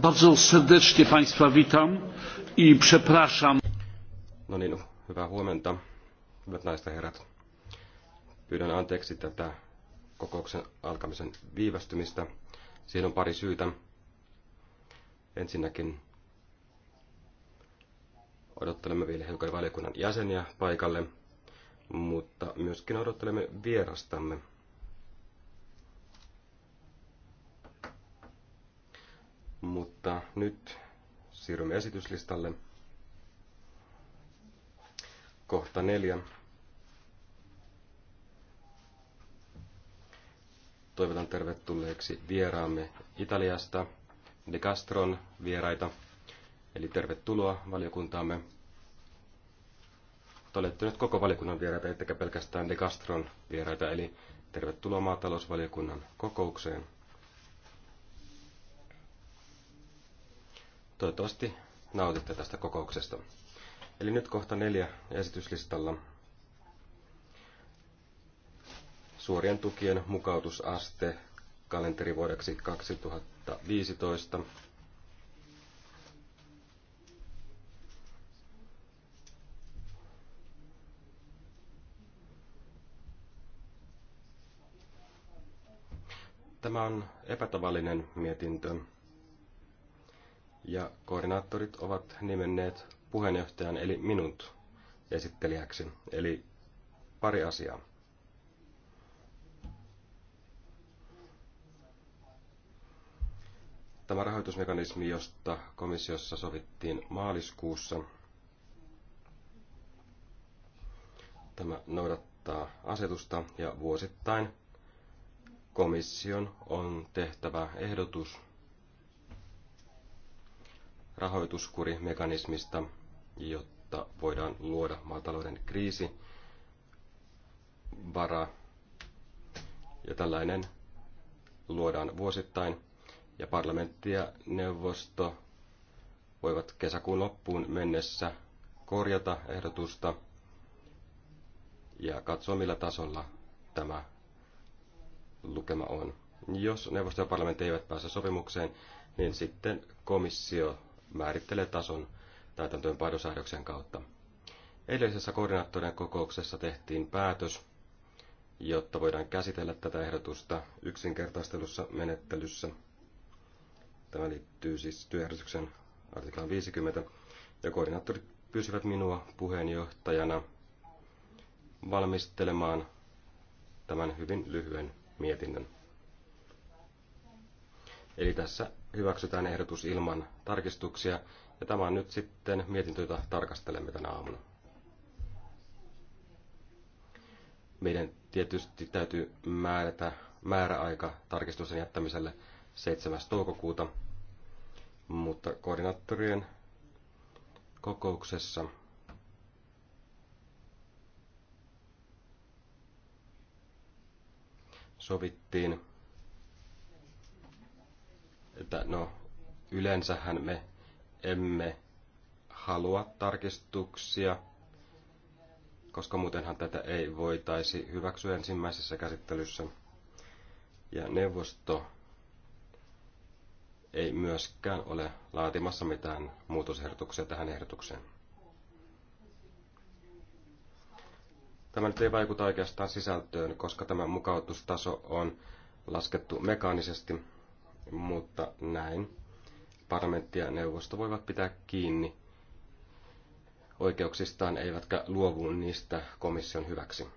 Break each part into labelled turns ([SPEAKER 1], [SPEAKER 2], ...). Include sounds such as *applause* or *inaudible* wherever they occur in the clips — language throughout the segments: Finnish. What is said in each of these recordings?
[SPEAKER 1] Bardzo serdecznie Państwa witam i przepraszam.
[SPEAKER 2] No niin, hyvää huomenta, hyvät naiset ja herrat. Pyydän anteeksi tätä kokouksen alkamisen viivästymistä. Siihen on pari syytä. Ensinnäkin odottelemme vielä hiukan valiokunnan jäseniä paikalle, mutta myöskin odottelemme vierastamme – Mutta nyt siirrymme esityslistalle. Kohta neljä. Toivotan tervetulleeksi vieraamme Italiasta, De Castron vieraita. Eli tervetuloa valiokuntaamme. Te olette nyt koko valiokunnan vieraita, ettekä pelkästään De Castron vieraita, eli tervetuloa maatalousvaliokunnan kokoukseen. Toivottavasti nautitte tästä kokouksesta. Eli nyt kohta neljä esityslistalla. Suorien tukien mukautusaste kalenterivuodeksi 2015. Tämä on epätavallinen mietintö ja koordinaattorit ovat nimenneet puheenjohtajan eli minut esittelijäksi. Eli pari asiaa. Tämä rahoitusmekanismi, josta komissiossa sovittiin maaliskuussa, tämä noudattaa asetusta ja vuosittain komission on tehtävä ehdotus rahoituskurimekanismista, jotta voidaan luoda maatalouden kriisi Ja tällainen luodaan vuosittain. Ja parlamentti ja neuvosto voivat kesäkuun loppuun mennessä korjata ehdotusta ja katsoa millä tasolla tämä lukema on. Jos neuvosto ja parlamentti eivät pääse sopimukseen, niin sitten komissio määrittelee tason täytäntöönpanosäädöksen kautta. Eilisessä koordinaattorien kokouksessa tehtiin päätös, jotta voidaan käsitellä tätä ehdotusta yksinkertaistelussa menettelyssä. Tämä liittyy siis työjärjestyksen artiklaan 50. Ja koordinaattorit pyysivät minua puheenjohtajana valmistelemaan tämän hyvin lyhyen mietinnön. Eli tässä hyväksytään ehdotus ilman tarkistuksia. Ja tämä on nyt sitten mietintö, jota tarkastelemme tänä aamuna. Meidän tietysti täytyy määrätä määräaika tarkistusten jättämiselle 7. toukokuuta, mutta koordinaattorien kokouksessa sovittiin että no, yleensähän me emme halua tarkistuksia, koska muutenhan tätä ei voitaisi hyväksyä ensimmäisessä käsittelyssä. Ja neuvosto ei myöskään ole laatimassa mitään muutosehdotuksia tähän ehdotukseen. Tämä nyt ei vaikuta oikeastaan sisältöön, koska tämä mukautustaso on laskettu mekaanisesti mutta näin parlamentti ja neuvosto voivat pitää kiinni oikeuksistaan eivätkä luovu niistä komission hyväksi.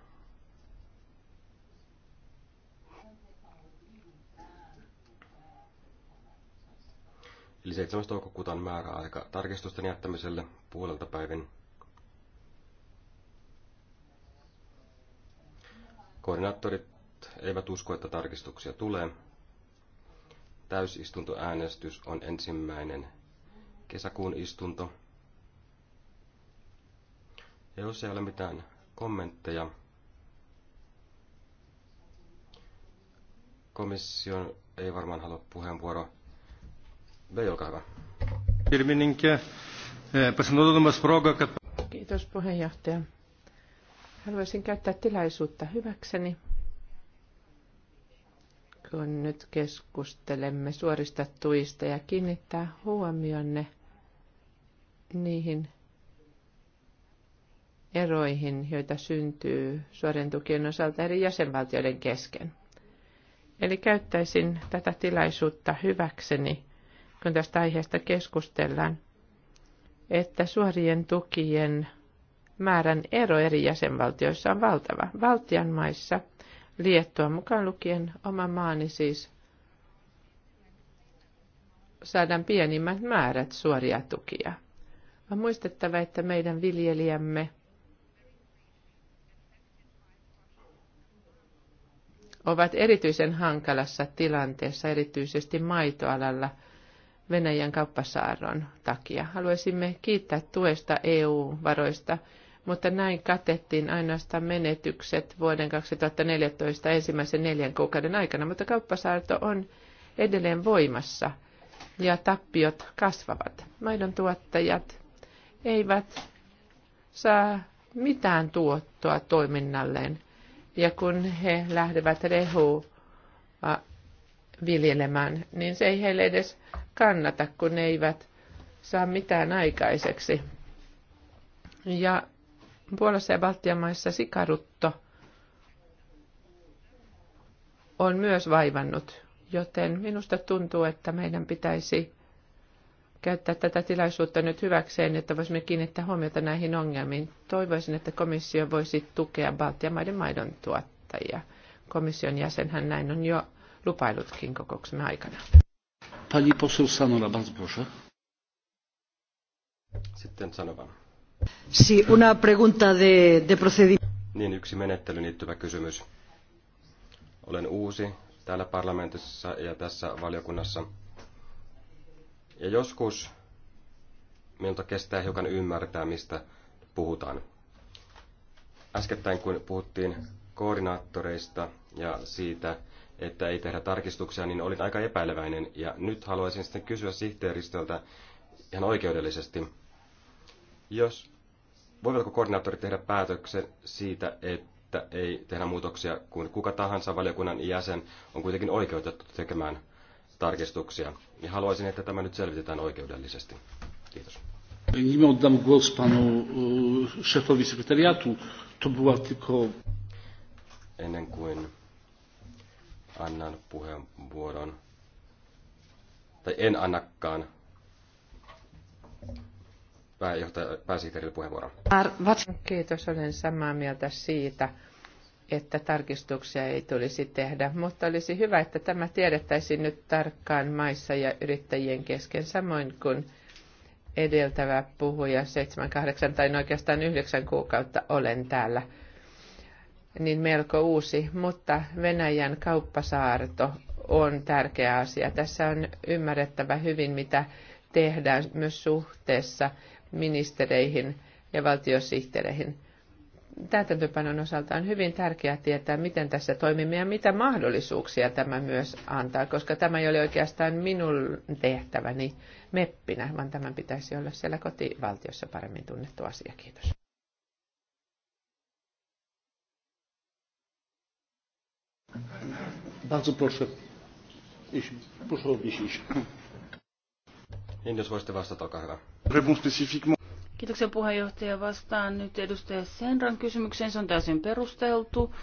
[SPEAKER 2] Eli 7. toukokuuta on määräaika tarkistusten jättämiselle puolelta päivin. Koordinaattorit eivät usko, että tarkistuksia tulee, Täysistuntoäänestys on ensimmäinen kesäkuun istunto. Ja jos ei ole mitään kommentteja, komission ei varmaan halua puheenvuoro. Vei, olkaa hyvä.
[SPEAKER 1] Eh, no
[SPEAKER 3] Kiitos puheenjohtaja. Haluaisin käyttää tilaisuutta hyväkseni kun nyt keskustelemme suorista tuista ja kiinnittää huomionne niihin eroihin, joita syntyy suorien tukien osalta eri jäsenvaltioiden kesken. Eli käyttäisin tätä tilaisuutta hyväkseni, kun tästä aiheesta keskustellaan, että suorien tukien määrän ero eri jäsenvaltioissa on valtava. Valtian maissa – Liettua mukaan lukien oma maani siis saadaan pienimmät määrät suoria tukia. On muistettava, että meidän viljelijämme ovat erityisen hankalassa tilanteessa, erityisesti maitoalalla Venäjän kauppasaaron takia. Haluaisimme kiittää tuesta EU-varoista mutta näin katettiin ainoastaan menetykset vuoden 2014 ensimmäisen neljän kuukauden aikana, mutta kauppasaarto on edelleen voimassa ja tappiot kasvavat. Maidon tuottajat eivät saa mitään tuottoa toiminnalleen. Ja kun he lähdevät rehua viljelemään, niin se ei heille edes kannata, kun ne eivät saa mitään aikaiseksi. Ja Puolassa ja Baltian maissa sikarutto on myös vaivannut, joten minusta tuntuu, että meidän pitäisi käyttää tätä tilaisuutta nyt hyväkseen, että voisimme kiinnittää huomiota näihin ongelmiin. Toivoisin, että komissio voisi tukea Baltian maiden maidon tuottajia. Komission jäsenhän näin on jo lupailutkin kokouksemme aikana.
[SPEAKER 1] Pani poseł Sanola, bardzo proszę. Sitten
[SPEAKER 2] sanovan una pregunta de, de procedimiento. Niin, yksi menettelyyn liittyvä kysymys. Olen uusi täällä parlamentissa ja tässä valiokunnassa. Ja joskus minulta kestää hiukan ymmärtää, mistä puhutaan. Äskettäin, kun puhuttiin koordinaattoreista ja siitä, että ei tehdä tarkistuksia, niin olin aika epäileväinen. Ja nyt haluaisin sitten kysyä sihteeristöltä ihan oikeudellisesti, jos, voivatko koordinaattorit tehdä päätöksen siitä, että ei tehdä muutoksia, kun kuka tahansa valiokunnan jäsen on kuitenkin oikeutettu tekemään tarkistuksia? Ja haluaisin, että tämä nyt selvitetään oikeudellisesti. Kiitos.
[SPEAKER 1] Nim oddam głos panu e, szefowi sekretariatu, to była tylko...
[SPEAKER 2] Ennen kuin annan puheenvuoron, tai en annakaan pääjohtaja, pääsihteerille puheenvuoro.
[SPEAKER 3] Kiitos, olen samaa mieltä siitä, että tarkistuksia ei tulisi tehdä, mutta olisi hyvä, että tämä tiedettäisiin nyt tarkkaan maissa ja yrittäjien kesken, samoin kuin edeltävä puhuja, 7, 8 tai oikeastaan 9 kuukautta olen täällä, niin melko uusi, mutta Venäjän kauppasaarto on tärkeä asia. Tässä on ymmärrettävä hyvin, mitä tehdään myös suhteessa ministereihin ja valtiosihteereihin. Täytäntöpanon osalta on hyvin tärkeää tietää, miten tässä toimimme ja mitä mahdollisuuksia tämä myös antaa, koska tämä ei ole oikeastaan minun tehtäväni meppinä, vaan tämän pitäisi olla siellä kotivaltiossa paremmin tunnettu asia. Kiitos.
[SPEAKER 2] Niin, jos voisitte vastata, olkaa hyvä.
[SPEAKER 4] Kiitoksia puheenjohtaja. Vastaan nyt edustaja Senran kysymykseen. Se on täysin perusteltu.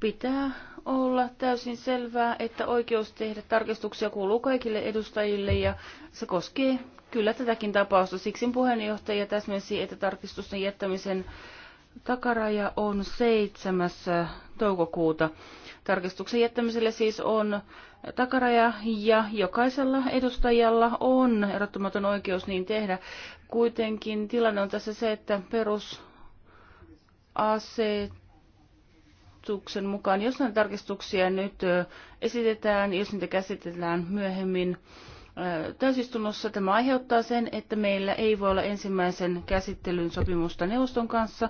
[SPEAKER 4] Pitää olla täysin selvää, että oikeus tehdä tarkistuksia kuuluu kaikille edustajille ja se koskee kyllä tätäkin tapausta. Siksi puheenjohtaja täsmensi, että tarkistusten jättämisen takaraja on 7. toukokuuta. Tarkistuksen jättämiselle siis on takaraja ja jokaisella edustajalla on erottamaton oikeus niin tehdä. Kuitenkin tilanne on tässä se, että perusasetuksen mukaan, jos näitä tarkistuksia nyt esitetään, jos niitä käsitellään myöhemmin, täysistunnossa. Tämä aiheuttaa sen, että meillä ei voi olla ensimmäisen käsittelyn sopimusta neuvoston kanssa,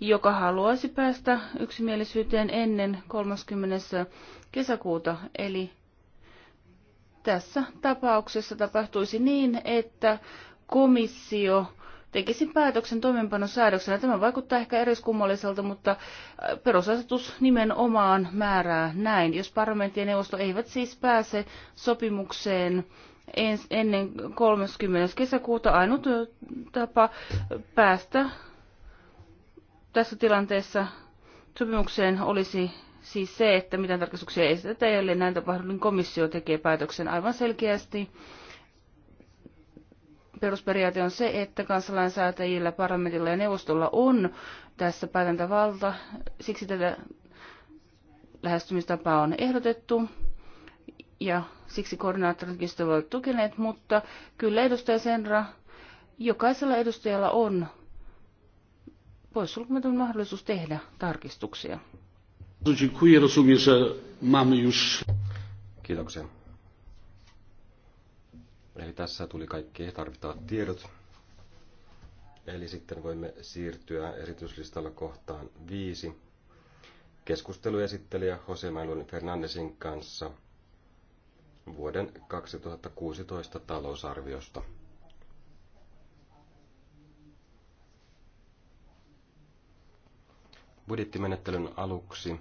[SPEAKER 4] joka haluaisi päästä yksimielisyyteen ennen 30. kesäkuuta. Eli tässä tapauksessa tapahtuisi niin, että komissio tekisi päätöksen toimeenpanosäädöksenä. Tämä vaikuttaa ehkä eriskummalliselta, mutta perusasetus nimenomaan määrää näin. Jos parlamentti ja neuvosto eivät siis pääse sopimukseen ennen 30. kesäkuuta ainut tapa päästä tässä tilanteessa sopimukseen olisi siis se, että mitään tarkastuksia ei esitetä, ellei näin tapahdu, niin komissio tekee päätöksen aivan selkeästi. Perusperiaate on se, että kansalainsäätäjillä, parlamentilla ja neuvostolla on tässä päätäntävalta. Siksi tätä lähestymistapaa on ehdotettu ja siksi koordinaattoritkin sitä voivat tukeneet, mutta kyllä edustaja Senra, jokaisella edustajalla on poissulkumaton mahdollisuus tehdä tarkistuksia.
[SPEAKER 1] Kiitoksia. Eli tässä
[SPEAKER 2] tuli kaikki tarvittavat tiedot. Eli sitten voimme siirtyä esityslistalla kohtaan viisi. Keskusteluesittelijä Jose Manuel Fernandesin kanssa – vuoden 2016 talousarviosta. Budjettimenettelyn aluksi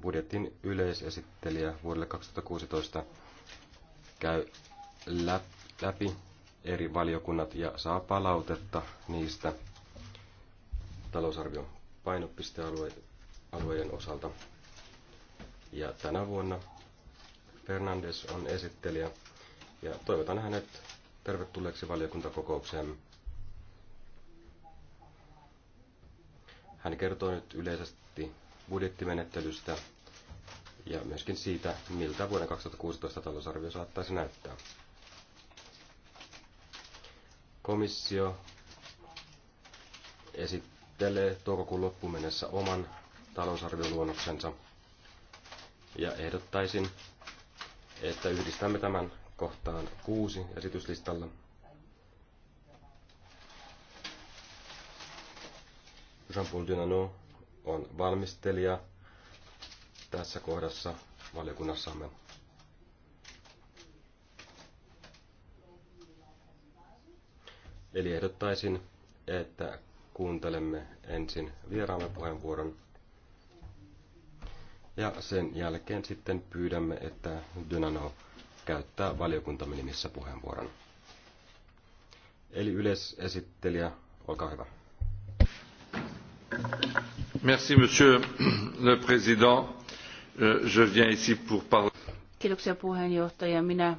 [SPEAKER 2] budjetin yleisesittelijä vuodelle 2016 käy läpi eri valiokunnat ja saa palautetta niistä talousarvion painopistealueiden osalta. Ja tänä vuonna Fernandes on esittelijä ja toivotan hänet tervetulleeksi valiokuntakokoukseen. Hän kertoo nyt yleisesti budjettimenettelystä ja myöskin siitä, miltä vuoden 2016 talousarvio saattaisi näyttää. Komissio esittelee toukokuun loppuun mennessä oman talousarvioluonnoksensa ja ehdottaisin, että yhdistämme tämän kohtaan kuusi esityslistalla. Jean-Paul Dynano on valmistelija tässä kohdassa valiokunnassamme. Eli ehdottaisin, että kuuntelemme ensin vieraamme puheenvuoron ja sen jälkeen sitten pyydämme, että Dynano käyttää valiokuntamme nimissä puheenvuoron. Eli yleisesittelijä, olkaa hyvä.
[SPEAKER 1] Merci, monsieur le président. Euh, je viens ici pour parler.
[SPEAKER 4] Kiitoksia puheenjohtaja. Minä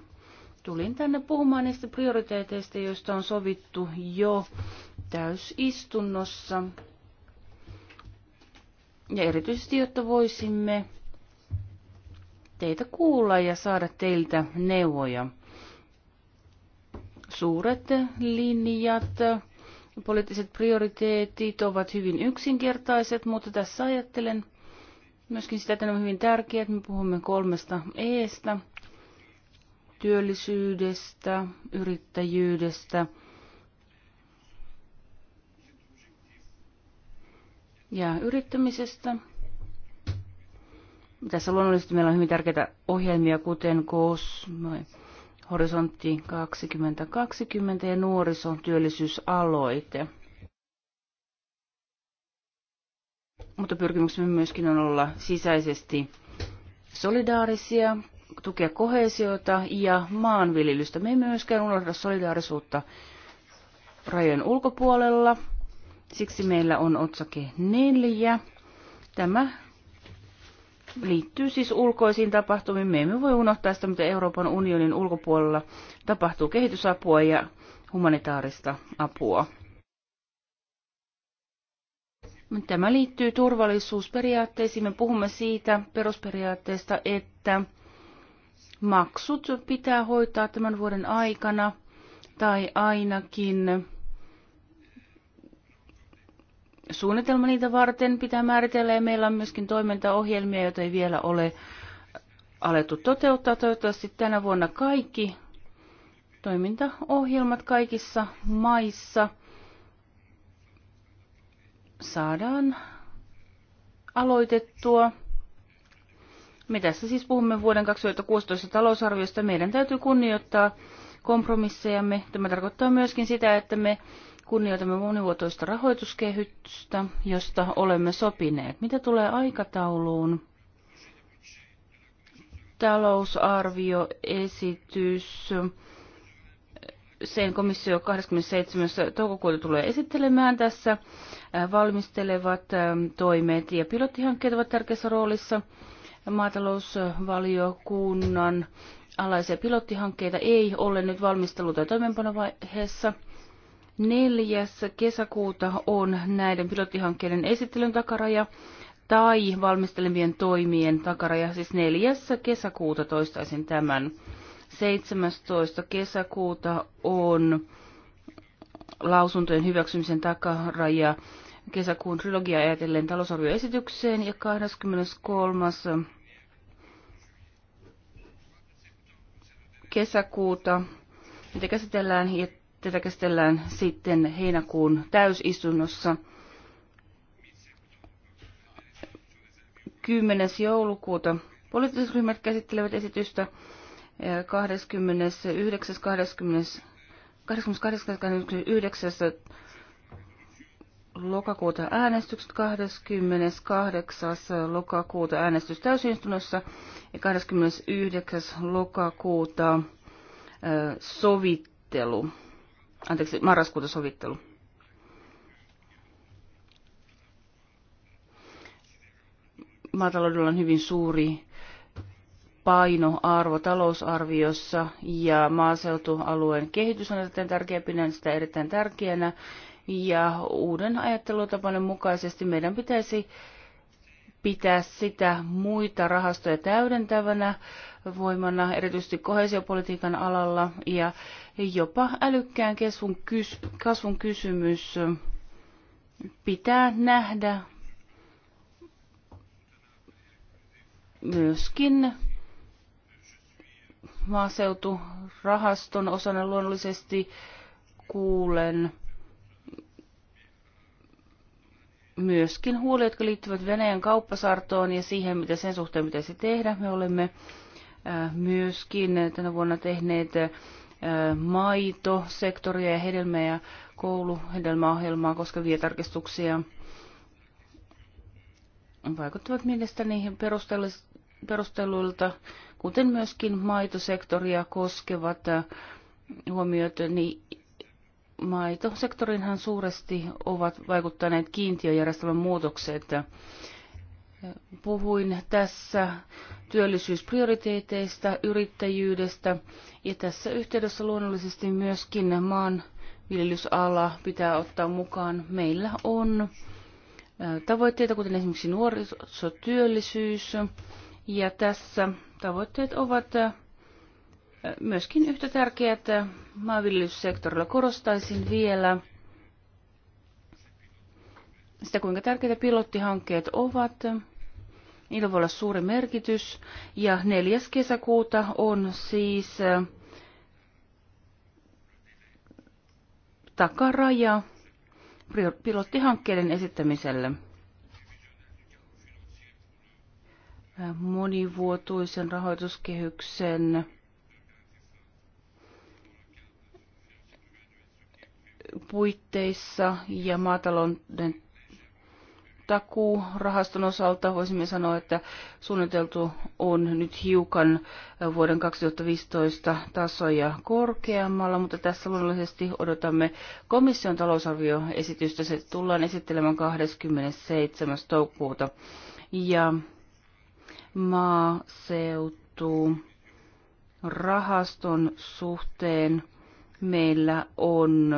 [SPEAKER 4] tulin tänne puhumaan niistä prioriteeteista, joista on sovittu jo täysistunnossa ja erityisesti, jotta voisimme teitä kuulla ja saada teiltä neuvoja. Suuret linjat, poliittiset prioriteetit ovat hyvin yksinkertaiset, mutta tässä ajattelen myöskin sitä, että ne on hyvin tärkeää, että me puhumme kolmesta eestä, työllisyydestä, yrittäjyydestä – ja yrittämisestä. Tässä luonnollisesti meillä on hyvin tärkeitä ohjelmia, kuten COSME, Horisontti 2020 ja nuorisotyöllisyysaloite. Mutta pyrkimyksemme myöskin on olla sisäisesti solidaarisia, tukea kohesiota ja maanviljelystä. Me ei myöskään unohda solidaarisuutta rajojen ulkopuolella. Siksi meillä on otsake neljä. Tämä liittyy siis ulkoisiin tapahtumiin. Me emme voi unohtaa sitä, mitä Euroopan unionin ulkopuolella tapahtuu kehitysapua ja humanitaarista apua. Tämä liittyy turvallisuusperiaatteisiin. Me puhumme siitä perusperiaatteesta, että maksut pitää hoitaa tämän vuoden aikana tai ainakin suunnitelma niitä varten pitää määritellä ja meillä on myöskin toimintaohjelmia, joita ei vielä ole alettu toteuttaa. Toivottavasti tänä vuonna kaikki toimintaohjelmat kaikissa maissa saadaan aloitettua. Me tässä siis puhumme vuoden 2016 talousarviosta. Meidän täytyy kunnioittaa kompromissejamme. Tämä tarkoittaa myöskin sitä, että me kunnioitamme monivuotoista rahoituskehystä, josta olemme sopineet. Mitä tulee aikatauluun? Talousarvioesitys. Sen komissio 27. toukokuuta tulee esittelemään tässä valmistelevat ähm, toimet ja pilottihankkeet ovat tärkeässä roolissa. Maatalousvaliokunnan alaisia pilottihankkeita ei ole nyt valmistelu- tai toimeenpanovaiheessa – 4. kesäkuuta on näiden pilottihankkeiden esittelyn takaraja tai valmistelevien toimien takaraja, siis 4. kesäkuuta toistaisin tämän. 17. kesäkuuta on lausuntojen hyväksymisen takaraja kesäkuun trilogia ajatellen talousarvioesitykseen ja 23. kesäkuuta, mitä käsitellään, ja Tätä käsitellään sitten heinäkuun täysistunnossa. 10. joulukuuta poliittiset ryhmät käsittelevät esitystä 29. Eh, 20. lokakuuta äänestykset, 28. lokakuuta äänestys täysistunnossa ja 29. lokakuuta eh, sovittelu anteeksi, marraskuuta sovittelu. Maataloudella on hyvin suuri painoarvo talousarviossa ja maaseutualueen kehitys on erittäin tärkeä, pidän sitä erittäin tärkeänä. Ja uuden ajattelutapainen mukaisesti meidän pitäisi pitää sitä muita rahastoja täydentävänä voimana, erityisesti kohesiopolitiikan alalla, ja jopa älykkään kasvun, kys- kasvun kysymys pitää nähdä myöskin maaseuturahaston osana luonnollisesti kuulen myöskin huolia, jotka liittyvät Venäjän kauppasartoon ja siihen, mitä sen suhteen pitäisi tehdä. Me olemme myöskin tänä vuonna tehneet maitosektoria ja hedelmä- ja kouluhedelmäohjelmaa koskevia tarkistuksia. Vaikuttavat mielestäni perusteluilta, kuten myöskin maitosektoria koskevat huomiot, niin maitosektorinhan suuresti ovat vaikuttaneet kiintiöjärjestelmän muutokset. Puhuin tässä työllisyysprioriteeteista, yrittäjyydestä ja tässä yhteydessä luonnollisesti myöskin viljelysala pitää ottaa mukaan. Meillä on tavoitteita, kuten esimerkiksi nuorisotyöllisyys ja tässä tavoitteet ovat Myöskin yhtä tärkeää, äh, että maanviljelyssektorilla korostaisin vielä sitä, kuinka tärkeitä pilottihankkeet ovat. Niillä voi olla suuri merkitys. Ja 4. kesäkuuta on siis äh, takaraja pilottihankkeiden esittämiselle. Äh, monivuotuisen rahoituskehyksen puitteissa ja maatalouden takuurahaston osalta voisimme sanoa, että suunniteltu on nyt hiukan vuoden 2015 tasoja korkeammalla, mutta tässä luonnollisesti odotamme komission talousarvioesitystä. Se tullaan esittelemään 27. toukokuuta. Ja maaseutu rahaston suhteen meillä on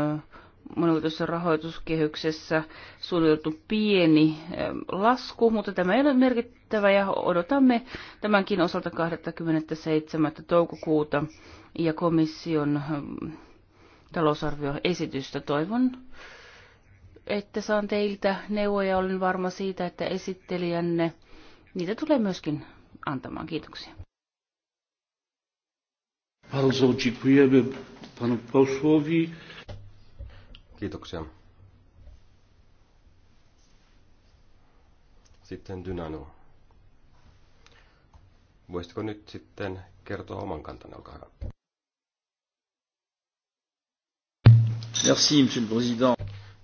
[SPEAKER 4] monivuotisessa rahoituskehyksessä suunniteltu pieni ähm, lasku, mutta tämä ei ole merkittävä ja odotamme tämänkin osalta 27. toukokuuta ja komission ähm, talousarvioesitystä. Toivon, että saan teiltä neuvoja. Olen varma siitä, että esittelijänne niitä tulee myöskin antamaan. Kiitoksia.
[SPEAKER 1] Bardzo dziękujemy panu posłowi. Kiitoksia.
[SPEAKER 2] Sitten Dynano. Voisitko nyt sitten kertoa oman kantanne, olkaa hyvä. Merci, monsieur le président.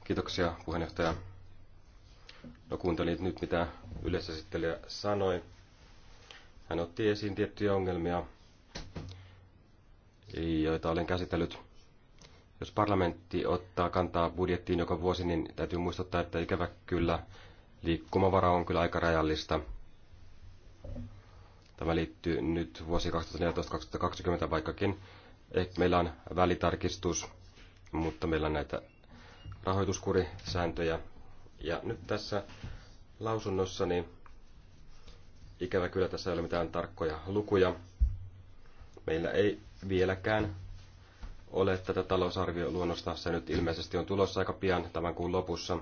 [SPEAKER 2] Kiitoksia, puheenjohtaja. No kuuntelin nyt, mitä yleisesittelijä sanoi. Hän otti esiin tiettyjä ongelmia, joita olen käsitellyt. Jos parlamentti ottaa kantaa budjettiin joka vuosi, niin täytyy muistuttaa, että ikävä kyllä liikkumavara on kyllä aika rajallista. Tämä liittyy nyt vuosi 2014-2020 vaikkakin. Ehkä meillä on välitarkistus, mutta meillä on näitä rahoituskurisääntöjä. Ja nyt tässä lausunnossa, niin ikävä kyllä tässä ei ole mitään tarkkoja lukuja, Meillä ei vieläkään ole tätä talousarvioluonnosta. Se nyt ilmeisesti on tulossa aika pian tämän kuun lopussa.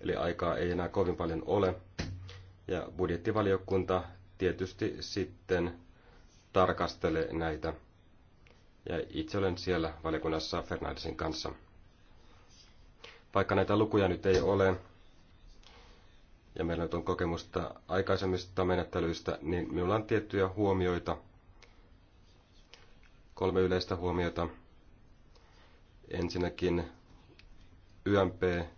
[SPEAKER 2] Eli aikaa ei enää kovin paljon ole. Ja budjettivaliokunta tietysti sitten tarkastelee näitä. Ja itse olen siellä valiokunnassa Fernandesin kanssa. Vaikka näitä lukuja nyt ei ole, ja meillä nyt on kokemusta aikaisemmista menettelyistä, niin minulla on tiettyjä huomioita – kolme yleistä huomiota. Ensinnäkin YMP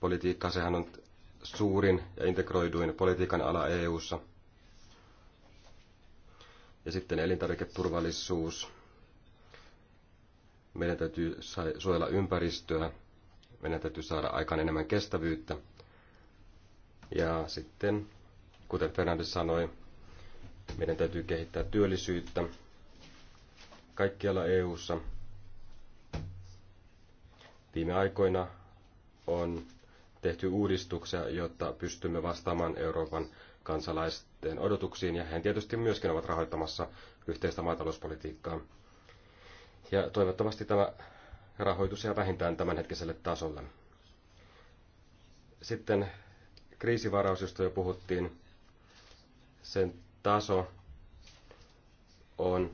[SPEAKER 2] politiikka, sehän on suurin ja integroiduin politiikan ala EU:ssa. Ja sitten elintarviketurvallisuus. Meidän täytyy suojella ympäristöä, meidän täytyy saada aikaan enemmän kestävyyttä. Ja sitten, kuten Fernandes sanoi, meidän täytyy kehittää työllisyyttä kaikkialla EU:ssa. Viime aikoina on tehty uudistuksia, jotta pystymme vastaamaan Euroopan kansalaisten odotuksiin, ja he tietysti myöskin ovat rahoittamassa yhteistä maatalouspolitiikkaa. Ja toivottavasti tämä rahoitus jää vähintään tämänhetkiselle tasolle. Sitten kriisivaraus, josta jo puhuttiin, sen taso on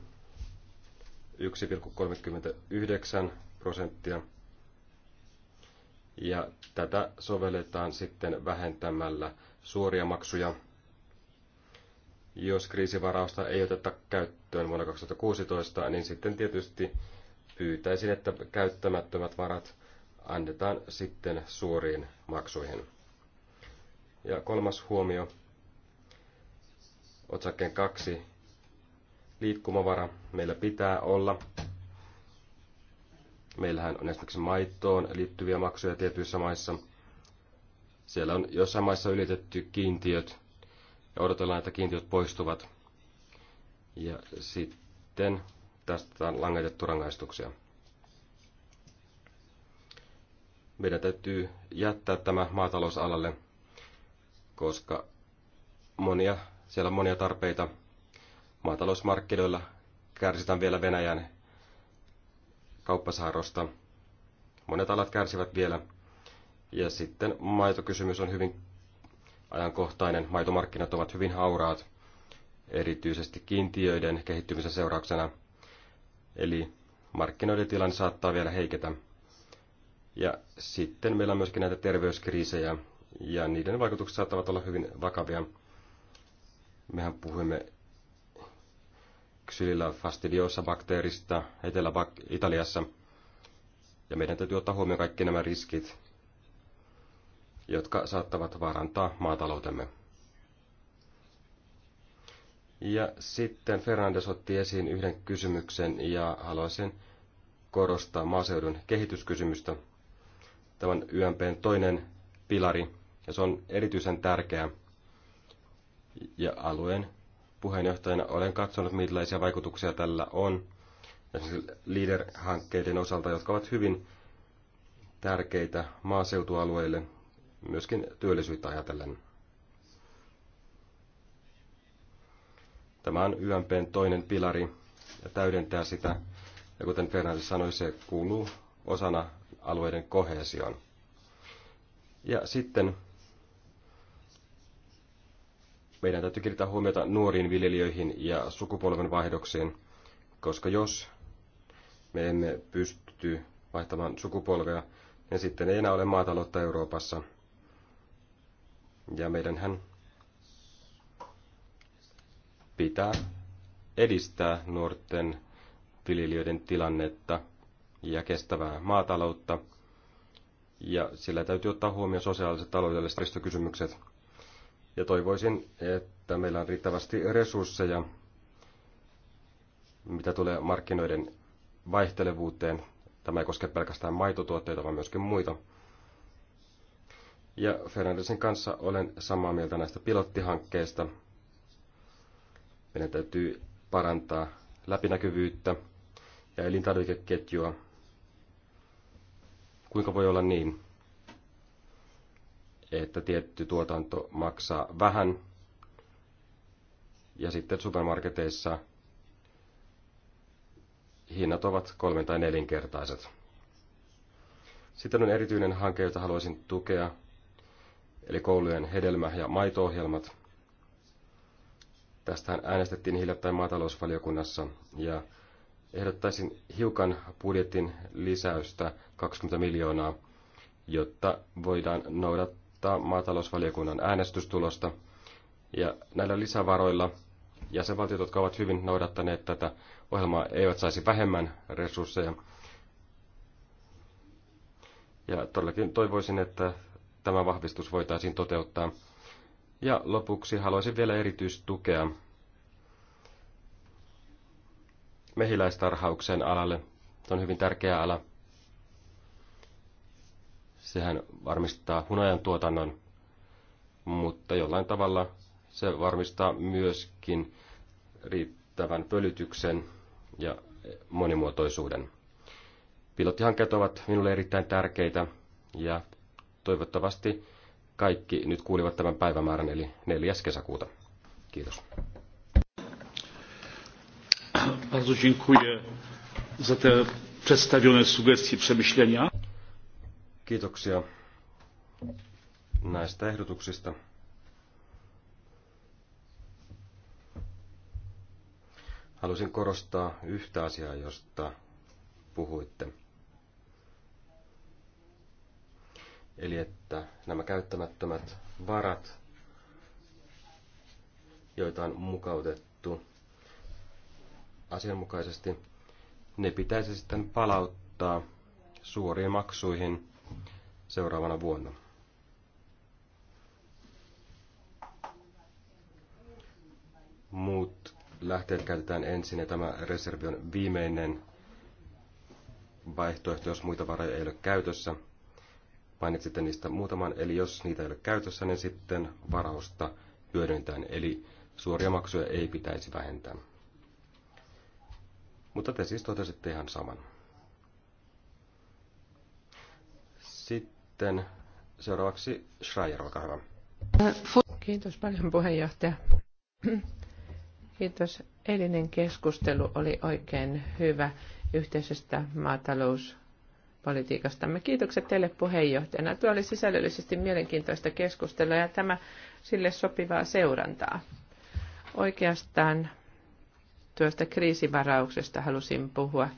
[SPEAKER 2] 1,39 prosenttia. Ja tätä sovelletaan sitten vähentämällä suoria maksuja. Jos kriisivarausta ei oteta käyttöön vuonna 2016, niin sitten tietysti pyytäisin, että käyttämättömät varat annetaan sitten suoriin maksuihin. Ja kolmas huomio otsakkeen kaksi liikkumavara meillä pitää olla. Meillähän on esimerkiksi maittoon liittyviä maksuja tietyissä maissa. Siellä on jossain maissa ylitetty kiintiöt ja odotellaan, että kiintiöt poistuvat. Ja sitten tästä on langetettu rangaistuksia. Meidän täytyy jättää tämä maatalousalalle, koska monia siellä on monia tarpeita. Maatalousmarkkinoilla kärsitään vielä Venäjän kauppasaarosta. Monet alat kärsivät vielä. Ja sitten maitokysymys on hyvin ajankohtainen. Maitomarkkinat ovat hyvin hauraat, erityisesti kiintiöiden kehittymisen seurauksena. Eli markkinoiden tilanne saattaa vielä heiketä. Ja sitten meillä on myöskin näitä terveyskriisejä, ja niiden vaikutukset saattavat olla hyvin vakavia. Mehän puhuimme Xylillä fastidiosa bakteerista Etelä-Italiassa. Ja meidän täytyy ottaa huomioon kaikki nämä riskit, jotka saattavat vaarantaa maataloutemme. Ja sitten Fernandes otti esiin yhden kysymyksen ja haluaisin korostaa maaseudun kehityskysymystä. Tämä on YMPn toinen pilari ja se on erityisen tärkeä, ja alueen puheenjohtajana olen katsonut, millaisia vaikutuksia tällä on. Esimerkiksi LEADER-hankkeiden osalta, jotka ovat hyvin tärkeitä maaseutualueille, myöskin työllisyyttä ajatellen. Tämä on YMPn toinen pilari ja täydentää sitä. Ja kuten Fernandes sanoi, se kuuluu osana alueiden kohesioon. Ja sitten meidän täytyy kiinnittää huomiota nuoriin viljelijöihin ja sukupolven vaihdoksiin, koska jos me emme pysty vaihtamaan sukupolvea, niin sitten ei enää ole maataloutta Euroopassa. Ja meidänhän pitää edistää nuorten viljelijöiden tilannetta ja kestävää maataloutta. Ja sillä täytyy ottaa huomioon sosiaaliset, taloudelliset kysymykset. Ja toivoisin, että meillä on riittävästi resursseja, mitä tulee markkinoiden vaihtelevuuteen. Tämä ei koske pelkästään maitotuotteita, vaan myöskin muita. Ja Fernandesin kanssa olen samaa mieltä näistä pilottihankkeista. Meidän täytyy parantaa läpinäkyvyyttä ja elintarvikeketjua. Kuinka voi olla niin, että tietty tuotanto maksaa vähän. Ja sitten supermarketeissa hinnat ovat kolmen tai nelinkertaiset. Sitten on erityinen hanke, jota haluaisin tukea, eli koulujen hedelmä- ja maito-ohjelmat. Tästähän äänestettiin hiljattain maatalousvaliokunnassa ja ehdottaisin hiukan budjetin lisäystä 20 miljoonaa, jotta voidaan noudattaa odottaa maatalousvaliokunnan äänestystulosta. Ja näillä lisävaroilla jäsenvaltiot, jotka ovat hyvin noudattaneet tätä ohjelmaa, eivät saisi vähemmän resursseja. Ja todellakin toivoisin, että tämä vahvistus voitaisiin toteuttaa. Ja lopuksi haluaisin vielä erityistukea mehiläistarhauksen alalle. Se on hyvin tärkeä ala. Sehän varmistaa hunajan tuotannon, mutta jollain tavalla se varmistaa myöskin riittävän pölytyksen ja monimuotoisuuden. Pilottihankkeet ovat minulle erittäin tärkeitä ja toivottavasti kaikki nyt kuulivat tämän päivämäärän eli 4.
[SPEAKER 1] kesäkuuta. Kiitos. Bardzo dziękuję za te przedstawione sugestie, przemyślenia. Kiitoksia näistä ehdotuksista.
[SPEAKER 2] Haluaisin korostaa yhtä asiaa, josta puhuitte. Eli että nämä käyttämättömät varat, joita on mukautettu asianmukaisesti, ne pitäisi sitten palauttaa suoriin maksuihin seuraavana vuonna. Muut lähteet käytetään ensin ja tämä reservi on viimeinen vaihtoehto, jos muita varoja ei ole käytössä. Mainitsitte niistä muutaman, eli jos niitä ei ole käytössä, niin sitten varausta hyödyntäen, eli suoria maksuja ei pitäisi vähentää. Mutta te siis totesitte ihan saman. Sitten seuraavaksi Schreier, olkaa hyvä.
[SPEAKER 3] Kiitos paljon puheenjohtaja. Kiitos. Eilinen keskustelu oli oikein hyvä yhteisestä maatalouspolitiikastamme. Kiitokset teille puheenjohtajana. Tuo oli sisällöllisesti mielenkiintoista keskustelua ja tämä sille sopivaa seurantaa. Oikeastaan tuosta kriisivarauksesta halusin puhua –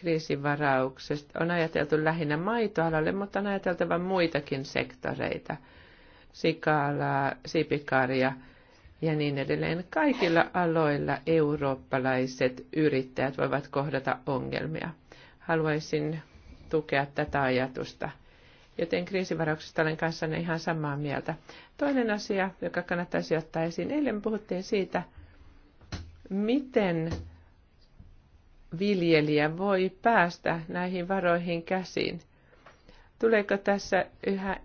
[SPEAKER 3] kriisivarauksesta on ajateltu lähinnä maitoalalle, mutta on ajateltava muitakin sektoreita, sikaalaa, sipikaria ja niin edelleen. Kaikilla aloilla eurooppalaiset yrittäjät voivat kohdata ongelmia. Haluaisin tukea tätä ajatusta. Joten kriisivarauksesta olen kanssanne ihan samaa mieltä. Toinen asia, joka kannattaisi ottaa esiin. Eilen puhuttiin siitä, miten viljelijä voi päästä näihin varoihin käsiin? Tuleeko tässä yhä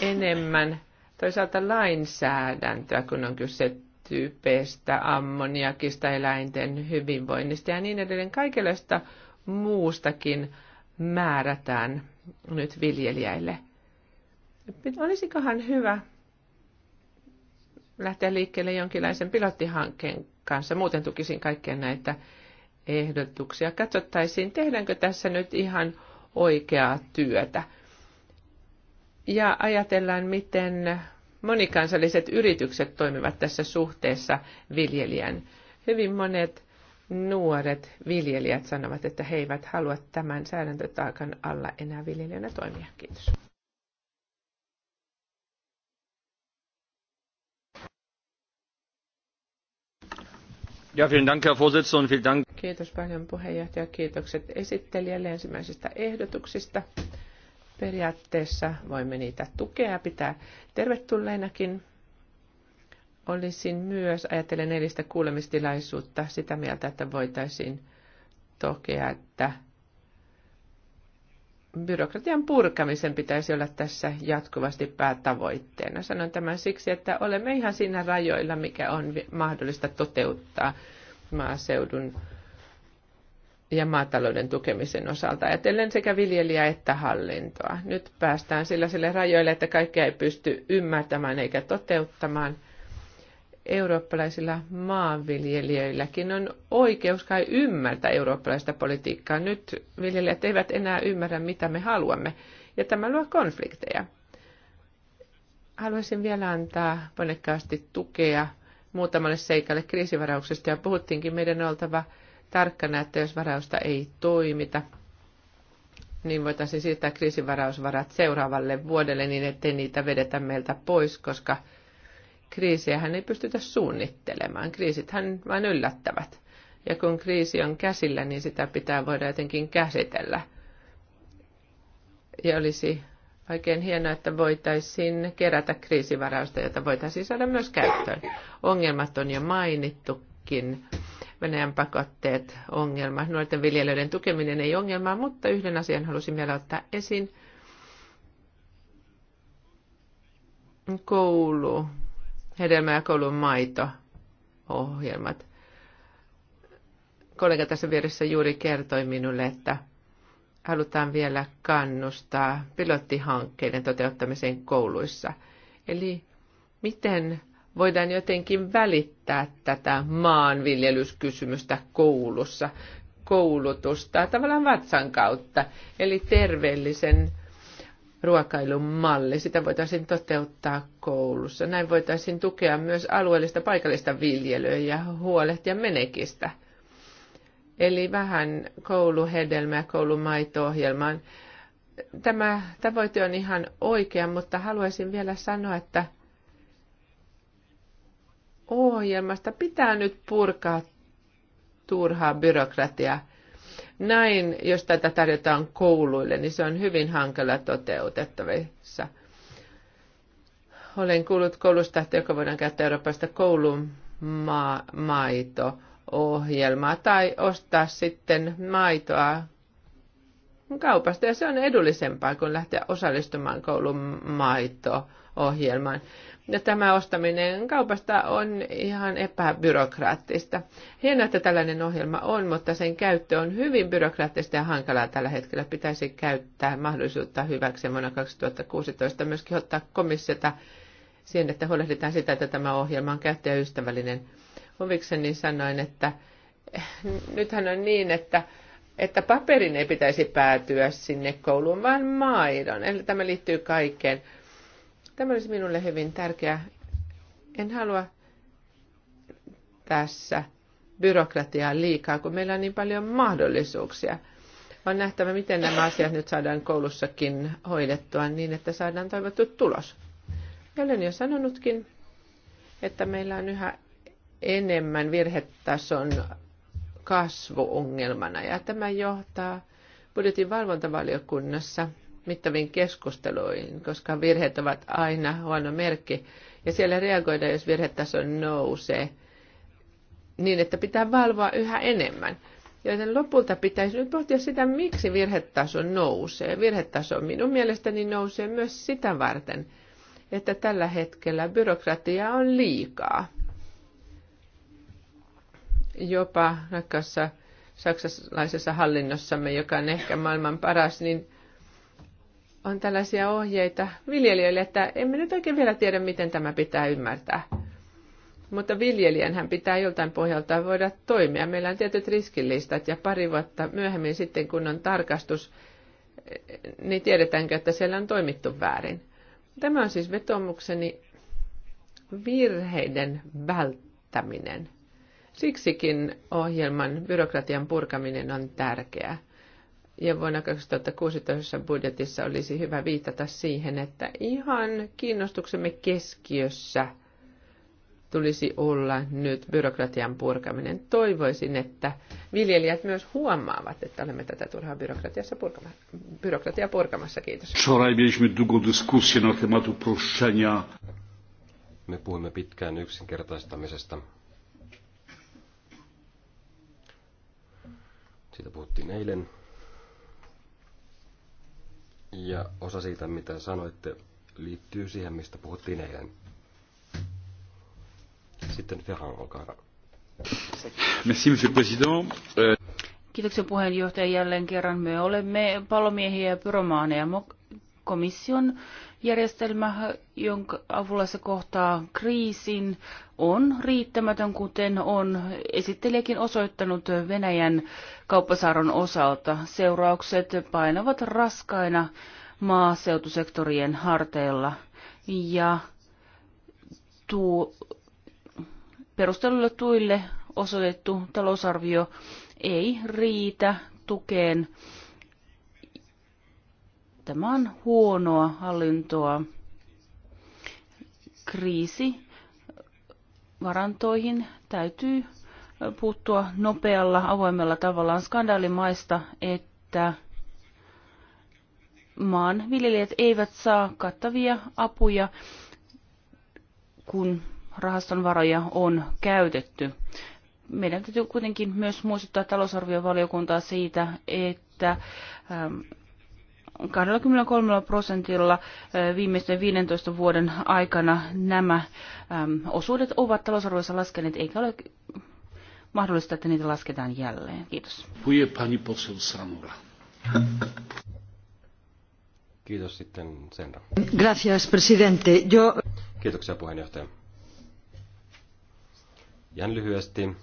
[SPEAKER 3] enemmän toisaalta lainsäädäntöä, kun on kyse tyypeistä, ammoniakista, eläinten hyvinvoinnista ja niin edelleen. Kaikenlaista muustakin määrätään nyt viljelijäille. Olisikohan hyvä lähteä liikkeelle jonkinlaisen pilottihankkeen kanssa. Muuten tukisin kaikkia näitä ehdotuksia. Katsottaisiin, tehdäänkö tässä nyt ihan oikeaa työtä. Ja ajatellaan, miten monikansalliset yritykset toimivat tässä suhteessa viljelijän. Hyvin monet nuoret viljelijät sanovat, että he eivät halua tämän säädäntötaakan alla enää viljelijänä toimia. Kiitos.
[SPEAKER 1] Herr
[SPEAKER 3] Kiitos paljon puheenjohtaja. Kiitokset esittelijälle ensimmäisistä ehdotuksista. Periaatteessa voimme niitä tukea pitää tervetulleinakin. Olisin myös, ajatellen eilistä kuulemistilaisuutta, sitä mieltä, että voitaisiin tukea että byrokratian purkamisen pitäisi olla tässä jatkuvasti päätavoitteena. Sanon tämän siksi, että olemme ihan siinä rajoilla, mikä on mahdollista toteuttaa maaseudun ja maatalouden tukemisen osalta, ajatellen sekä viljelijä että hallintoa. Nyt päästään sellaiselle rajoille, että kaikkea ei pysty ymmärtämään eikä toteuttamaan – eurooppalaisilla maanviljelijöilläkin on oikeus kai ymmärtää eurooppalaista politiikkaa. Nyt viljelijät eivät enää ymmärrä, mitä me haluamme, ja tämä luo konflikteja. Haluaisin vielä antaa ponnekkaasti tukea muutamalle seikalle kriisivarauksesta, ja puhuttiinkin meidän oltava tarkkana, että jos varausta ei toimita, niin voitaisiin siirtää kriisivarausvarat seuraavalle vuodelle niin, ettei niitä vedetä meiltä pois, koska – hän ei pystytä suunnittelemaan. hän vain yllättävät. Ja kun kriisi on käsillä, niin sitä pitää voida jotenkin käsitellä. Ja olisi oikein hienoa, että voitaisiin kerätä kriisivarausta, jota voitaisiin saada myös käyttöön. Ongelmat on jo mainittukin. Venäjän pakotteet ongelma. Nuorten viljelijöiden tukeminen ei ongelmaa, mutta yhden asian halusin vielä ottaa esiin. Koulu hedelmä ja koulun maito ohjelmat. Kollega tässä vieressä juuri kertoi minulle, että halutaan vielä kannustaa pilottihankkeiden toteuttamiseen kouluissa. Eli miten voidaan jotenkin välittää tätä maanviljelyskysymystä koulussa, koulutusta tavallaan vatsan kautta, eli terveellisen ruokailun malli. Sitä voitaisiin toteuttaa koulussa. Näin voitaisiin tukea myös alueellista paikallista viljelyä ja huolehtia menekistä. Eli vähän kouluhedelmää, koulumaito-ohjelmaan. Tämä tavoite on ihan oikea, mutta haluaisin vielä sanoa, että ohjelmasta pitää nyt purkaa turhaa byrokratiaa näin, jos tätä tarjotaan kouluille, niin se on hyvin hankala toteutettavissa. Olen kuullut koulusta, joka voidaan käyttää Euroopasta koulun ma- maito-ohjelmaa tai ostaa sitten maitoa kaupasta ja se on edullisempaa kuin lähteä osallistumaan koulun maito-ohjelmaan. Ja tämä ostaminen kaupasta on ihan epäbyrokraattista. Hienoa, että tällainen ohjelma on, mutta sen käyttö on hyvin byrokraattista ja hankalaa tällä hetkellä. Pitäisi käyttää mahdollisuutta hyväksi vuonna 2016 myöskin ottaa komissiota siihen, että huolehditaan sitä, että tämä ohjelma on käyttäjäystävällinen. Huvikseni sanoin, että nythän on niin, että että paperin ei pitäisi päätyä sinne kouluun, vaan maidon. Eli tämä liittyy kaikkeen Tämä olisi minulle hyvin tärkeää. En halua tässä byrokratiaa liikaa, kun meillä on niin paljon mahdollisuuksia. On nähtävä, miten nämä asiat nyt saadaan koulussakin hoidettua niin, että saadaan toivottu tulos. Ja olen jo sanonutkin, että meillä on yhä enemmän virhetason kasvuongelmana ja tämä johtaa budjetin valvontavaliokunnassa – mittaviin keskusteluihin, koska virheet ovat aina huono merkki. Ja siellä reagoidaan, jos virhetaso nousee, niin että pitää valvoa yhä enemmän. Joten lopulta pitäisi nyt pohtia sitä, miksi virhetaso nousee. Virhetaso minun mielestäni nousee myös sitä varten, että tällä hetkellä byrokratia on liikaa. Jopa rakkaassa saksalaisessa hallinnossamme, joka on ehkä maailman paras, niin on tällaisia ohjeita viljelijöille, että emme nyt oikein vielä tiedä, miten tämä pitää ymmärtää. Mutta viljelijänhän pitää joltain pohjalta voida toimia. Meillä on tietyt riskilistat ja pari vuotta myöhemmin sitten, kun on tarkastus, niin tiedetäänkö, että siellä on toimittu väärin. Tämä on siis vetomukseni virheiden välttäminen. Siksikin ohjelman byrokratian purkaminen on tärkeää ja vuonna 2016 budjetissa olisi hyvä viitata siihen, että ihan kiinnostuksemme keskiössä tulisi olla nyt byrokratian purkaminen. Toivoisin, että viljelijät myös huomaavat, että olemme tätä turhaa byrokratiassa purkama, byrokratia purkamassa. Kiitos.
[SPEAKER 1] Me puhumme pitkään yksinkertaistamisesta.
[SPEAKER 2] Siitä puhuttiin eilen. Ja osa siitä, mitä sanoitte, liittyy siihen, mistä puhuttiin eilen. Sitten Ferran, olkaa hyvä.
[SPEAKER 1] Merci, monsieur le président. Euh,
[SPEAKER 4] Kiitoksen puheenjohtaja jälleen kerran. Me olemme palomiehiä ja pyromaaneja. Komission järjestelmä, jonka avulla se kohtaa kriisin, on riittämätön, kuten on esittelijäkin osoittanut Venäjän kauppasaaron osalta. Seuraukset painavat raskaina maaseutusektorien harteilla ja tuu, perustelulle tuille osoitettu talousarvio ei riitä tukeen Tämä on huonoa hallintoa. Kriisi varantoihin täytyy puuttua nopealla, avoimella tavallaan skandaalimaista, että maan viljelijät eivät saa kattavia apuja, kun rahaston varoja on käytetty. Meidän täytyy kuitenkin myös muistuttaa talousarviovaliokuntaa siitä, että ähm, 23 prosentilla viimeisten 15 vuoden aikana nämä osuudet ovat talousarvoissa laskeneet, eikä ole mahdollista, että niitä lasketaan jälleen. Kiitos.
[SPEAKER 1] Kiitos
[SPEAKER 2] sitten Senra. Gracias, presidente. Yo... Kiitoksia puheenjohtaja. Jään lyhyesti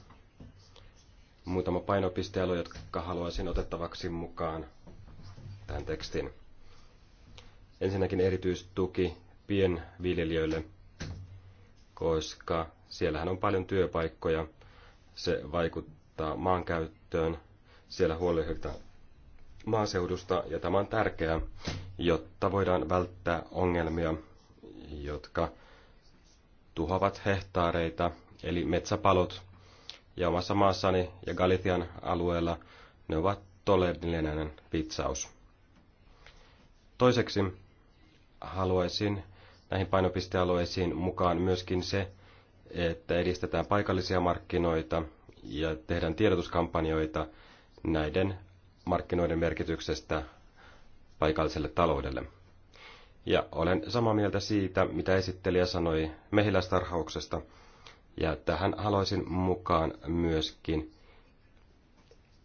[SPEAKER 2] muutama painopistealue, jotka haluaisin otettavaksi mukaan tähän tekstiin. Ensinnäkin erityistuki pienviljelijöille, koska siellähän on paljon työpaikkoja. Se vaikuttaa maankäyttöön. Siellä huolehditaan maaseudusta ja tämä on tärkeää, jotta voidaan välttää ongelmia, jotka tuhoavat hehtaareita, eli metsäpalot. Ja omassa maassani ja Galitian alueella ne ovat todellinen vitsaus. Toiseksi haluaisin näihin painopistealueisiin mukaan myöskin se, että edistetään paikallisia markkinoita ja tehdään tiedotuskampanjoita näiden markkinoiden merkityksestä paikalliselle taloudelle. Ja olen samaa mieltä siitä, mitä esittelijä sanoi mehiläistarhauksesta, ja tähän haluaisin mukaan myöskin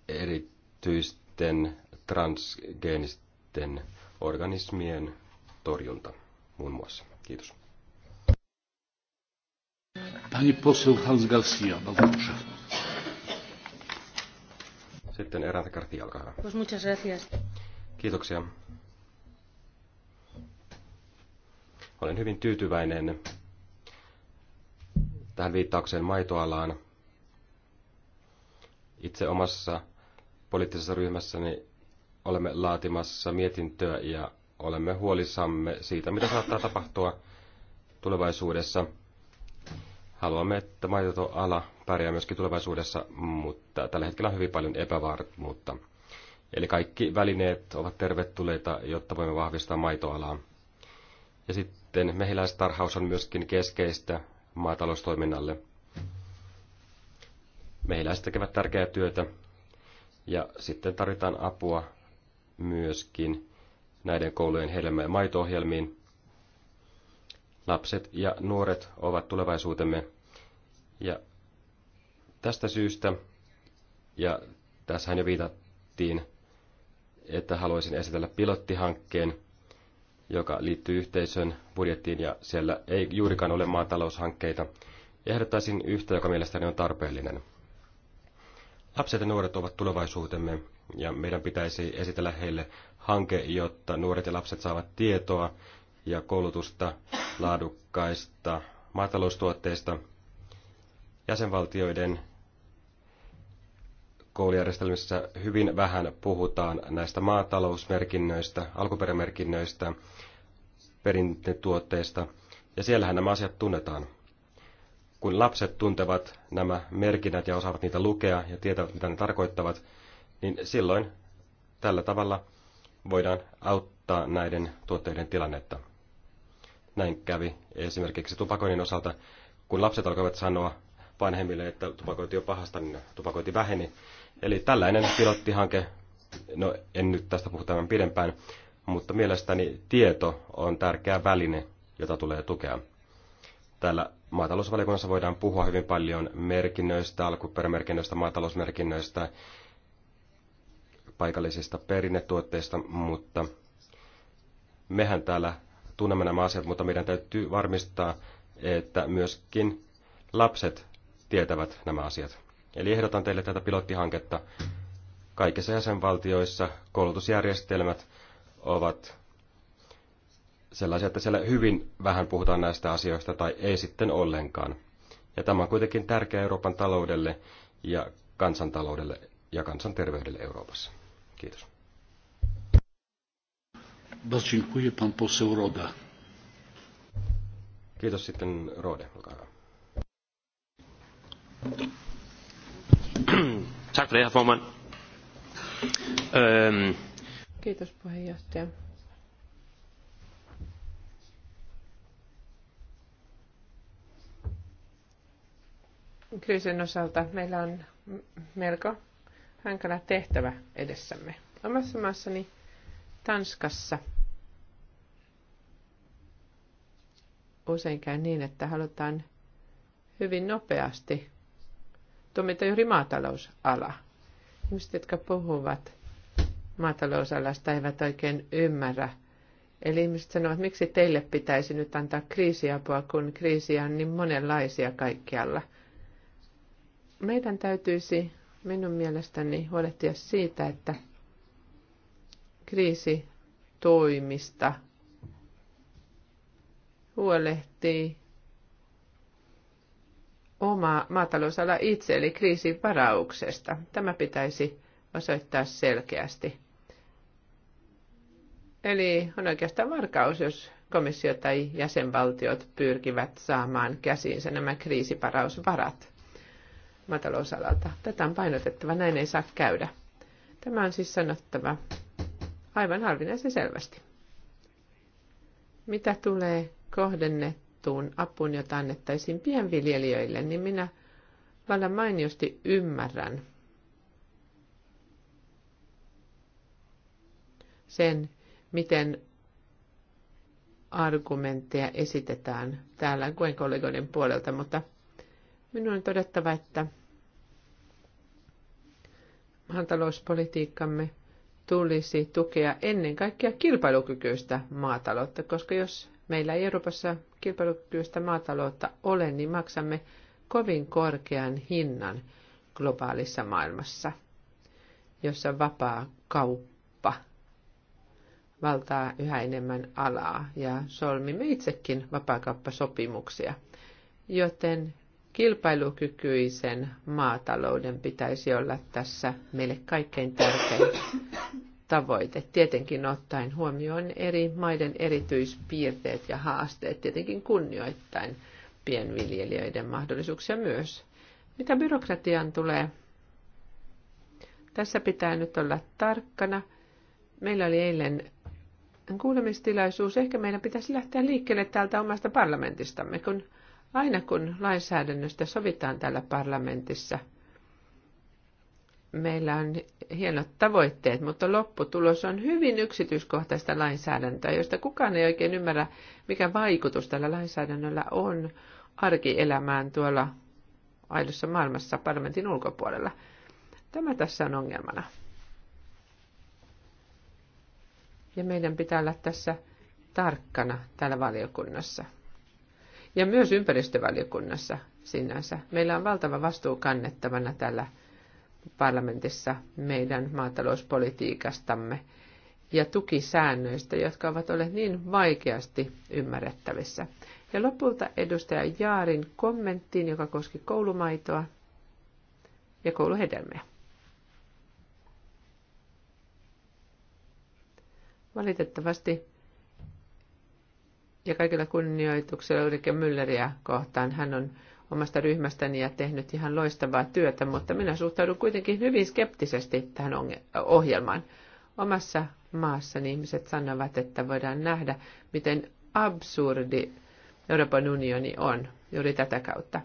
[SPEAKER 2] erityisten transgeenisten organismien
[SPEAKER 1] torjunta muun muassa. Kiitos. Pani poseł Hans Garcia, bardzo proszę.
[SPEAKER 2] Sitten eräntä kartia alkaa. Pues muchas gracias. Kiitoksia. Olen hyvin tyytyväinen tähän viittaukseen maitoalaan. Itse omassa poliittisessa ryhmässäni olemme laatimassa mietintöä ja olemme huolissamme siitä, mitä saattaa tapahtua tulevaisuudessa. Haluamme, että maitotoala pärjää myöskin tulevaisuudessa, mutta tällä hetkellä on hyvin paljon epävarmuutta. Eli kaikki välineet ovat tervetulleita, jotta voimme vahvistaa maitoalaa. Ja sitten mehiläistarhaus on myöskin keskeistä maataloustoiminnalle. Mehiläiset tekevät tärkeää työtä ja sitten tarvitaan apua myöskin näiden koulujen hedelmä- ja maito Lapset ja nuoret ovat tulevaisuutemme. Ja tästä syystä, ja tässähän jo viitattiin, että haluaisin esitellä pilottihankkeen, joka liittyy yhteisön budjettiin ja siellä ei juurikaan ole maataloushankkeita. Ehdottaisin yhtä, joka mielestäni on tarpeellinen – Lapset ja nuoret ovat tulevaisuutemme ja meidän pitäisi esitellä heille hanke, jotta nuoret ja lapset saavat tietoa ja koulutusta laadukkaista maataloustuotteista jäsenvaltioiden koulujärjestelmissä hyvin vähän puhutaan näistä maatalousmerkinnöistä, alkuperämerkinnöistä, perintetuotteista, ja siellähän nämä asiat tunnetaan kun lapset tuntevat nämä merkinnät ja osaavat niitä lukea ja tietävät, mitä ne tarkoittavat, niin silloin tällä tavalla voidaan auttaa näiden tuotteiden tilannetta. Näin kävi esimerkiksi tupakoinnin osalta. Kun lapset alkoivat sanoa vanhemmille, että tupakointi on pahasta, niin tupakointi väheni. Eli tällainen pilottihanke, no en nyt tästä puhu tämän pidempään, mutta mielestäni tieto on tärkeä väline, jota tulee tukea. Täällä maatalousvaliokunnassa voidaan puhua hyvin paljon merkinnöistä, alkuperämerkinnöistä, maatalousmerkinnöistä, paikallisista perinnetuotteista, mutta mehän täällä tunnemme nämä asiat, mutta meidän täytyy varmistaa, että myöskin lapset tietävät nämä asiat. Eli ehdotan teille tätä pilottihanketta. Kaikissa jäsenvaltioissa koulutusjärjestelmät ovat sellaisia, että siellä hyvin vähän puhutaan näistä asioista tai ei sitten ollenkaan. Ja tämä on kuitenkin tärkeä Euroopan taloudelle ja kansantaloudelle ja kansanterveydelle Euroopassa. Kiitos. Kiitos sitten Rode, olkaa hyvä. Tack för det, herr
[SPEAKER 3] Kiitos puheenjohtaja. kriisin osalta meillä on melko hankala tehtävä edessämme. Omassa maassani Tanskassa usein käy niin, että halutaan hyvin nopeasti tuomita juuri maatalousala. Ihmiset, jotka puhuvat maatalousalasta, eivät oikein ymmärrä. Eli ihmiset sanovat, miksi teille pitäisi nyt antaa kriisiapua, kun kriisiä on niin monenlaisia kaikkialla – meidän täytyisi minun mielestäni huolehtia siitä, että kriisitoimista huolehtii oma maatalousala itse, eli kriisivarauksesta. Tämä pitäisi osoittaa selkeästi. Eli on oikeastaan varkaus, jos komissio tai jäsenvaltiot pyrkivät saamaan käsiinsä nämä kriisiparausvarat maatalousalalta. Tätä on painotettava, näin ei saa käydä. Tämä on siis sanottava aivan harvinaisen selvästi. Mitä tulee kohdennettuun apuun, jota annettaisiin pienviljelijöille, niin minä vallan mainiosti ymmärrän sen, miten argumentteja esitetään täällä kuin kollegoiden puolelta, mutta – Minun on todettava, että maatalouspolitiikkamme tulisi tukea ennen kaikkea kilpailukykyistä maataloutta, koska jos meillä ei Euroopassa kilpailukykyistä maataloutta ole, niin maksamme kovin korkean hinnan globaalissa maailmassa, jossa vapaa kauppa valtaa yhä enemmän alaa ja solmimme itsekin vapaakauppasopimuksia, joten Kilpailukykyisen maatalouden pitäisi olla tässä meille kaikkein tärkein tavoite, tietenkin ottaen huomioon eri maiden erityispiirteet ja haasteet, tietenkin kunnioittain pienviljelijöiden mahdollisuuksia myös. Mitä byrokratiaan tulee? Tässä pitää nyt olla tarkkana. Meillä oli eilen kuulemistilaisuus. Ehkä meidän pitäisi lähteä liikkeelle täältä omasta parlamentistamme, kun Aina kun lainsäädännöstä sovitaan täällä parlamentissa, meillä on hienot tavoitteet, mutta lopputulos on hyvin yksityiskohtaista lainsäädäntöä, josta kukaan ei oikein ymmärrä, mikä vaikutus tällä lainsäädännöllä on arkielämään tuolla aidossa maailmassa parlamentin ulkopuolella. Tämä tässä on ongelmana. Ja meidän pitää olla tässä tarkkana täällä valiokunnassa ja myös ympäristövaliokunnassa sinänsä. Meillä on valtava vastuu kannettavana täällä parlamentissa meidän maatalouspolitiikastamme ja tukisäännöistä, jotka ovat olleet niin vaikeasti ymmärrettävissä. Ja lopulta edustaja Jaarin kommenttiin, joka koski koulumaitoa ja kouluhedelmiä. Valitettavasti ja kaikilla kunnioituksella Ulrike Mülleriä kohtaan. Hän on omasta ryhmästäni ja tehnyt ihan loistavaa työtä, mutta minä suhtaudun kuitenkin hyvin skeptisesti tähän ohjelmaan. Omassa maassani ihmiset sanovat, että voidaan nähdä, miten absurdi Euroopan unioni on juuri tätä kautta.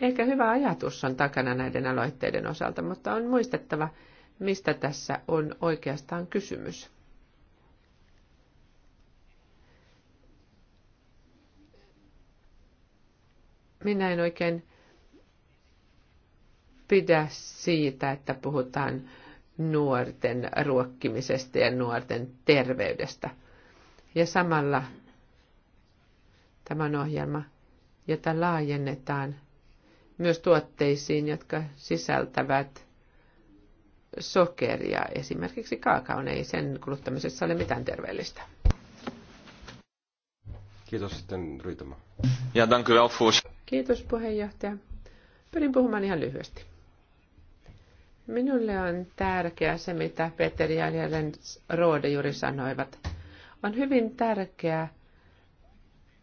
[SPEAKER 3] Ehkä hyvä ajatus on takana näiden aloitteiden osalta, mutta on muistettava, mistä tässä on oikeastaan kysymys. minä en oikein pidä siitä, että puhutaan nuorten ruokkimisesta ja nuorten terveydestä. Ja samalla tämän ohjelma, jota laajennetaan myös tuotteisiin, jotka sisältävät sokeria. Esimerkiksi kaakaon ei sen kuluttamisessa ole mitään terveellistä.
[SPEAKER 2] Kiitos sitten Ryytämä. Ja dank u wel voor...
[SPEAKER 3] Kiitos puheenjohtaja. Pyrin puhumaan ihan lyhyesti. Minulle on tärkeää se, mitä Peter ja Jelen Rode juuri sanoivat. On hyvin tärkeää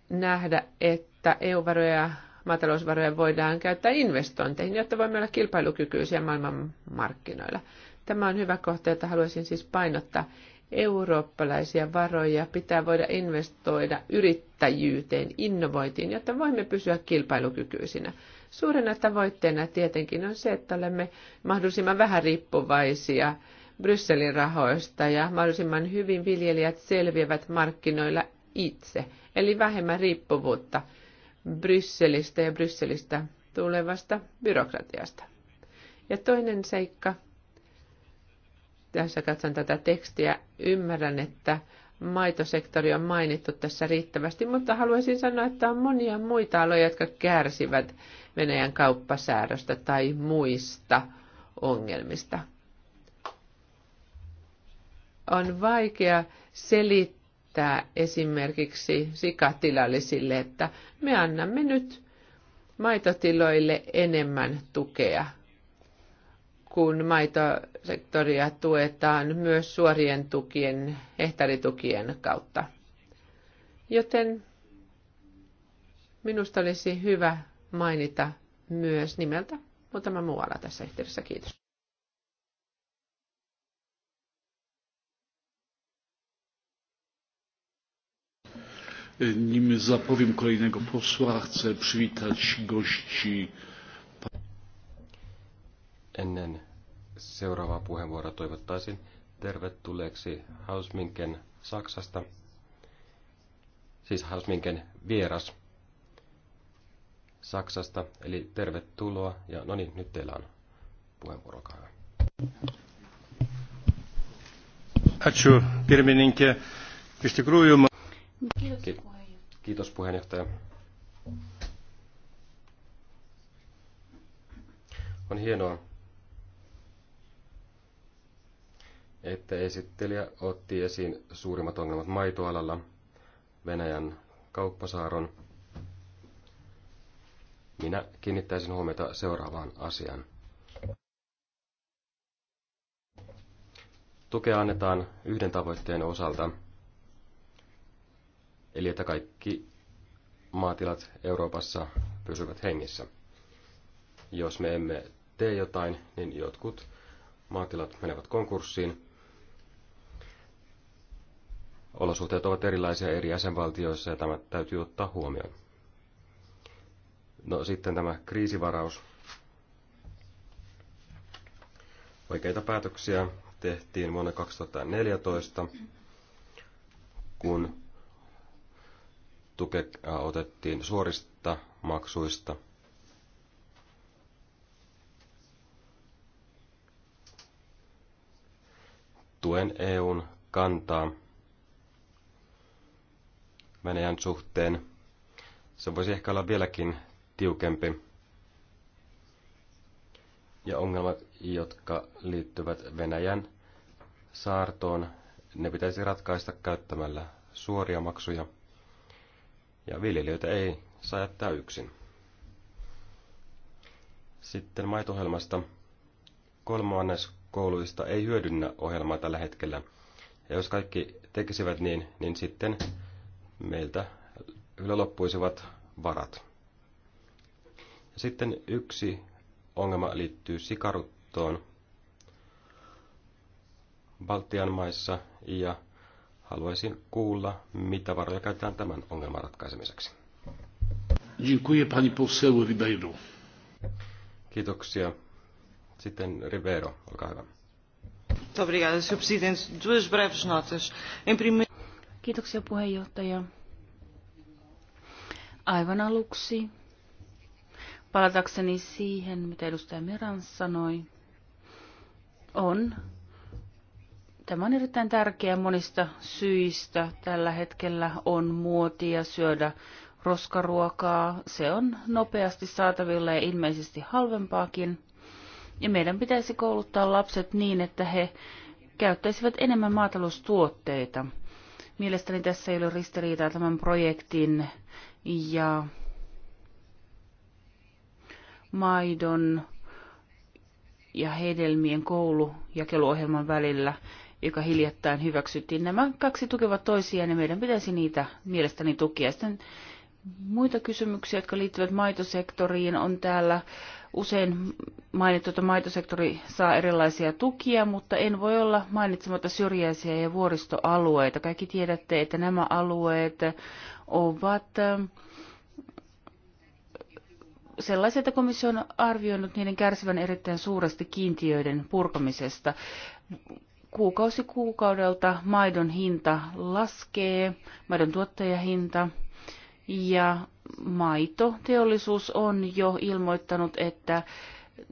[SPEAKER 3] nähdä, että EU-varoja maatalousvaroja voidaan käyttää investointeihin, jotta voimme olla kilpailukykyisiä maailmanmarkkinoilla. Tämä on hyvä kohta, jota haluaisin siis painottaa eurooppalaisia varoja pitää voida investoida yrittäjyyteen, innovointiin, jotta voimme pysyä kilpailukykyisinä. Suurena tavoitteena tietenkin on se, että olemme mahdollisimman vähän riippuvaisia Brysselin rahoista ja mahdollisimman hyvin viljelijät selviävät markkinoilla itse, eli vähemmän riippuvuutta Brysselistä ja Brysselistä tulevasta byrokratiasta. Ja toinen seikka tässä katson tätä tekstiä, ymmärrän, että maitosektori on mainittu tässä riittävästi, mutta haluaisin sanoa, että on monia muita aloja, jotka kärsivät Venäjän kauppasäädöstä tai muista ongelmista. On vaikea selittää esimerkiksi sikatilallisille, että me annamme nyt maitotiloille enemmän tukea – kun maitosektoria tuetaan myös suorien tukien, hehtaritukien kautta. Joten minusta olisi hyvä mainita myös nimeltä muutama muualla tässä yhteydessä. Kiitos.
[SPEAKER 1] Nim zapowiem kolejnego posła, chcę przywitać gości. Ennen seuraavaa puheenvuoroa
[SPEAKER 2] toivottaisin tervetulleeksi Hausminken Saksasta, siis Hausminken vieras Saksasta, eli tervetuloa. Ja no niin, nyt teillä on puheenvuoro, olkaa Kiitos puheenjohtaja. On hienoa, että esittelijä otti esiin suurimmat ongelmat maitoalalla, Venäjän kauppasaaron. Minä kiinnittäisin huomiota seuraavaan asiaan. Tukea annetaan yhden tavoitteen osalta, eli että kaikki maatilat Euroopassa pysyvät hengissä. Jos me emme tee jotain, niin jotkut maatilat menevät konkurssiin olosuhteet ovat erilaisia eri jäsenvaltioissa ja tämä täytyy ottaa huomioon. No sitten tämä kriisivaraus. Oikeita päätöksiä tehtiin vuonna 2014, kun tuke otettiin suorista maksuista. Tuen EUn kantaa Venäjän suhteen. Se voisi ehkä olla vieläkin tiukempi. Ja ongelmat, jotka liittyvät Venäjän saartoon, ne pitäisi ratkaista käyttämällä suoria maksuja. Ja viljelijöitä ei saa jättää yksin. Sitten maitohjelmasta. Kolmannes kouluista ei hyödynnä ohjelmaa tällä hetkellä. Ja jos kaikki tekisivät niin, niin sitten meiltä kyllä loppuisivat varat. Ja sitten yksi ongelma liittyy sikaruttoon Baltian maissa ja haluaisin kuulla, mitä varoja käytetään tämän ongelman ratkaisemiseksi.
[SPEAKER 1] Dziękuję pani poseł Ribeiro.
[SPEAKER 2] Kiitoksia. Sitten Ribeiro, olkaa hyvä.
[SPEAKER 3] Muito obrigada, Sr. Presidente. Duas breves notas. Em primeiro
[SPEAKER 4] Kiitoksia puheenjohtaja. Aivan aluksi
[SPEAKER 3] palatakseni
[SPEAKER 4] siihen, mitä edustaja Meran sanoi, on. Tämä on erittäin tärkeä monista syistä. Tällä hetkellä on muotia syödä roskaruokaa. Se on nopeasti saatavilla ja ilmeisesti halvempaakin. Ja meidän pitäisi kouluttaa lapset niin, että he käyttäisivät enemmän maataloustuotteita – Mielestäni tässä ei ole ristiriitaa tämän projektin ja maidon ja hedelmien koulujakeluohjelman välillä, joka hiljattain hyväksyttiin. Nämä kaksi tukevat toisiaan ja meidän pitäisi niitä mielestäni tukea. Sitten muita kysymyksiä, jotka liittyvät maitosektoriin, on täällä usein mainittu, että maitosektori saa erilaisia tukia, mutta en voi olla mainitsematta syrjäisiä ja vuoristoalueita. Kaikki tiedätte, että nämä alueet ovat ähm, sellaisia, että komissio on arvioinut niiden kärsivän erittäin suuresti kiintiöiden purkamisesta. Kuukausi kuukaudelta maidon hinta laskee, maidon tuottajahinta hinta ja maitoteollisuus on jo ilmoittanut, että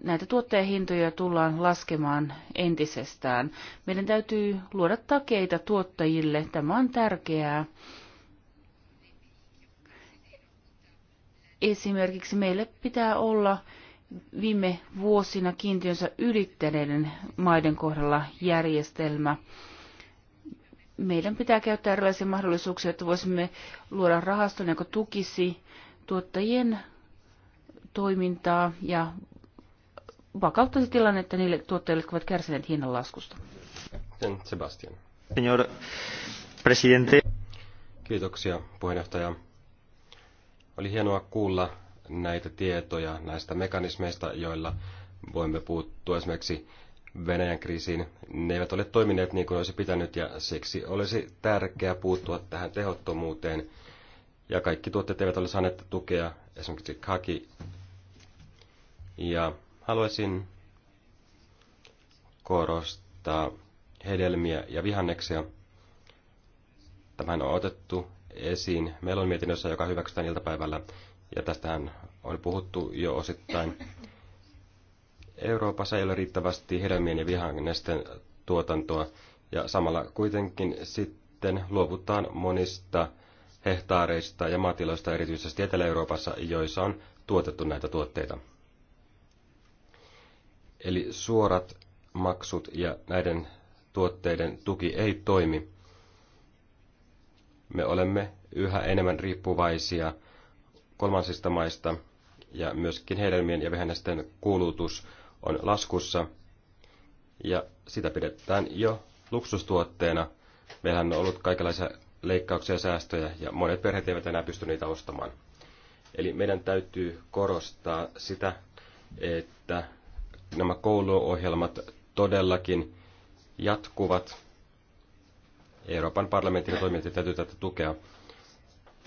[SPEAKER 4] näitä tuottajahintoja tullaan laskemaan entisestään. Meidän täytyy luoda takeita tuottajille. Tämä on tärkeää. Esimerkiksi meille pitää olla viime vuosina kiintiönsä ylittäneiden maiden kohdalla järjestelmä meidän pitää käyttää erilaisia mahdollisuuksia, että voisimme luoda rahaston, joka tukisi tuottajien toimintaa ja vakauttaisi tilannetta niille tuottajille, jotka ovat kärsineet hinnanlaskusta.
[SPEAKER 2] Sebastian. Señor presidente. Kiitoksia puheenjohtaja. Oli hienoa kuulla näitä tietoja näistä mekanismeista, joilla voimme puuttua esimerkiksi Venäjän kriisiin, ne eivät ole toimineet niin kuin olisi pitänyt ja siksi olisi tärkeää puuttua tähän tehottomuuteen. Ja kaikki tuotteet eivät ole saaneet tukea, esimerkiksi kaki. Ja haluaisin korostaa hedelmiä ja vihanneksia. Tämähän on otettu esiin Melon mietinnössä, joka hyväksytään iltapäivällä. Ja tästähän on puhuttu jo osittain. Euroopassa ei ole riittävästi hedelmien ja vihannesten tuotantoa, ja samalla kuitenkin sitten luovutaan monista hehtaareista ja maatiloista erityisesti Etelä-Euroopassa, joissa on tuotettu näitä tuotteita. Eli suorat maksut ja näiden tuotteiden tuki ei toimi. Me olemme yhä enemmän riippuvaisia kolmansista maista ja myöskin hedelmien ja vihannesten kulutus on laskussa ja sitä pidetään jo luksustuotteena. Meillähän on ollut kaikenlaisia leikkauksia ja säästöjä ja monet perheet eivät enää pysty niitä ostamaan. Eli meidän täytyy korostaa sitä, että nämä kouluohjelmat todellakin jatkuvat. Euroopan parlamentin toimintaa täytyy tätä tukea.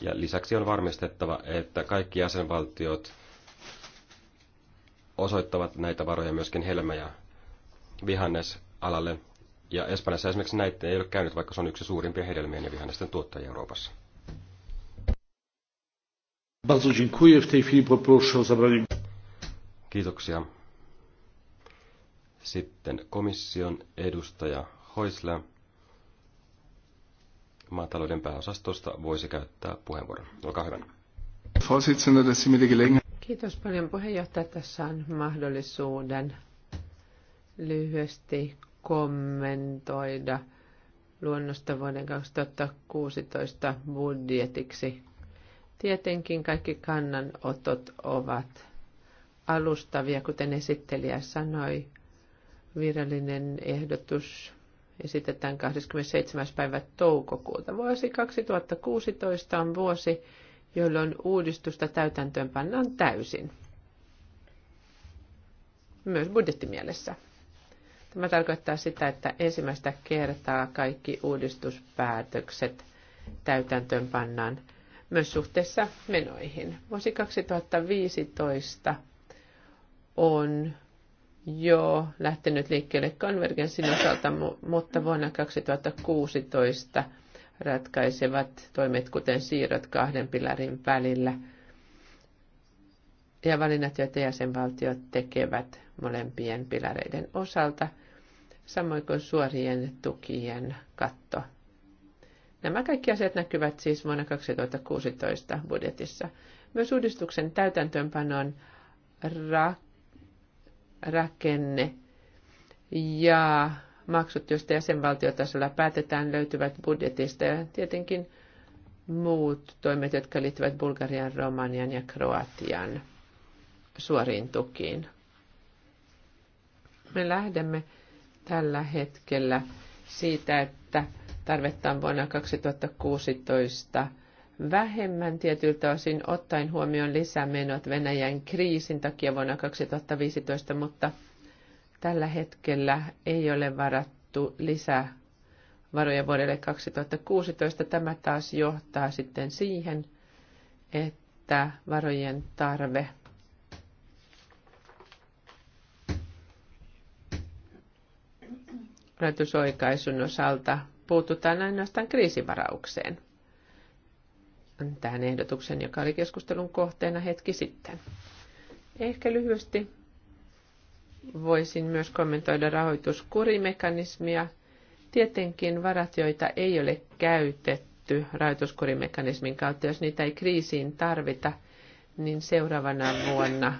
[SPEAKER 2] Ja lisäksi on varmistettava, että kaikki jäsenvaltiot osoittavat näitä varoja myöskin helmä- ja vihannesalalle. Ja Espanjassa esimerkiksi näitä ei ole käynyt, vaikka se on yksi suurimpia hedelmien ja vihannesten tuottajia Euroopassa. Kiitoksia. Sitten komission edustaja Hoisla maatalouden pääosastosta voisi käyttää puheenvuoron. Olkaa hyvä.
[SPEAKER 1] dass Sie mir die
[SPEAKER 3] Kiitos paljon puheenjohtaja. Tässä on mahdollisuuden lyhyesti kommentoida luonnosta vuoden 2016 budjetiksi. Tietenkin kaikki kannanotot ovat alustavia, kuten esittelijä sanoi. Virallinen ehdotus esitetään 27. päivä toukokuuta. Vuosi 2016 on vuosi, jolloin uudistusta täytäntöönpannaan täysin. Myös budjettimielessä. Tämä tarkoittaa sitä, että ensimmäistä kertaa kaikki uudistuspäätökset täytäntöönpannaan myös suhteessa menoihin. Vuosi 2015 on jo lähtenyt liikkeelle konvergenssin osalta, mutta vuonna 2016 – ratkaisevat toimet, kuten siirrot kahden pilarin välillä ja valinnat, joita jäsenvaltiot tekevät molempien pilareiden osalta, samoin kuin suorien tukien katto. Nämä kaikki asiat näkyvät siis vuonna 2016 budjetissa. Myös uudistuksen täytäntöönpanon ra- rakenne ja maksut, joista jäsenvaltiotasolla päätetään, löytyvät budjetista ja tietenkin muut toimet, jotka liittyvät Bulgarian, Romanian ja Kroatian suoriin tukiin. Me lähdemme tällä hetkellä siitä, että tarvetta on vuonna 2016 vähemmän tietyiltä osin ottaen huomioon lisämenot Venäjän kriisin takia vuonna 2015, mutta Tällä hetkellä ei ole varattu lisää varoja vuodelle 2016. Tämä taas johtaa sitten siihen, että varojen tarve rajoitusoikaisun osalta puututaan ainoastaan kriisivaraukseen. Tämän ehdotuksen, joka oli keskustelun kohteena hetki sitten. Ehkä lyhyesti Voisin myös kommentoida rahoituskurimekanismia. Tietenkin varat, joita ei ole käytetty rahoituskurimekanismin kautta, jos niitä ei kriisiin tarvita, niin seuraavana vuonna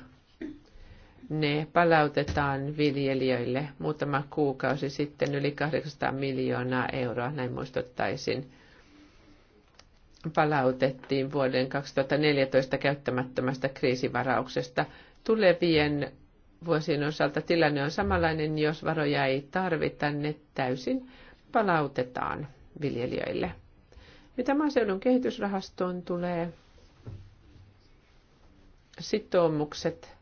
[SPEAKER 3] ne palautetaan viljelijöille. Muutama kuukausi sitten yli 800 miljoonaa euroa, näin muistuttaisin, palautettiin vuoden 2014 käyttämättömästä kriisivarauksesta. Tulevien vuosien osalta tilanne on samanlainen, jos varoja ei tarvita, ne täysin palautetaan viljelijöille. Mitä maaseudun kehitysrahastoon tulee, sitoumukset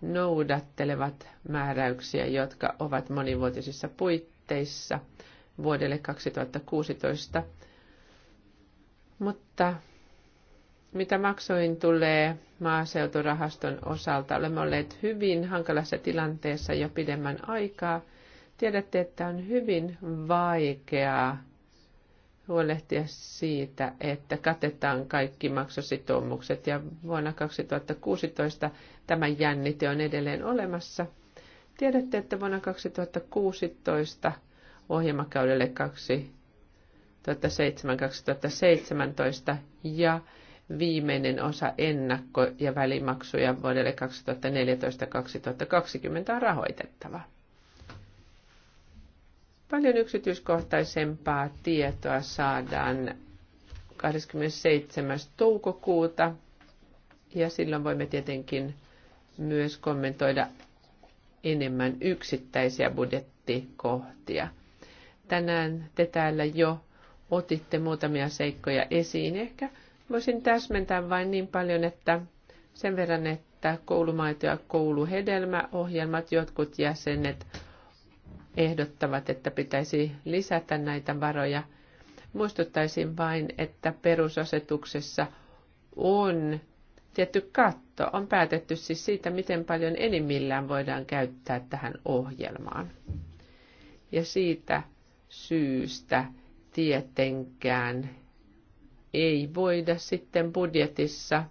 [SPEAKER 3] noudattelevat määräyksiä, jotka ovat monivuotisissa puitteissa vuodelle 2016, mutta mitä maksoin tulee maaseuturahaston osalta, olemme olleet hyvin hankalassa tilanteessa jo pidemmän aikaa. Tiedätte, että on hyvin vaikeaa huolehtia siitä, että katetaan kaikki maksusitoumukset. Ja vuonna 2016 tämä jännite on edelleen olemassa. Tiedätte, että vuonna 2016 ohjelmakaudelle 2007-2017 ja viimeinen osa ennakko- ja välimaksuja vuodelle 2014-2020 on rahoitettava. Paljon yksityiskohtaisempaa tietoa saadaan 27. toukokuuta ja silloin voimme tietenkin myös kommentoida enemmän yksittäisiä budjettikohtia. Tänään te täällä jo otitte muutamia seikkoja esiin. Ehkä Voisin täsmentää vain niin paljon, että sen verran, että koulumaito- ja kouluhedelmäohjelmat jotkut jäsenet ehdottavat, että pitäisi lisätä näitä varoja. Muistuttaisin vain, että perusasetuksessa on tietty katto, on päätetty siis siitä, miten paljon enimmillään voidaan käyttää tähän ohjelmaan. Ja siitä syystä tietenkään ei voida sitten budjetissa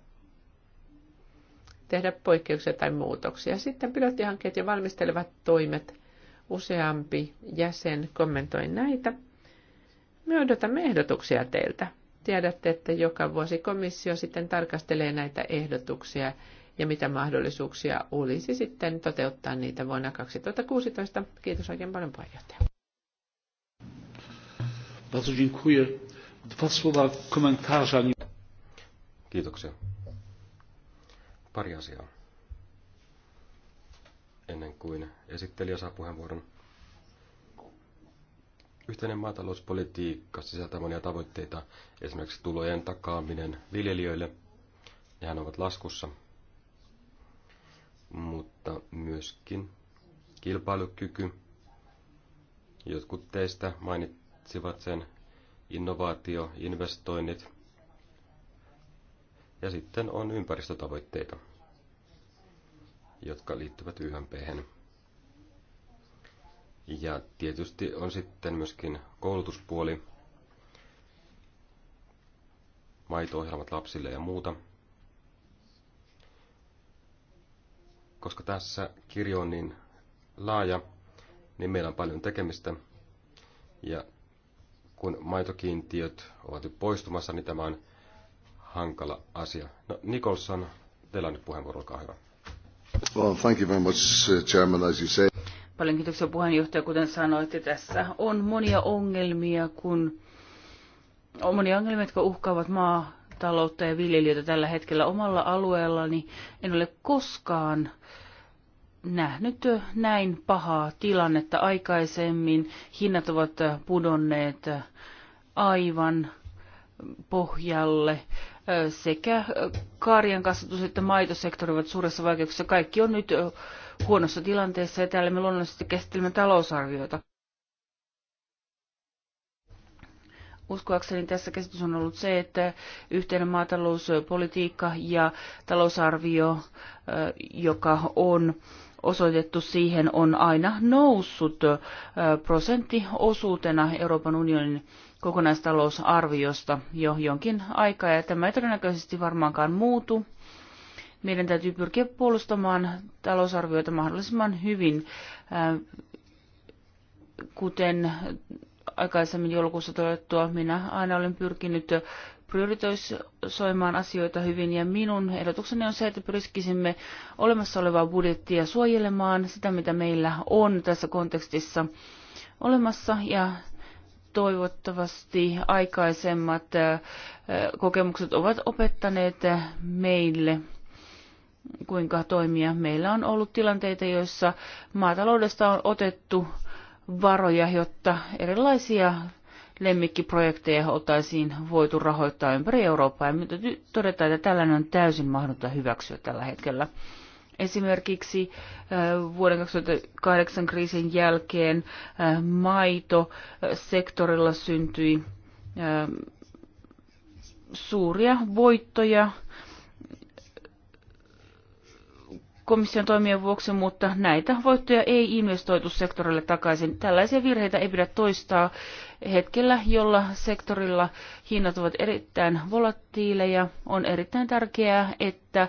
[SPEAKER 3] tehdä poikkeuksia tai muutoksia. Sitten pilottihankkeet ja valmistelevat toimet. Useampi jäsen kommentoi näitä. Me odotamme ehdotuksia teiltä. Tiedätte, että joka vuosi komissio sitten tarkastelee näitä ehdotuksia ja mitä mahdollisuuksia olisi sitten toteuttaa niitä vuonna 2016. Kiitos oikein paljon puheenjohtaja.
[SPEAKER 1] Bardzo dziękuję. Dwa słowa komentarza. Kiitoksia. Pari asiaa.
[SPEAKER 2] Ennen kuin esittelijä saa puheenvuoron. Yhteinen maatalouspolitiikka sisältää monia tavoitteita, esimerkiksi tulojen takaaminen viljelijöille. Nehän ovat laskussa. Mutta myöskin kilpailukyky. Jotkut teistä mainitsivat sen innovaatio, investoinnit ja sitten on ympäristötavoitteita, jotka liittyvät YMP. Ja tietysti on sitten myöskin koulutuspuoli, maito-ohjelmat lapsille ja muuta. Koska tässä kirjo on niin laaja, niin meillä on paljon tekemistä. Ja kun maitokiintiöt ovat nyt poistumassa, niin tämä on hankala asia. No, Nicholson, teillä on nyt puheenvuoro, olkaa hyvä.
[SPEAKER 1] Well, thank
[SPEAKER 4] you very much, uh, Chairman, as you say. Paljon kiitoksia puheenjohtaja, kuten sanoitte, tässä on monia ongelmia, kun on monia ongelmia, jotka uhkaavat maataloutta ja viljelijöitä tällä hetkellä omalla alueellani. En ole koskaan äh, nähnyt näin pahaa tilannetta aikaisemmin. Hinnat ovat pudonneet aivan pohjalle. Sekä karjan kasvatus että maitosektori ovat suuressa vaikeuksessa Kaikki on nyt huonossa tilanteessa ja täällä me luonnollisesti käsittelemme talousarviota. Uskoakseni tässä käsitys on ollut se, että yhteinen maatalouspolitiikka ja talousarvio, joka on osoitettu siihen on aina noussut prosenttiosuutena Euroopan unionin kokonaistalousarviosta jo jonkin aikaa, ja tämä ei todennäköisesti varmaankaan muutu. Meidän täytyy pyrkiä puolustamaan talousarvioita mahdollisimman hyvin, kuten aikaisemmin joulukuussa todettua, minä aina olen pyrkinyt prioritisoimaan asioita hyvin ja minun ehdotukseni on se, että pyrkisimme olemassa olevaa budjettia suojelemaan sitä, mitä meillä on tässä kontekstissa olemassa ja toivottavasti aikaisemmat kokemukset ovat opettaneet meille kuinka toimia. Meillä on ollut tilanteita, joissa maataloudesta on otettu varoja, jotta erilaisia lemmikkiprojekteja oltaisiin voitu rahoittaa ympäri Eurooppaa. Ja nyt todetaan, että tällainen on täysin mahdotonta hyväksyä tällä hetkellä. Esimerkiksi äh, vuoden 2008 kriisin jälkeen äh, maitosektorilla äh, syntyi suuria voittoja komission toimien vuoksi, mutta näitä voittoja ei investoitu sektorille takaisin. Tällaisia virheitä ei pidä toistaa hetkellä, jolla sektorilla hinnat ovat erittäin volatiileja, on erittäin tärkeää, että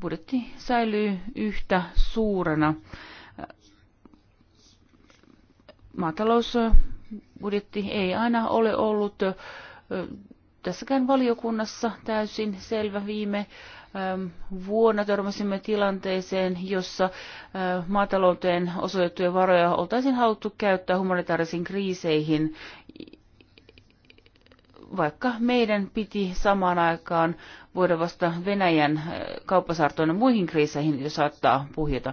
[SPEAKER 4] budjetti säilyy yhtä suurena. Maatalousbudjetti ei aina ole ollut tässäkään valiokunnassa täysin selvä viime vuonna törmäsimme tilanteeseen, jossa maatalouteen osoitettuja varoja oltaisiin haluttu käyttää humanitaarisiin kriiseihin, vaikka meidän piti samaan aikaan voida vasta Venäjän kauppasaartoina muihin kriiseihin jo saattaa puhjeta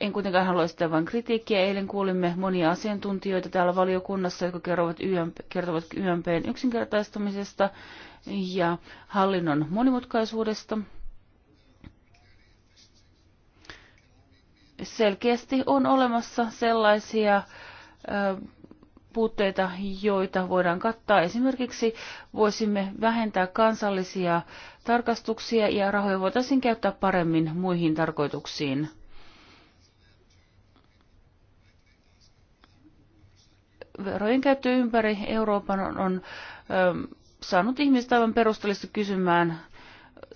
[SPEAKER 4] en kuitenkaan halua sitä vain kritiikkiä. Eilen kuulimme monia asiantuntijoita täällä valiokunnassa, jotka kertovat, YMP, kertovat YMPn yksinkertaistamisesta ja hallinnon monimutkaisuudesta. Selkeästi on olemassa sellaisia puutteita, joita voidaan kattaa. Esimerkiksi voisimme vähentää kansallisia tarkastuksia ja rahoja voitaisiin käyttää paremmin muihin tarkoituksiin. verojen käyttö ympäri Euroopan on, on saanut ihmistä aivan perustellisesti kysymään,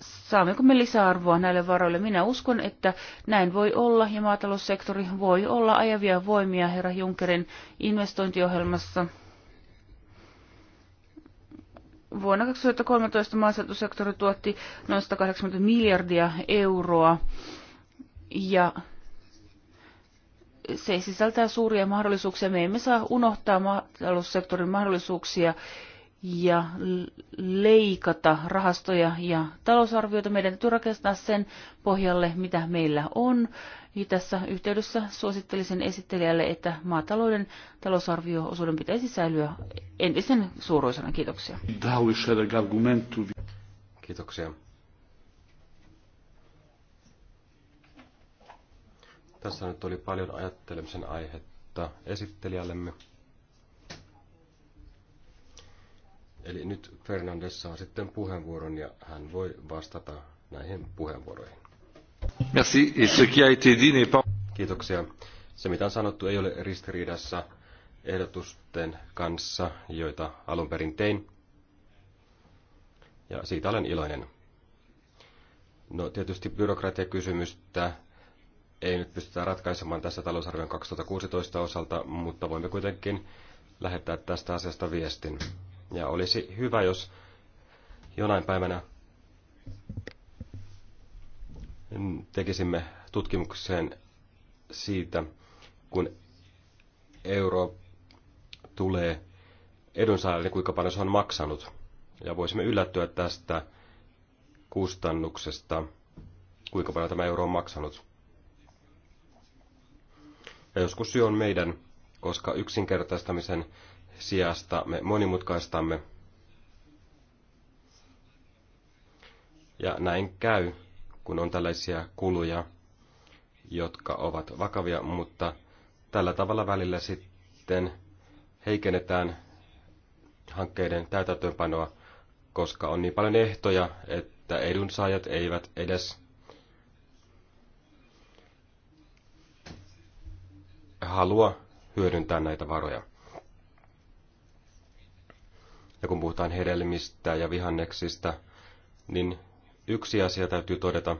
[SPEAKER 4] saammeko me lisäarvoa näille varoille. Minä uskon, että näin voi olla ja maataloussektori voi olla ajavia voimia herra Junckerin investointiohjelmassa. Vuonna 2013 maaseutusektori tuotti noin 180 miljardia euroa ja se sisältää suuria mahdollisuuksia. Me emme saa unohtaa maataloussektorin mahdollisuuksia ja leikata rahastoja ja talousarvioita. Meidän täytyy rakentaa sen pohjalle, mitä meillä on. Ja tässä yhteydessä suosittelisin esittelijälle, että maatalouden talousarvio-osuuden pitäisi säilyä entisen suuruisena. Kiitoksia.
[SPEAKER 1] Kiitoksia.
[SPEAKER 2] Tässä nyt oli paljon ajattelemisen aihetta esittelijällemme. Eli nyt Fernandes saa sitten puheenvuoron ja hän voi vastata näihin puheenvuoroihin. Merci. Et ce qui a été dit n'est pas... Kiitoksia. Se mitä on sanottu ei ole ristiriidassa ehdotusten kanssa, joita alun perin tein. Ja siitä olen iloinen. No tietysti byrokratiakysymystä ei nyt pystytä ratkaisemaan tässä talousarvion 2016 osalta, mutta voimme kuitenkin lähettää tästä asiasta viestin. Ja olisi hyvä, jos jonain päivänä tekisimme tutkimukseen siitä, kun euro tulee edunsaajalle, niin kuinka paljon se on maksanut. Ja voisimme yllättyä tästä kustannuksesta, kuinka paljon tämä euro on maksanut. Ja joskus syy on meidän, koska yksinkertaistamisen sijasta me monimutkaistamme. Ja näin käy, kun on tällaisia kuluja, jotka ovat vakavia, mutta tällä tavalla välillä sitten heikennetään hankkeiden täytäntöönpanoa, koska on niin paljon ehtoja, että edunsaajat eivät edes halua hyödyntää näitä varoja. Ja kun puhutaan hedelmistä ja vihanneksista, niin yksi asia täytyy todeta.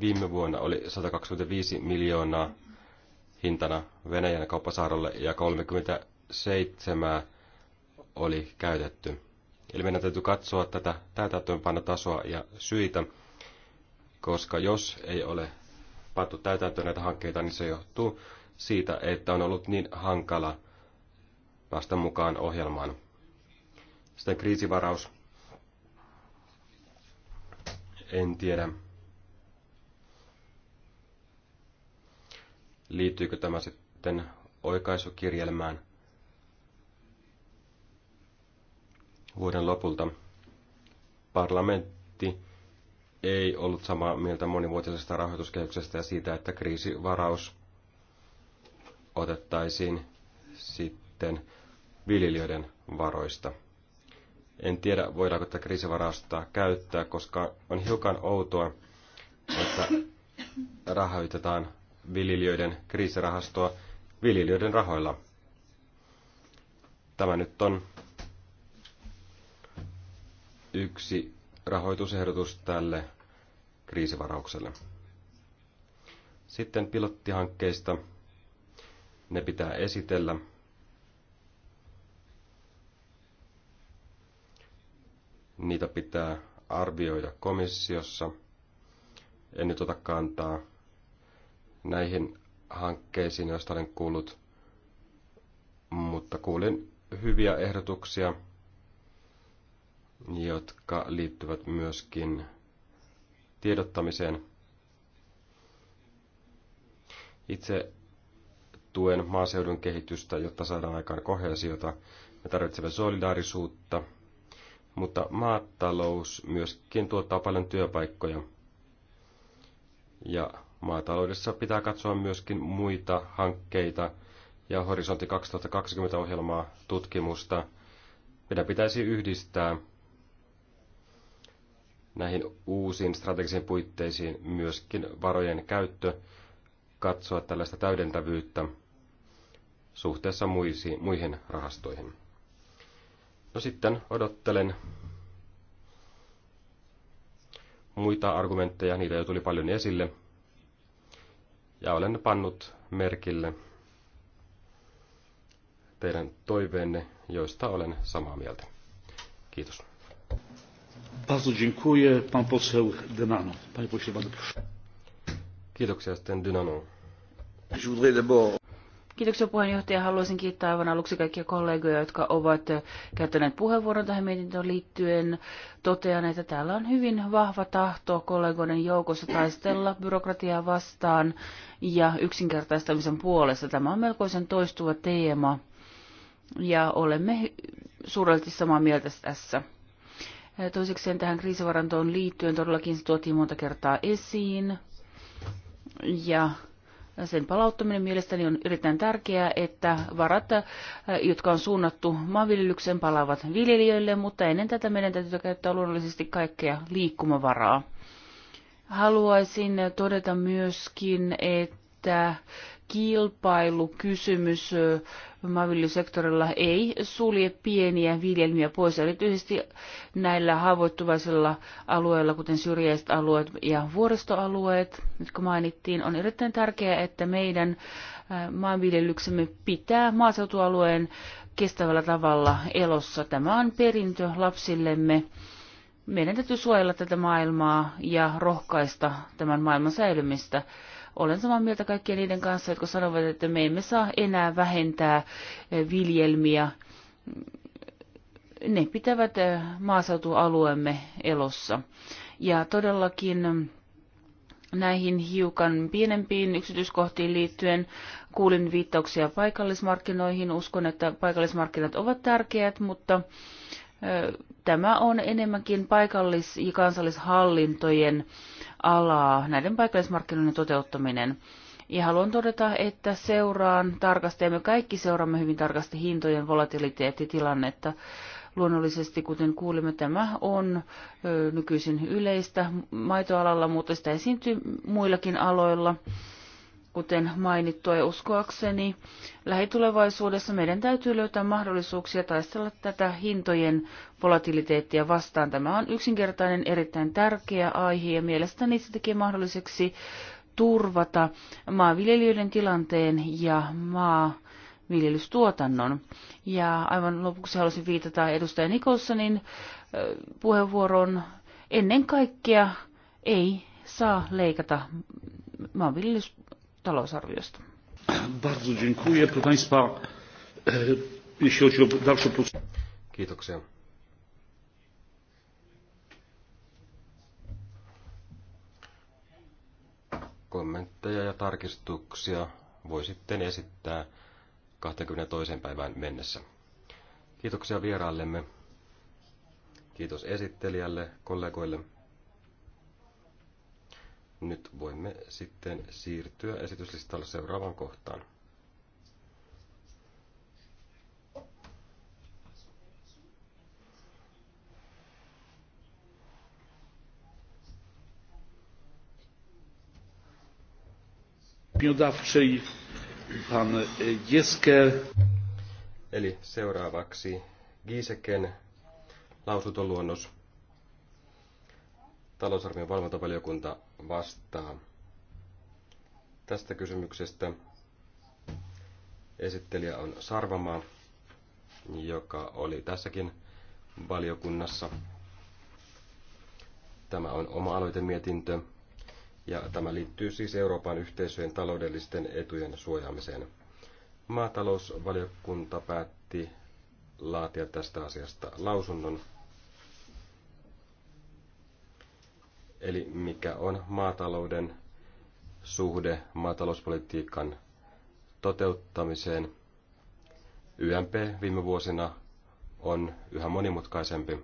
[SPEAKER 2] Viime vuonna oli 125 miljoonaa hintana Venäjän kauppasaarolle ja 37 oli käytetty. Eli meidän täytyy katsoa tätä täytäntöönpanotasoa ja syitä, koska jos ei ole pantu täytäntöön näitä hankkeita, niin se johtuu siitä, että on ollut niin hankala päästä mukaan ohjelmaan. Sitten kriisivaraus. En tiedä, liittyykö tämä sitten oikaisukirjelmään vuoden lopulta. Parlamentti ei ollut samaa mieltä monivuotisesta rahoituskehyksestä ja siitä, että kriisivaraus otettaisiin sitten viljelijöiden varoista. En tiedä, voidaanko tätä kriisivarausta käyttää, koska on hiukan outoa, että rahoitetaan viljelijöiden kriisirahastoa viljelijöiden rahoilla. Tämä nyt on yksi rahoitusehdotus tälle kriisivaraukselle. Sitten pilottihankkeista. Ne pitää esitellä. Niitä pitää arvioida komissiossa. En nyt ota kantaa näihin hankkeisiin, joista olen kuullut, mutta kuulin hyviä ehdotuksia jotka liittyvät myöskin tiedottamiseen. Itse tuen maaseudun kehitystä, jotta saadaan aikaan kohesiota. Me tarvitsemme solidaarisuutta, mutta maatalous myöskin tuottaa paljon työpaikkoja. Ja maataloudessa pitää katsoa myöskin muita hankkeita ja Horisontti 2020-ohjelmaa, tutkimusta. Meidän pitäisi yhdistää näihin uusiin strategisiin puitteisiin myöskin varojen käyttö, katsoa tällaista täydentävyyttä suhteessa muisiin, muihin rahastoihin. No sitten odottelen muita argumentteja, niitä jo tuli paljon esille. Ja olen pannut merkille teidän toiveenne, joista olen samaa
[SPEAKER 1] mieltä. Kiitos. Kiitoksia
[SPEAKER 4] Kiitoksia puheenjohtaja. Haluaisin kiittää aivan aluksi kaikkia kollegoja, jotka ovat käyttäneet puheenvuoron tähän mietintöön liittyen. Totean, että täällä on hyvin vahva tahto kollegoiden joukossa taistella byrokratiaa vastaan ja yksinkertaistamisen puolesta. Tämä on melkoisen toistuva teema ja olemme suurelti samaa mieltä tässä. Toisekseen tähän kriisivarantoon liittyen todellakin se tuotiin monta kertaa esiin. Ja sen palauttaminen mielestäni on erittäin tärkeää, että varat, jotka on suunnattu maanviljelykseen, palaavat viljelijöille, mutta ennen tätä meidän täytyy käyttää luonnollisesti kaikkea liikkumavaraa. Haluaisin todeta myöskin, että kilpailukysymys maanviljelysektorilla ei sulje pieniä viljelmiä pois, erityisesti näillä haavoittuvaisilla alueilla, kuten syrjäiset alueet ja vuoristoalueet, jotka mainittiin, on erittäin tärkeää, että meidän maanviljelyksemme pitää maaseutualueen kestävällä tavalla elossa. Tämä on perintö lapsillemme. Meidän täytyy suojella tätä maailmaa ja rohkaista tämän maailman säilymistä. Olen samaa mieltä kaikkien niiden kanssa, jotka sanovat, että me emme saa enää vähentää eh, viljelmiä. Ne pitävät eh, maaseutualueemme elossa. Ja todellakin mm, näihin hiukan pienempiin yksityiskohtiin liittyen kuulin viittauksia paikallismarkkinoihin. Uskon, että paikallismarkkinat ovat tärkeät, mutta eh, Tämä on enemmänkin paikallis- ja kansallishallintojen alaa, näiden paikallismarkkinoiden toteuttaminen. Ja haluan todeta, että seuraan tarkasti, ja me kaikki seuraamme hyvin tarkasti hintojen volatiliteettitilannetta. Luonnollisesti, kuten kuulimme, tämä on nykyisin yleistä maitoalalla, mutta sitä esiintyy muillakin aloilla kuten mainittua ja uskoakseni, lähitulevaisuudessa meidän täytyy löytää mahdollisuuksia taistella tätä hintojen volatiliteettia vastaan. Tämä on yksinkertainen, erittäin tärkeä aihe ja mielestäni se tekee mahdolliseksi turvata maanviljelijöiden tilanteen ja maa viljelystuotannon. Ja aivan lopuksi haluaisin viitata edustaja Nikolsonin puheenvuoron. Ennen kaikkea ei saa leikata maanviljelystuotannon talousarviosta.
[SPEAKER 1] Bardzo dziękuję, proszę Państwa. E, jeśli chodzi o
[SPEAKER 2] Kiitoksia. Kommentteja ja tarkistuksia voi sitten esittää 22. päivään mennessä. Kiitoksia vieraillemme. Kiitos esittelijälle, kollegoille. Nyt voimme sitten siirtyä esityslistalla seuraavaan kohtaan.
[SPEAKER 1] opiniodawczej pan Jeske. Eli seuraavaksi
[SPEAKER 2] Giiseken lausuntoluonnos talousarvion valvontavaliokunta vastaa tästä kysymyksestä. Esittelijä on Sarvamaa, joka oli tässäkin valiokunnassa. Tämä on oma aloitemietintö ja tämä liittyy siis Euroopan yhteisöjen taloudellisten etujen suojaamiseen. Maatalousvaliokunta päätti laatia tästä asiasta lausunnon Eli mikä on maatalouden suhde maatalouspolitiikan toteuttamiseen. YMP viime vuosina on yhä monimutkaisempi.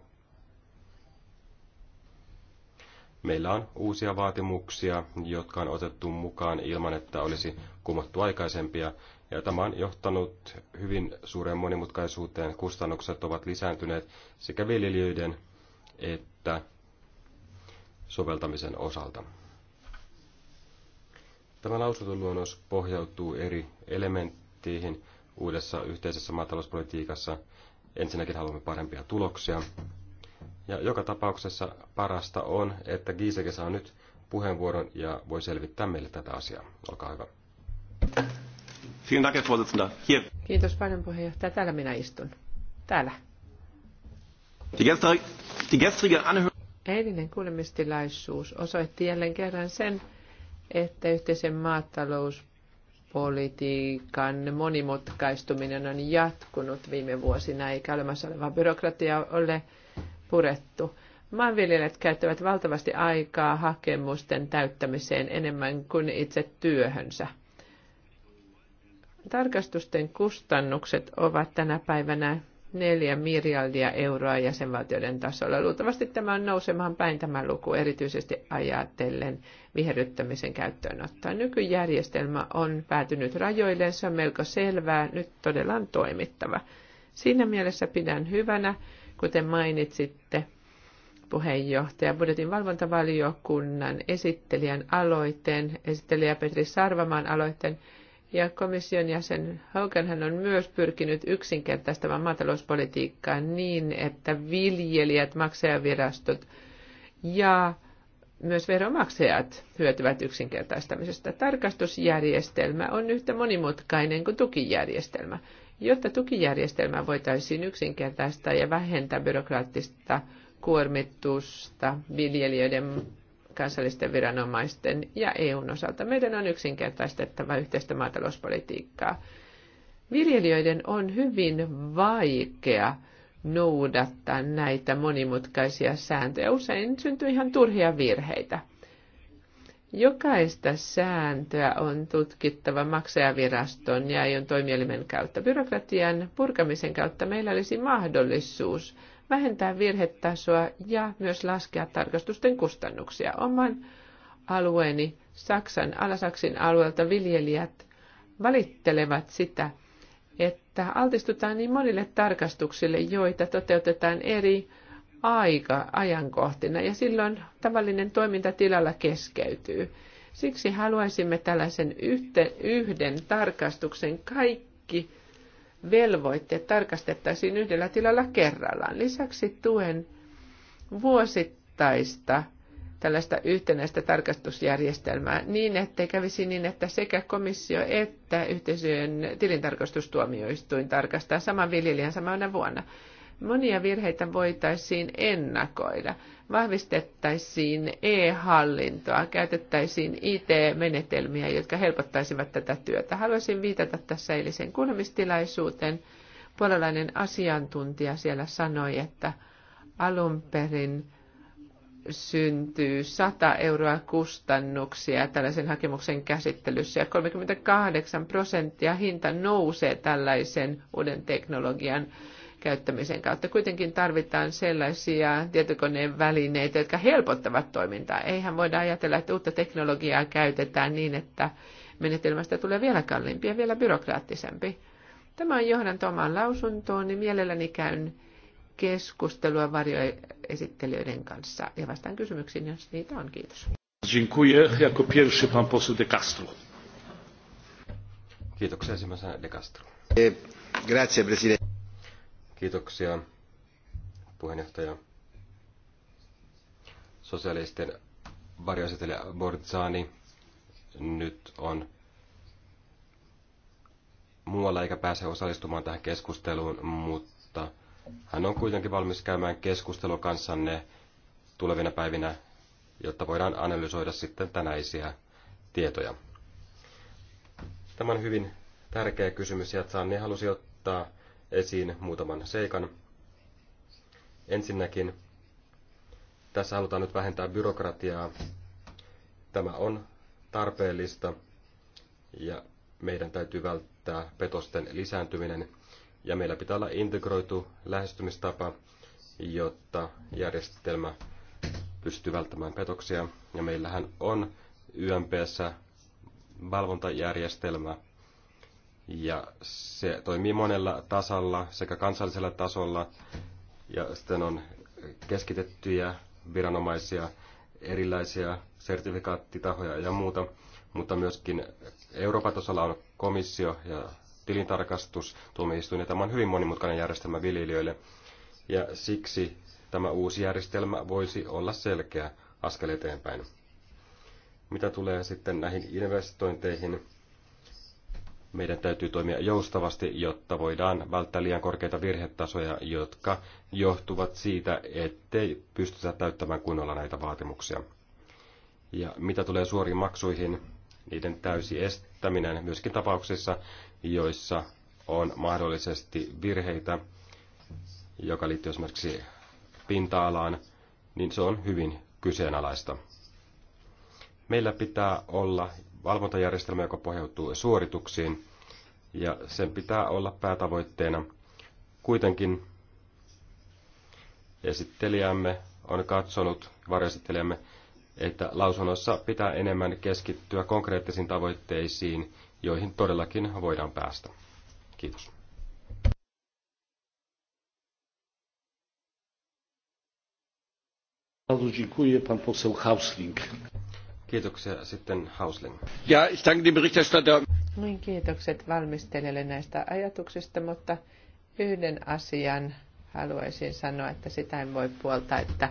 [SPEAKER 2] Meillä on uusia vaatimuksia, jotka on otettu mukaan ilman, että olisi kumottu aikaisempia, ja tämä on johtanut hyvin suureen monimutkaisuuteen. Kustannukset ovat lisääntyneet sekä viljelijöiden että soveltamisen osalta. Tämä luonnos pohjautuu eri elementteihin uudessa yhteisessä maatalouspolitiikassa. Ensinnäkin haluamme parempia tuloksia. Ja joka tapauksessa parasta on, että Giiseke saa nyt puheenvuoron ja voi selvittää meille tätä asiaa. Olkaa hyvä.
[SPEAKER 3] Kiitos paljon puheenjohtaja. Täällä minä istun. Täällä.
[SPEAKER 1] Die gestrige, die gestrige
[SPEAKER 3] Eilinen kuulemistilaisuus osoitti jälleen kerran sen, että yhteisen maatalouspolitiikan monimutkaistuminen on jatkunut viime vuosina, eikä olemassa olevaa byrokratia ole purettu. Maanviljelijät käyttävät valtavasti aikaa hakemusten täyttämiseen enemmän kuin itse työhönsä. Tarkastusten kustannukset ovat tänä päivänä 4 miljardia euroa jäsenvaltioiden tasolla. Luultavasti tämä on nousemaan päin tämä luku, erityisesti ajatellen viherryttämisen käyttöönottoa. Nykyjärjestelmä on päätynyt rajoilleen, se on melko selvää, nyt todella on toimittava. Siinä mielessä pidän hyvänä, kuten mainitsitte, puheenjohtaja, budjetin valvontavaliokunnan esittelijän aloitteen, esittelijä Petri Sarvamaan aloitteen, ja komission jäsen Hoganhan on myös pyrkinyt yksinkertaistamaan maatalouspolitiikkaa niin, että viljelijät, maksajavirastot ja myös veromaksajat hyötyvät yksinkertaistamisesta. Tarkastusjärjestelmä on yhtä monimutkainen kuin tukijärjestelmä. Jotta tukijärjestelmä voitaisiin yksinkertaistaa ja vähentää byrokraattista kuormitusta viljelijöiden kansallisten viranomaisten ja EUn osalta. Meidän on yksinkertaistettava yhteistä maatalouspolitiikkaa. Viljelijöiden on hyvin vaikea noudattaa näitä monimutkaisia sääntöjä. Usein syntyy ihan turhia virheitä. Jokaista sääntöä on tutkittava maksajaviraston ja aion toimielimen kautta. Byrokratian purkamisen kautta meillä olisi mahdollisuus vähentää virhetasoa ja myös laskea tarkastusten kustannuksia. Oman alueeni Saksan, Alasaksin alueelta viljelijät valittelevat sitä, että altistutaan niin monille tarkastuksille, joita toteutetaan eri aika ajankohtina ja silloin tavallinen toiminta tilalla keskeytyy. Siksi haluaisimme tällaisen yhten, yhden tarkastuksen kaikki velvoitteet tarkastettaisiin yhdellä tilalla kerrallaan. Lisäksi tuen vuosittaista tällaista yhtenäistä tarkastusjärjestelmää niin, ettei kävisi niin, että sekä komissio että yhteisöjen tilintarkastustuomioistuin tarkastaa saman viljelijän samana vuonna. Monia virheitä voitaisiin ennakoida. Vahvistettaisiin e-hallintoa, käytettäisiin IT-menetelmiä, jotka helpottaisivat tätä työtä. Haluaisin viitata tässä eilisen kuulemistilaisuuteen. Puolalainen asiantuntija siellä sanoi, että alun perin syntyy 100 euroa kustannuksia tällaisen hakemuksen käsittelyssä ja 38 prosenttia hinta nousee tällaisen uuden teknologian käyttämisen kautta. Kuitenkin tarvitaan sellaisia tietokoneen välineitä, jotka helpottavat toimintaa. Eihän voida ajatella, että uutta teknologiaa käytetään niin, että menetelmästä tulee vielä kalliimpi ja vielä byrokraattisempi. Tämä on johdan omaan lausuntoon, niin mielelläni käyn keskustelua varjoesittelijöiden kanssa ja vastaan kysymyksiin, jos niitä on. Kiitos.
[SPEAKER 1] Dziękuję. Jako pierwszy pan poseł De Castro.
[SPEAKER 2] Kiitoksia ensimmäisenä De Castro. Eh, grazie, presidente. Kiitoksia, puheenjohtaja. Sosialisten varjoasetelija Borzani nyt on muualla eikä pääse osallistumaan tähän keskusteluun, mutta hän on kuitenkin valmis käymään keskustelua kanssanne tulevina päivinä, jotta voidaan analysoida sitten tänäisiä tietoja. Tämä on hyvin tärkeä kysymys ja Sanni halusi ottaa esiin muutaman seikan. Ensinnäkin tässä halutaan nyt vähentää byrokratiaa. Tämä on tarpeellista ja meidän täytyy välttää petosten lisääntyminen ja meillä pitää olla integroitu lähestymistapa, jotta järjestelmä pystyy välttämään petoksia. Ja meillähän on YMPssä valvontajärjestelmä, ja se toimii monella tasalla, sekä kansallisella tasolla, ja sitten on keskitettyjä viranomaisia, erilaisia sertifikaattitahoja ja muuta, mutta myöskin Euroopan tasolla on komissio ja tilintarkastus, tuomioistuin, ja tämä on hyvin monimutkainen järjestelmä viljelijöille, ja siksi tämä uusi järjestelmä voisi olla selkeä askel eteenpäin. Mitä tulee sitten näihin investointeihin, meidän täytyy toimia joustavasti, jotta voidaan välttää liian korkeita virhetasoja, jotka johtuvat siitä, ettei pystytä täyttämään kunnolla näitä vaatimuksia. Ja mitä tulee suoriin maksuihin, niiden täysi estäminen myöskin tapauksissa, joissa on mahdollisesti virheitä, joka liittyy esimerkiksi pinta-alaan, niin se on hyvin kyseenalaista. Meillä pitää olla valvontajärjestelmä, joka pohjautuu suorituksiin, ja sen pitää olla päätavoitteena. Kuitenkin esittelijämme on katsonut, varjoesittelijämme, että lausunnossa pitää enemmän keskittyä konkreettisiin tavoitteisiin, joihin todellakin voidaan
[SPEAKER 1] päästä. Kiitos. Bardzo dziękuję pan poseł Hausling.
[SPEAKER 2] Kiitoksia sitten Hausling. Ja ich danke dem Berichterstatter.
[SPEAKER 3] Niin, kiitokset valmistelijalle näistä ajatuksista, mutta yhden asian haluaisin sanoa, että sitä en voi puolta, että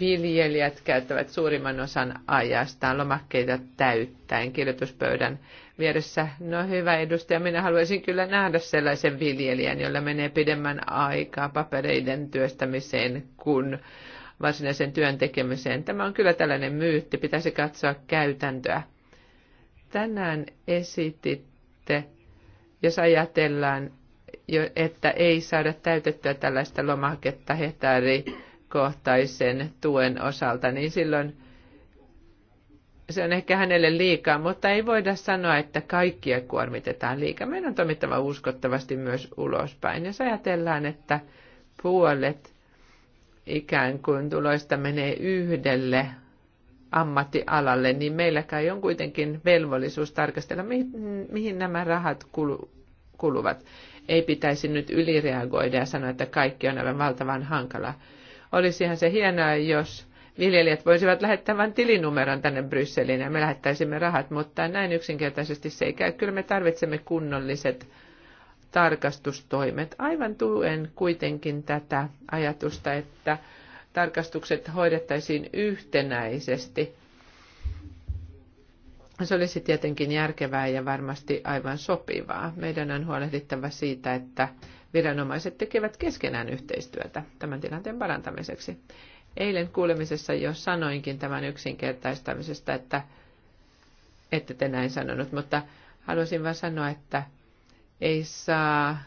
[SPEAKER 3] viljelijät käyttävät suurimman osan ajastaan lomakkeita täyttäen kirjoituspöydän vieressä. No hyvä edustaja, minä haluaisin kyllä nähdä sellaisen viljelijän, jolla menee pidemmän aikaa papereiden työstämiseen kuin varsinaisen työn tekemiseen. Tämä on kyllä tällainen myytti, pitäisi katsoa käytäntöä. Tänään esititte, jos ajatellaan, että ei saada täytettyä tällaista lomaketta hehtaarikohtaisen tuen osalta, niin silloin se on ehkä hänelle liikaa, mutta ei voida sanoa, että kaikkia kuormitetaan liikaa. Meidän on toimittava uskottavasti myös ulospäin. Jos ajatellaan, että puolet ikään kuin tuloista menee yhdelle ammattialalle, niin meillä kai on kuitenkin velvollisuus tarkastella, mihin, mihin nämä rahat kuluvat. Ei pitäisi nyt ylireagoida ja sanoa, että kaikki on aivan valtavan hankala. Olisihan se hienoa, jos viljelijät voisivat lähettää vain tilinumeron tänne Brysseliin ja me lähettäisimme rahat, mutta näin yksinkertaisesti se ei käy. Kyllä me tarvitsemme kunnolliset tarkastustoimet. Aivan tuen kuitenkin tätä ajatusta, että tarkastukset hoidettaisiin yhtenäisesti. Se olisi tietenkin järkevää ja varmasti aivan sopivaa. Meidän on huolehdittava siitä, että viranomaiset tekevät keskenään yhteistyötä tämän tilanteen parantamiseksi. Eilen kuulemisessa jo sanoinkin tämän yksinkertaistamisesta, että ette te näin sanonut, mutta haluaisin vain sanoa, että ei saa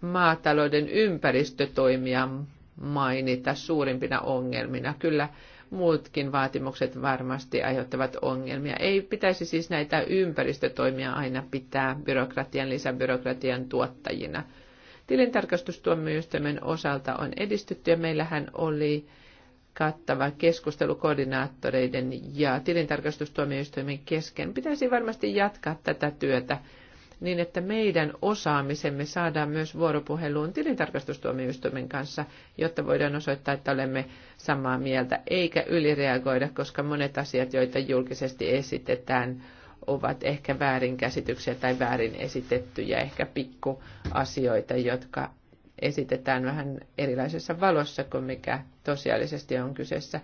[SPEAKER 3] maatalouden ympäristötoimia mainita suurimpina ongelmina. Kyllä muutkin vaatimukset varmasti aiheuttavat ongelmia. Ei pitäisi siis näitä ympäristötoimia aina pitää byrokratian lisäbyrokratian tuottajina. Tilintarkastustuomioistuimen osalta on edistytty ja meillähän oli kattava keskustelu koordinaattoreiden ja tilintarkastustuomioistuimen kesken. Pitäisi varmasti jatkaa tätä työtä niin että meidän osaamisemme saadaan myös vuoropuheluun tilintarkastustuomioistuimen kanssa, jotta voidaan osoittaa, että olemme samaa mieltä, eikä ylireagoida, koska monet asiat, joita julkisesti esitetään, ovat ehkä väärinkäsityksiä tai väärin esitettyjä, ehkä pikkuasioita, jotka esitetään vähän erilaisessa valossa kuin mikä tosiaalisesti on kyseessä.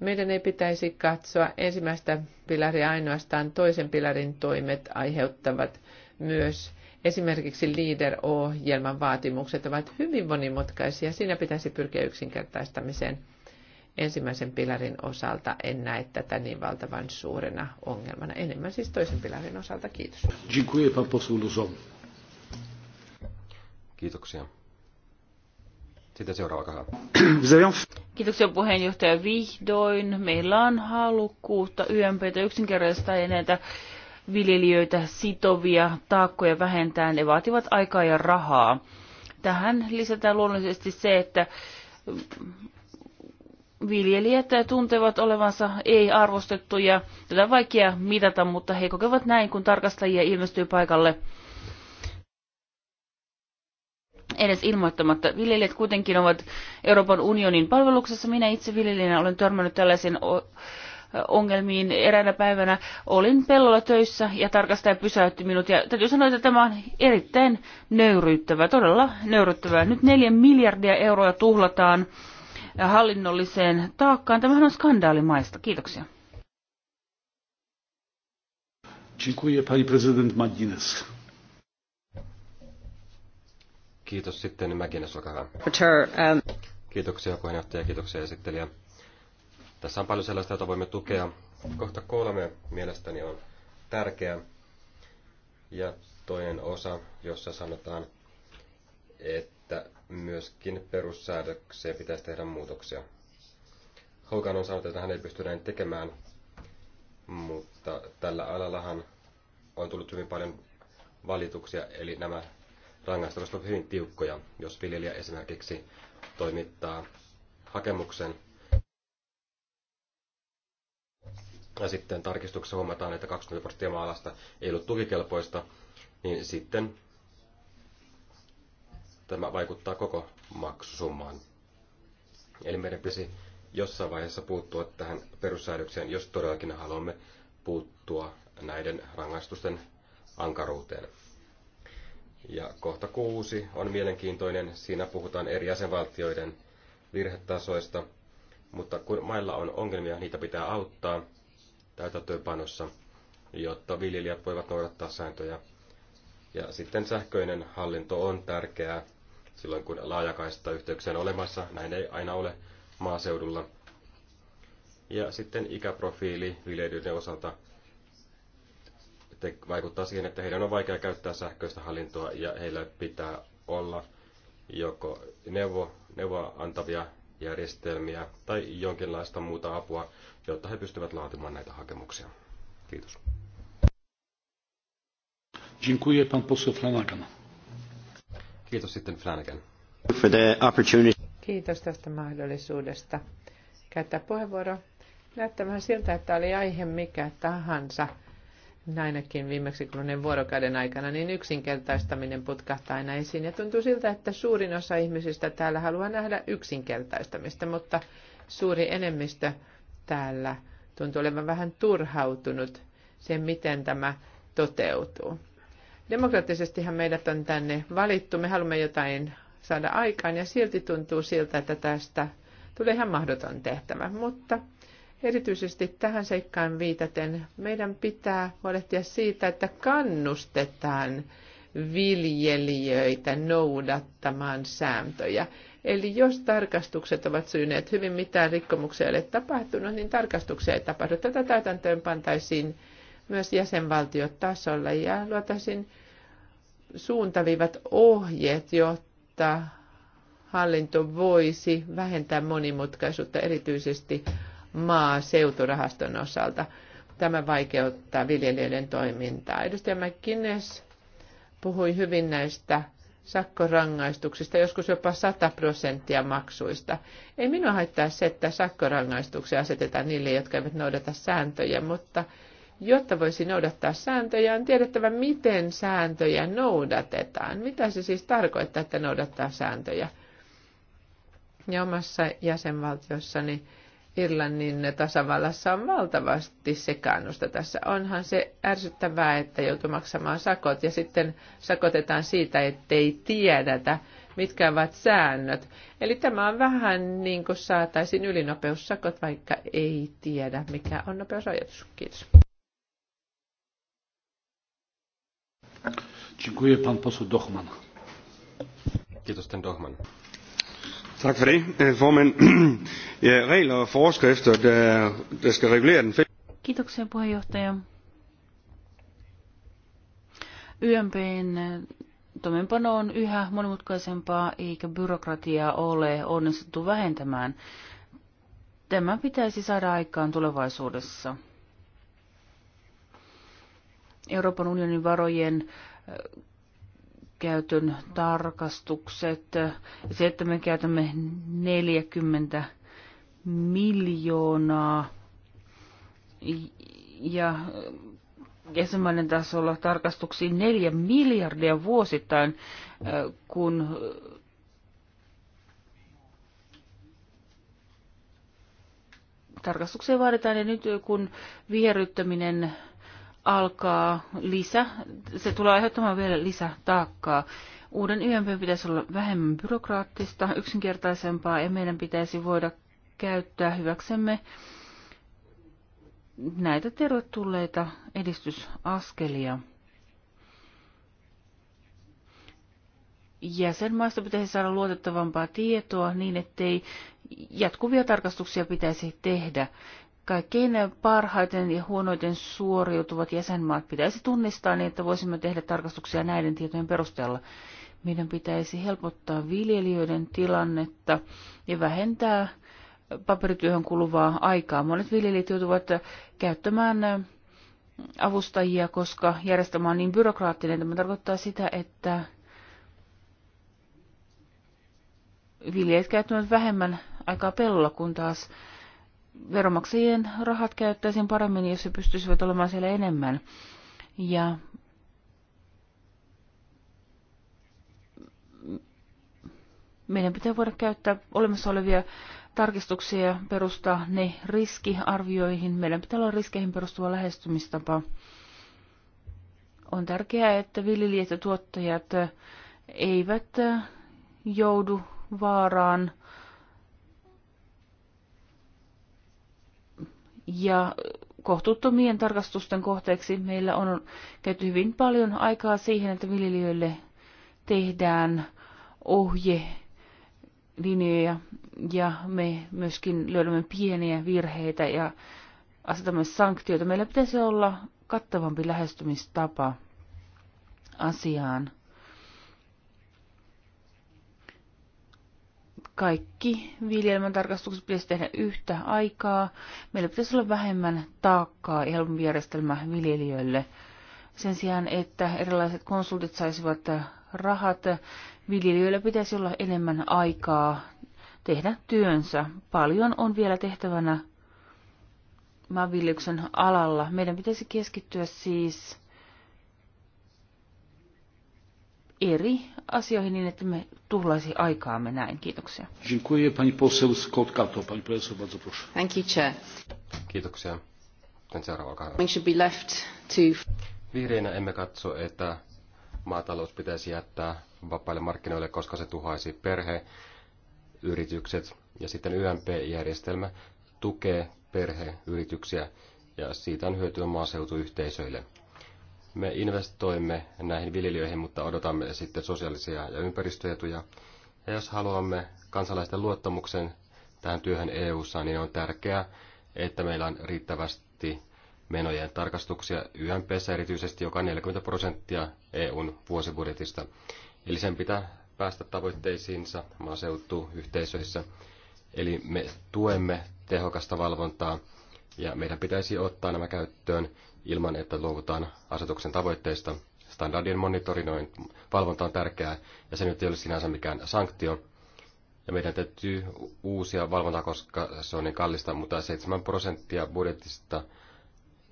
[SPEAKER 3] Meidän ei pitäisi katsoa ensimmäistä pilaria ainoastaan, toisen pilarin toimet aiheuttavat myös esimerkiksi LEADER-ohjelman vaatimukset ovat hyvin monimutkaisia. Siinä pitäisi pyrkiä yksinkertaistamiseen ensimmäisen pilarin osalta. En näe tätä niin valtavan suurena ongelmana. Enemmän siis toisen pilarin osalta. Kiitos.
[SPEAKER 2] Kiitoksia. Sitten seuraava kahva.
[SPEAKER 4] Kiitoksia puheenjohtaja. Vihdoin meillä on halukkuutta yömpöitä yksinkertaistaa ja näitä viljelijöitä sitovia taakkoja vähentää. Ne vaativat aikaa ja rahaa. Tähän lisätään luonnollisesti se, että viljelijät tuntevat olevansa ei-arvostettuja. Tätä on vaikea mitata, mutta he kokevat näin, kun tarkastajia ilmestyy paikalle – edes ilmoittamatta. Viljelijät kuitenkin ovat Euroopan unionin palveluksessa. Minä itse viljelijänä olen törmännyt tällaisen ongelmiin. Eräänä päivänä olin pellolla töissä ja tarkastaja pysäytti minut. Ja täytyy sanoa, että tämä on erittäin nöyryyttävää, todella nöyryyttävää. Nyt neljä miljardia euroa tuhlataan hallinnolliseen taakkaan. Tämähän on skandaalimaista. Kiitoksia.
[SPEAKER 1] Dziękuję pani prezydent Magines. Kiitos sitten, niin Mäkines,
[SPEAKER 2] olkaa ähm, Kiitoksia puheenjohtaja, kiitoksia esittelijä. Tässä on paljon sellaista, jota voimme tukea. Kohta kolme mielestäni on tärkeä. Ja toinen osa, jossa sanotaan, että myöskin perussäädökseen pitäisi tehdä muutoksia. Hogan on sanonut, että hän ei pysty näin tekemään, mutta tällä alallahan on tullut hyvin paljon valituksia, eli nämä Rangaistukset ovat hyvin tiukkoja, jos viljelijä esimerkiksi toimittaa hakemuksen ja sitten tarkistuksessa huomataan, että 20 prosenttia maalasta ei ollut tukikelpoista, niin sitten tämä vaikuttaa koko maksusummaan. Eli meidän pitäisi jossain vaiheessa puuttua tähän perussäädökseen, jos todellakin haluamme puuttua näiden rangaistusten ankaruuteen. Ja kohta kuusi on mielenkiintoinen. Siinä puhutaan eri jäsenvaltioiden virhetasoista, mutta kun mailla on ongelmia, niitä pitää auttaa täytäntöönpanossa, jotta viljelijät voivat noudattaa sääntöjä. Ja sitten sähköinen hallinto on tärkeää silloin, kun laajakaista yhteyksiä on olemassa. Näin ei aina ole maaseudulla. Ja sitten ikäprofiili viljelijöiden osalta sitten vaikuttaa siihen, että heidän on vaikea käyttää sähköistä hallintoa ja heillä pitää olla joko neuvo, neuvoa antavia järjestelmiä tai jonkinlaista muuta apua, jotta he pystyvät laatimaan näitä hakemuksia. Kiitos. Dziękuję pan poseł Flanagan. Kiitos sitten Flanagan.
[SPEAKER 1] For the opportunity.
[SPEAKER 3] Kiitos tästä mahdollisuudesta käyttää puheenvuoro. vähän siltä, että oli aihe mikä tahansa näinäkin viimeksi kuluneen vuorokauden aikana, niin yksinkertaistaminen putkahtaa aina esiin. Ja tuntuu siltä, että suurin osa ihmisistä täällä haluaa nähdä yksinkertaistamista, mutta suuri enemmistö täällä tuntuu olevan vähän turhautunut sen, miten tämä toteutuu. Demokraattisestihan meidät on tänne valittu, me haluamme jotain saada aikaan ja silti tuntuu siltä, että tästä tulee ihan mahdoton tehtävä, mutta Erityisesti tähän seikkaan viitaten meidän pitää huolehtia siitä, että kannustetaan viljelijöitä noudattamaan sääntöjä. Eli jos tarkastukset ovat syyneet hyvin, mitään rikkomuksia ei ole tapahtunut, niin tarkastuksia ei tapahdu. Tätä täytäntöön pantaisiin myös jäsenvaltiotasolla ja luotaisiin suuntavivat ohjeet, jotta hallinto voisi vähentää monimutkaisuutta erityisesti maaseuturahaston osalta. Tämä vaikeuttaa viljelijöiden toimintaa. Edustaja McGuinness puhui hyvin näistä sakkorangaistuksista, joskus jopa 100 prosenttia maksuista. Ei minua haittaa se, että sakkorangaistuksia asetetaan niille, jotka eivät noudata sääntöjä, mutta jotta voisi noudattaa sääntöjä, on tiedettävä, miten sääntöjä noudatetaan. Mitä se siis tarkoittaa, että noudattaa sääntöjä? Ja omassa jäsenvaltiossani Irlannin tasavallassa on valtavasti sekaannusta tässä. Onhan se ärsyttävää, että joutuu maksamaan sakot ja sitten sakotetaan siitä, ettei tiedetä, mitkä ovat säännöt. Eli tämä on vähän niin kuin saataisiin ylinopeussakot, vaikka ei tiedä, mikä on nopeusrajoitus. Kiitos.
[SPEAKER 1] Dziękuję pan poseł Dochman.
[SPEAKER 2] Kiitos, ten Dochman.
[SPEAKER 1] Tak for det, øh, formand. *clears throat* Ja, regler og forskrifter, der,
[SPEAKER 2] der skal regulere den.
[SPEAKER 4] Kiitoksia puheenjohtaja. YMPn äh, toimeenpano on yhä monimutkaisempaa eikä byrokratiaa ole onnistuttu vähentämään. Tämä pitäisi saada aikaan tulevaisuudessa. Euroopan unionin varojen äh, käytön tarkastukset. Se, että me käytämme 40 miljoonaa ja ensimmäinen tasolla tarkastuksiin 4 miljardia vuosittain, kun tarkastuksia vaaditaan ja nyt kun viheryttäminen alkaa lisä, se tulee aiheuttamaan vielä lisätaakkaa. Uuden YMP pitäisi olla vähemmän byrokraattista, yksinkertaisempaa ja meidän pitäisi voida käyttää hyväksemme näitä tervetulleita edistysaskelia. Jäsenmaista pitäisi saada luotettavampaa tietoa niin, ettei jatkuvia tarkastuksia pitäisi tehdä kaikkein parhaiten ja huonoiten suoriutuvat jäsenmaat pitäisi tunnistaa niin, että voisimme tehdä tarkastuksia näiden tietojen perusteella. Meidän pitäisi helpottaa viljelijöiden tilannetta ja vähentää paperityöhön kuluvaa aikaa. Monet viljelijät joutuvat käyttämään avustajia, koska järjestelmä on niin byrokraattinen. Tämä tarkoittaa sitä, että viljelijät käyttävät vähemmän aikaa pellolla, kun taas veromaksajien rahat käyttäisiin paremmin, jos he pystyisivät olemaan siellä enemmän. Ja meidän pitää voida käyttää olemassa olevia tarkistuksia ja perustaa ne riskiarvioihin. Meidän pitää olla riskeihin perustuva lähestymistapa. On tärkeää, että viljelijät ja tuottajat eivät joudu vaaraan – ja kohtuuttomien tarkastusten kohteeksi meillä on käyty hyvin paljon aikaa siihen, että viljelijöille tehdään ohje linjoja ja me myöskin löydämme pieniä virheitä ja asetamme sanktioita. Meillä pitäisi olla kattavampi lähestymistapa asiaan. kaikki viljelmän tarkastukset pitäisi tehdä yhtä aikaa. Meillä pitäisi olla vähemmän taakkaa ja helpompi järjestelmä viljelijöille. Sen sijaan, että erilaiset konsultit saisivat rahat, viljelijöillä pitäisi olla enemmän aikaa tehdä työnsä. Paljon on vielä tehtävänä maanviljelyksen alalla. Meidän pitäisi keskittyä siis eri asioihin niin, että me tuhlaisi aikaamme näin. Kiitoksia.
[SPEAKER 1] Dziękuję pani poseł Scott Cato. Pani professor, bardzo proszę.
[SPEAKER 4] Thank you, chair.
[SPEAKER 2] Kiitoksia. seuraava
[SPEAKER 4] should be left to...
[SPEAKER 2] Vihreinä emme katso, että maatalous pitäisi jättää vapaille markkinoille, koska se tuhaisi perhe, yritykset ja sitten YMP-järjestelmä tukee perheyrityksiä ja siitä on hyötyä maaseutuyhteisöille. Me investoimme näihin viljelijöihin, mutta odotamme sitten sosiaalisia ja ympäristöetuja. Ja jos haluamme kansalaisten luottamuksen tähän työhön EU:ssa, niin on tärkeää, että meillä on riittävästi menojen tarkastuksia YMPssä erityisesti joka 40 prosenttia EUn vuosibudjetista. Eli sen pitää päästä tavoitteisiinsa maaseutu yhteisöissä. Eli me tuemme tehokasta valvontaa ja meidän pitäisi ottaa nämä käyttöön ilman, että luovutaan asetuksen tavoitteista. Standardien monitorinoin valvonta on tärkeää, ja se nyt ei ole sinänsä mikään sanktio. Ja meidän täytyy uusia valvontaa, koska se on niin kallista, mutta 7 prosenttia budjetista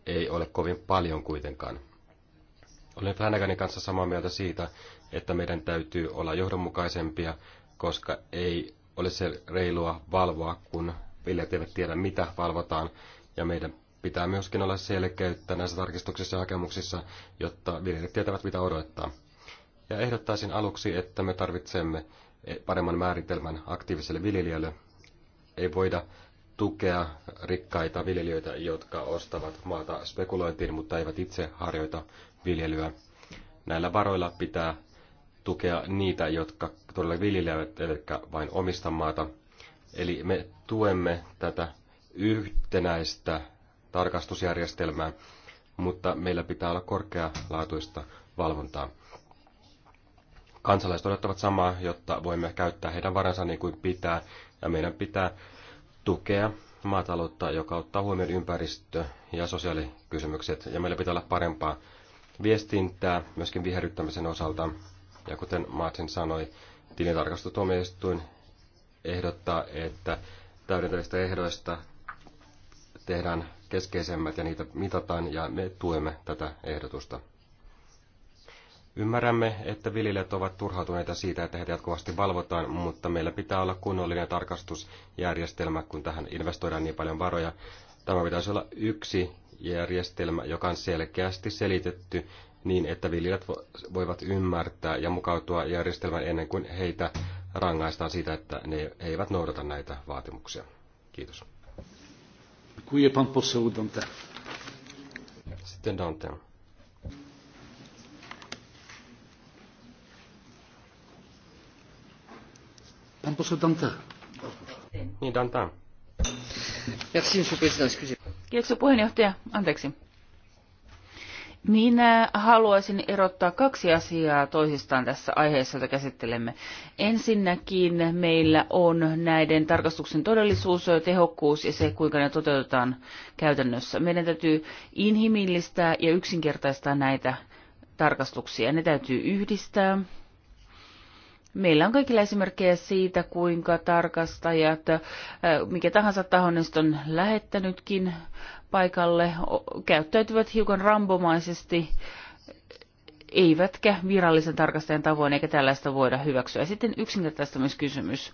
[SPEAKER 2] ei ole kovin paljon kuitenkaan. Olen Flanaganin kanssa samaa mieltä siitä, että meidän täytyy olla johdonmukaisempia, koska ei ole se reilua valvoa, kun viljelijät eivät tiedä, mitä valvotaan, ja meidän pitää myöskin olla selkeyttä näissä tarkistuksissa ja hakemuksissa, jotta viljelijät tietävät, mitä odottaa. Ja ehdottaisin aluksi, että me tarvitsemme paremman määritelmän aktiiviselle viljelijälle. Ei voida tukea rikkaita viljelijöitä, jotka ostavat maata spekulointiin, mutta eivät itse harjoita viljelyä. Näillä varoilla pitää tukea niitä, jotka todella viljelevät, eivätkä vain omista maata. Eli me tuemme tätä yhtenäistä tarkastusjärjestelmää, mutta meillä pitää olla korkealaatuista valvontaa. Kansalaiset odottavat samaa, jotta voimme käyttää heidän varansa niin kuin pitää, ja meidän pitää tukea maataloutta, joka ottaa huomioon ympäristö- ja sosiaalikysymykset, ja meillä pitää olla parempaa viestintää myöskin viherryttämisen osalta. Ja kuten Martin sanoi, tilintarkastustuomioistuin ehdottaa, että täydentävistä ehdoista tehdään keskeisemmät ja niitä mitataan ja me tuemme tätä ehdotusta. Ymmärrämme, että viljelijät ovat turhautuneita siitä, että heitä jatkuvasti valvotaan, mutta meillä pitää olla kunnollinen tarkastusjärjestelmä, kun tähän investoidaan niin paljon varoja. Tämä pitäisi olla yksi järjestelmä, joka on selkeästi selitetty niin, että viljelijät voivat ymmärtää ja mukautua järjestelmään ennen kuin heitä rangaistaan siitä, että ne eivät noudata näitä vaatimuksia. Kiitos.
[SPEAKER 1] Dziękuję pan poseł Dante. Sitten Dante.
[SPEAKER 2] Pan poseł Dante. Niin, Dante. Merci, monsieur président. Excusez.
[SPEAKER 4] Kiitoksia puheenjohtaja. Anteeksi. Minä haluaisin erottaa kaksi asiaa toisistaan tässä aiheessa, jota käsittelemme. Ensinnäkin meillä on näiden tarkastuksen todellisuus, tehokkuus ja se, kuinka ne toteutetaan käytännössä. Meidän täytyy inhimillistää ja yksinkertaistaa näitä tarkastuksia. Ne täytyy yhdistää. Meillä on kaikilla esimerkkejä siitä, kuinka tarkastajat, mikä tahansa taho on lähettänytkin paikalle, käyttäytyvät hiukan rambomaisesti, eivätkä virallisen tarkastajan tavoin, eikä tällaista voida hyväksyä. Sitten yksinkertaistamiskysymys.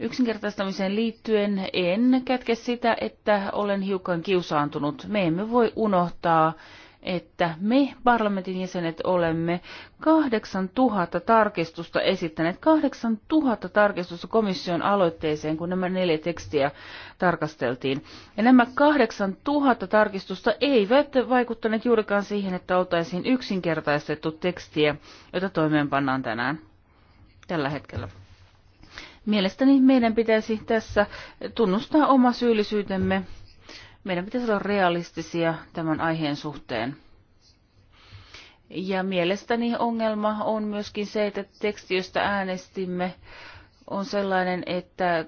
[SPEAKER 4] Yksinkertaistamiseen liittyen en kätke sitä, että olen hiukan kiusaantunut. Me emme voi unohtaa että me parlamentin jäsenet olemme 8000 tarkistusta esittäneet, 8000 tarkistusta komission aloitteeseen, kun nämä neljä tekstiä tarkasteltiin. Ja nämä 8000 tarkistusta eivät vaikuttaneet juurikaan siihen, että oltaisiin yksinkertaistettu tekstiä, jota toimeenpannaan tänään, tällä hetkellä. Mielestäni meidän pitäisi tässä tunnustaa oma syyllisyytemme meidän pitäisi olla realistisia tämän aiheen suhteen. Ja mielestäni ongelma on myöskin se, että teksti, josta äänestimme, on sellainen, että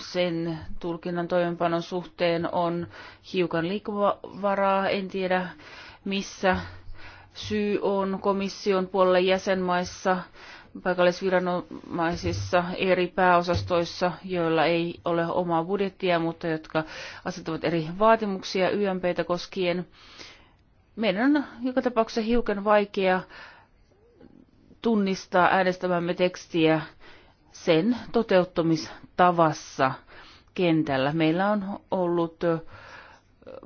[SPEAKER 4] sen tulkinnan toimenpanon suhteen on hiukan liikkuvaraa. En tiedä, missä syy on komission puolella jäsenmaissa paikallisviranomaisissa eri pääosastoissa, joilla ei ole omaa budjettia, mutta jotka asettavat eri vaatimuksia YMPtä koskien. Meidän on joka tapauksessa hiukan vaikea tunnistaa äänestämämme tekstiä sen toteuttamistavassa kentällä. Meillä on ollut,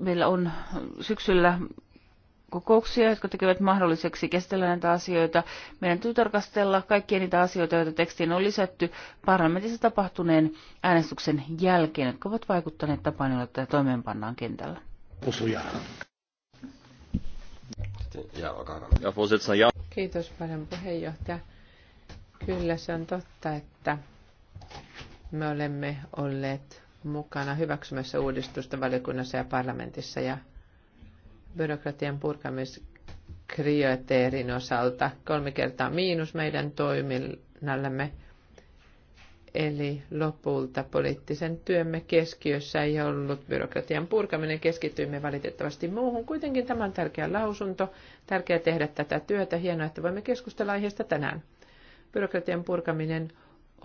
[SPEAKER 4] meillä on syksyllä kokouksia, jotka tekevät mahdolliseksi käsitellä näitä asioita. Meidän täytyy tarkastella kaikkia niitä asioita, joita tekstiin on lisätty parlamentissa tapahtuneen äänestyksen jälkeen, jotka ovat vaikuttaneet tapaan, jolla tämä toimeenpannaan kentällä.
[SPEAKER 3] Kiitos paljon puheenjohtaja. Kyllä se on totta, että me olemme olleet mukana hyväksymässä uudistusta valiokunnassa ja parlamentissa ja byrokratian purkamiskriteerin osalta kolme kertaa miinus meidän toiminnallemme. Eli lopulta poliittisen työmme keskiössä ei ollut byrokratian purkaminen, keskityimme valitettavasti muuhun. Kuitenkin tämä on tärkeä lausunto, tärkeää tehdä tätä työtä. Hienoa, että voimme keskustella aiheesta tänään. Byrokratian purkaminen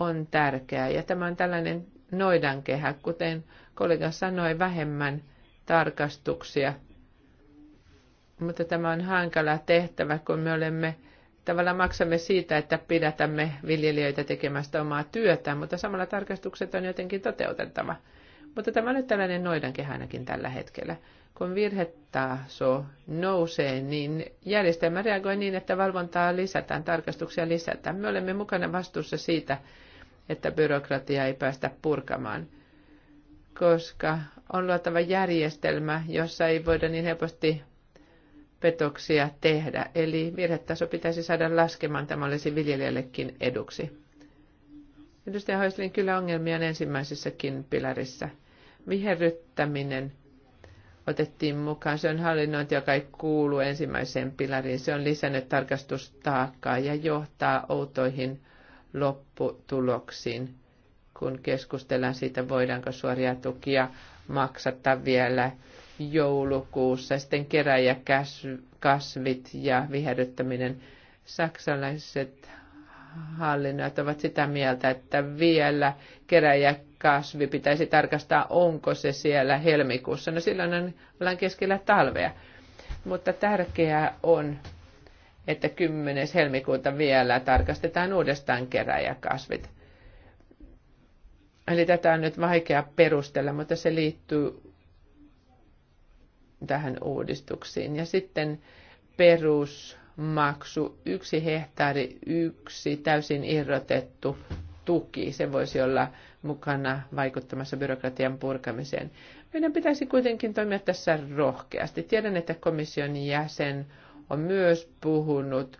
[SPEAKER 3] on tärkeää ja tämä on tällainen noidankehä, kuten kollega sanoi, vähemmän tarkastuksia – mutta tämä on hankala tehtävä, kun me olemme tavallaan maksamme siitä, että pidätämme viljelijöitä tekemästä omaa työtään, mutta samalla tarkastukset on jotenkin toteutettava. Mutta tämä on nyt tällainen noidankehänäkin tällä hetkellä. Kun virhetaso nousee, niin järjestelmä reagoi niin, että valvontaa lisätään, tarkastuksia lisätään. Me olemme mukana vastuussa siitä, että byrokratia ei päästä purkamaan, koska on luotava järjestelmä, jossa ei voida niin helposti petoksia tehdä. Eli virhetaso pitäisi saada laskemaan, tämä olisi viljelijällekin eduksi. Edustaja Hoislin, kyllä ongelmia on ensimmäisessäkin pilarissa. Viherryttäminen otettiin mukaan. Se on hallinnointi, joka ei kuulu ensimmäiseen pilariin. Se on lisännyt tarkastustaakkaa ja johtaa outoihin lopputuloksiin, kun keskustellaan siitä, voidaanko suoria tukia maksata vielä joulukuussa. Sitten keräjäkasvit ja viherryttäminen. Saksalaiset hallinnot ovat sitä mieltä, että vielä keräjäkasvi pitäisi tarkastaa, onko se siellä helmikuussa. No silloin on, ollaan keskellä talvea. Mutta tärkeää on, että 10. helmikuuta vielä tarkastetaan uudestaan keräjäkasvit. Eli tätä on nyt vaikea perustella, mutta se liittyy tähän uudistuksiin. Ja sitten perusmaksu, yksi hehtaari, yksi täysin irrotettu tuki. Se voisi olla mukana vaikuttamassa byrokratian purkamiseen. Meidän pitäisi kuitenkin toimia tässä rohkeasti. Tiedän, että komission jäsen on myös puhunut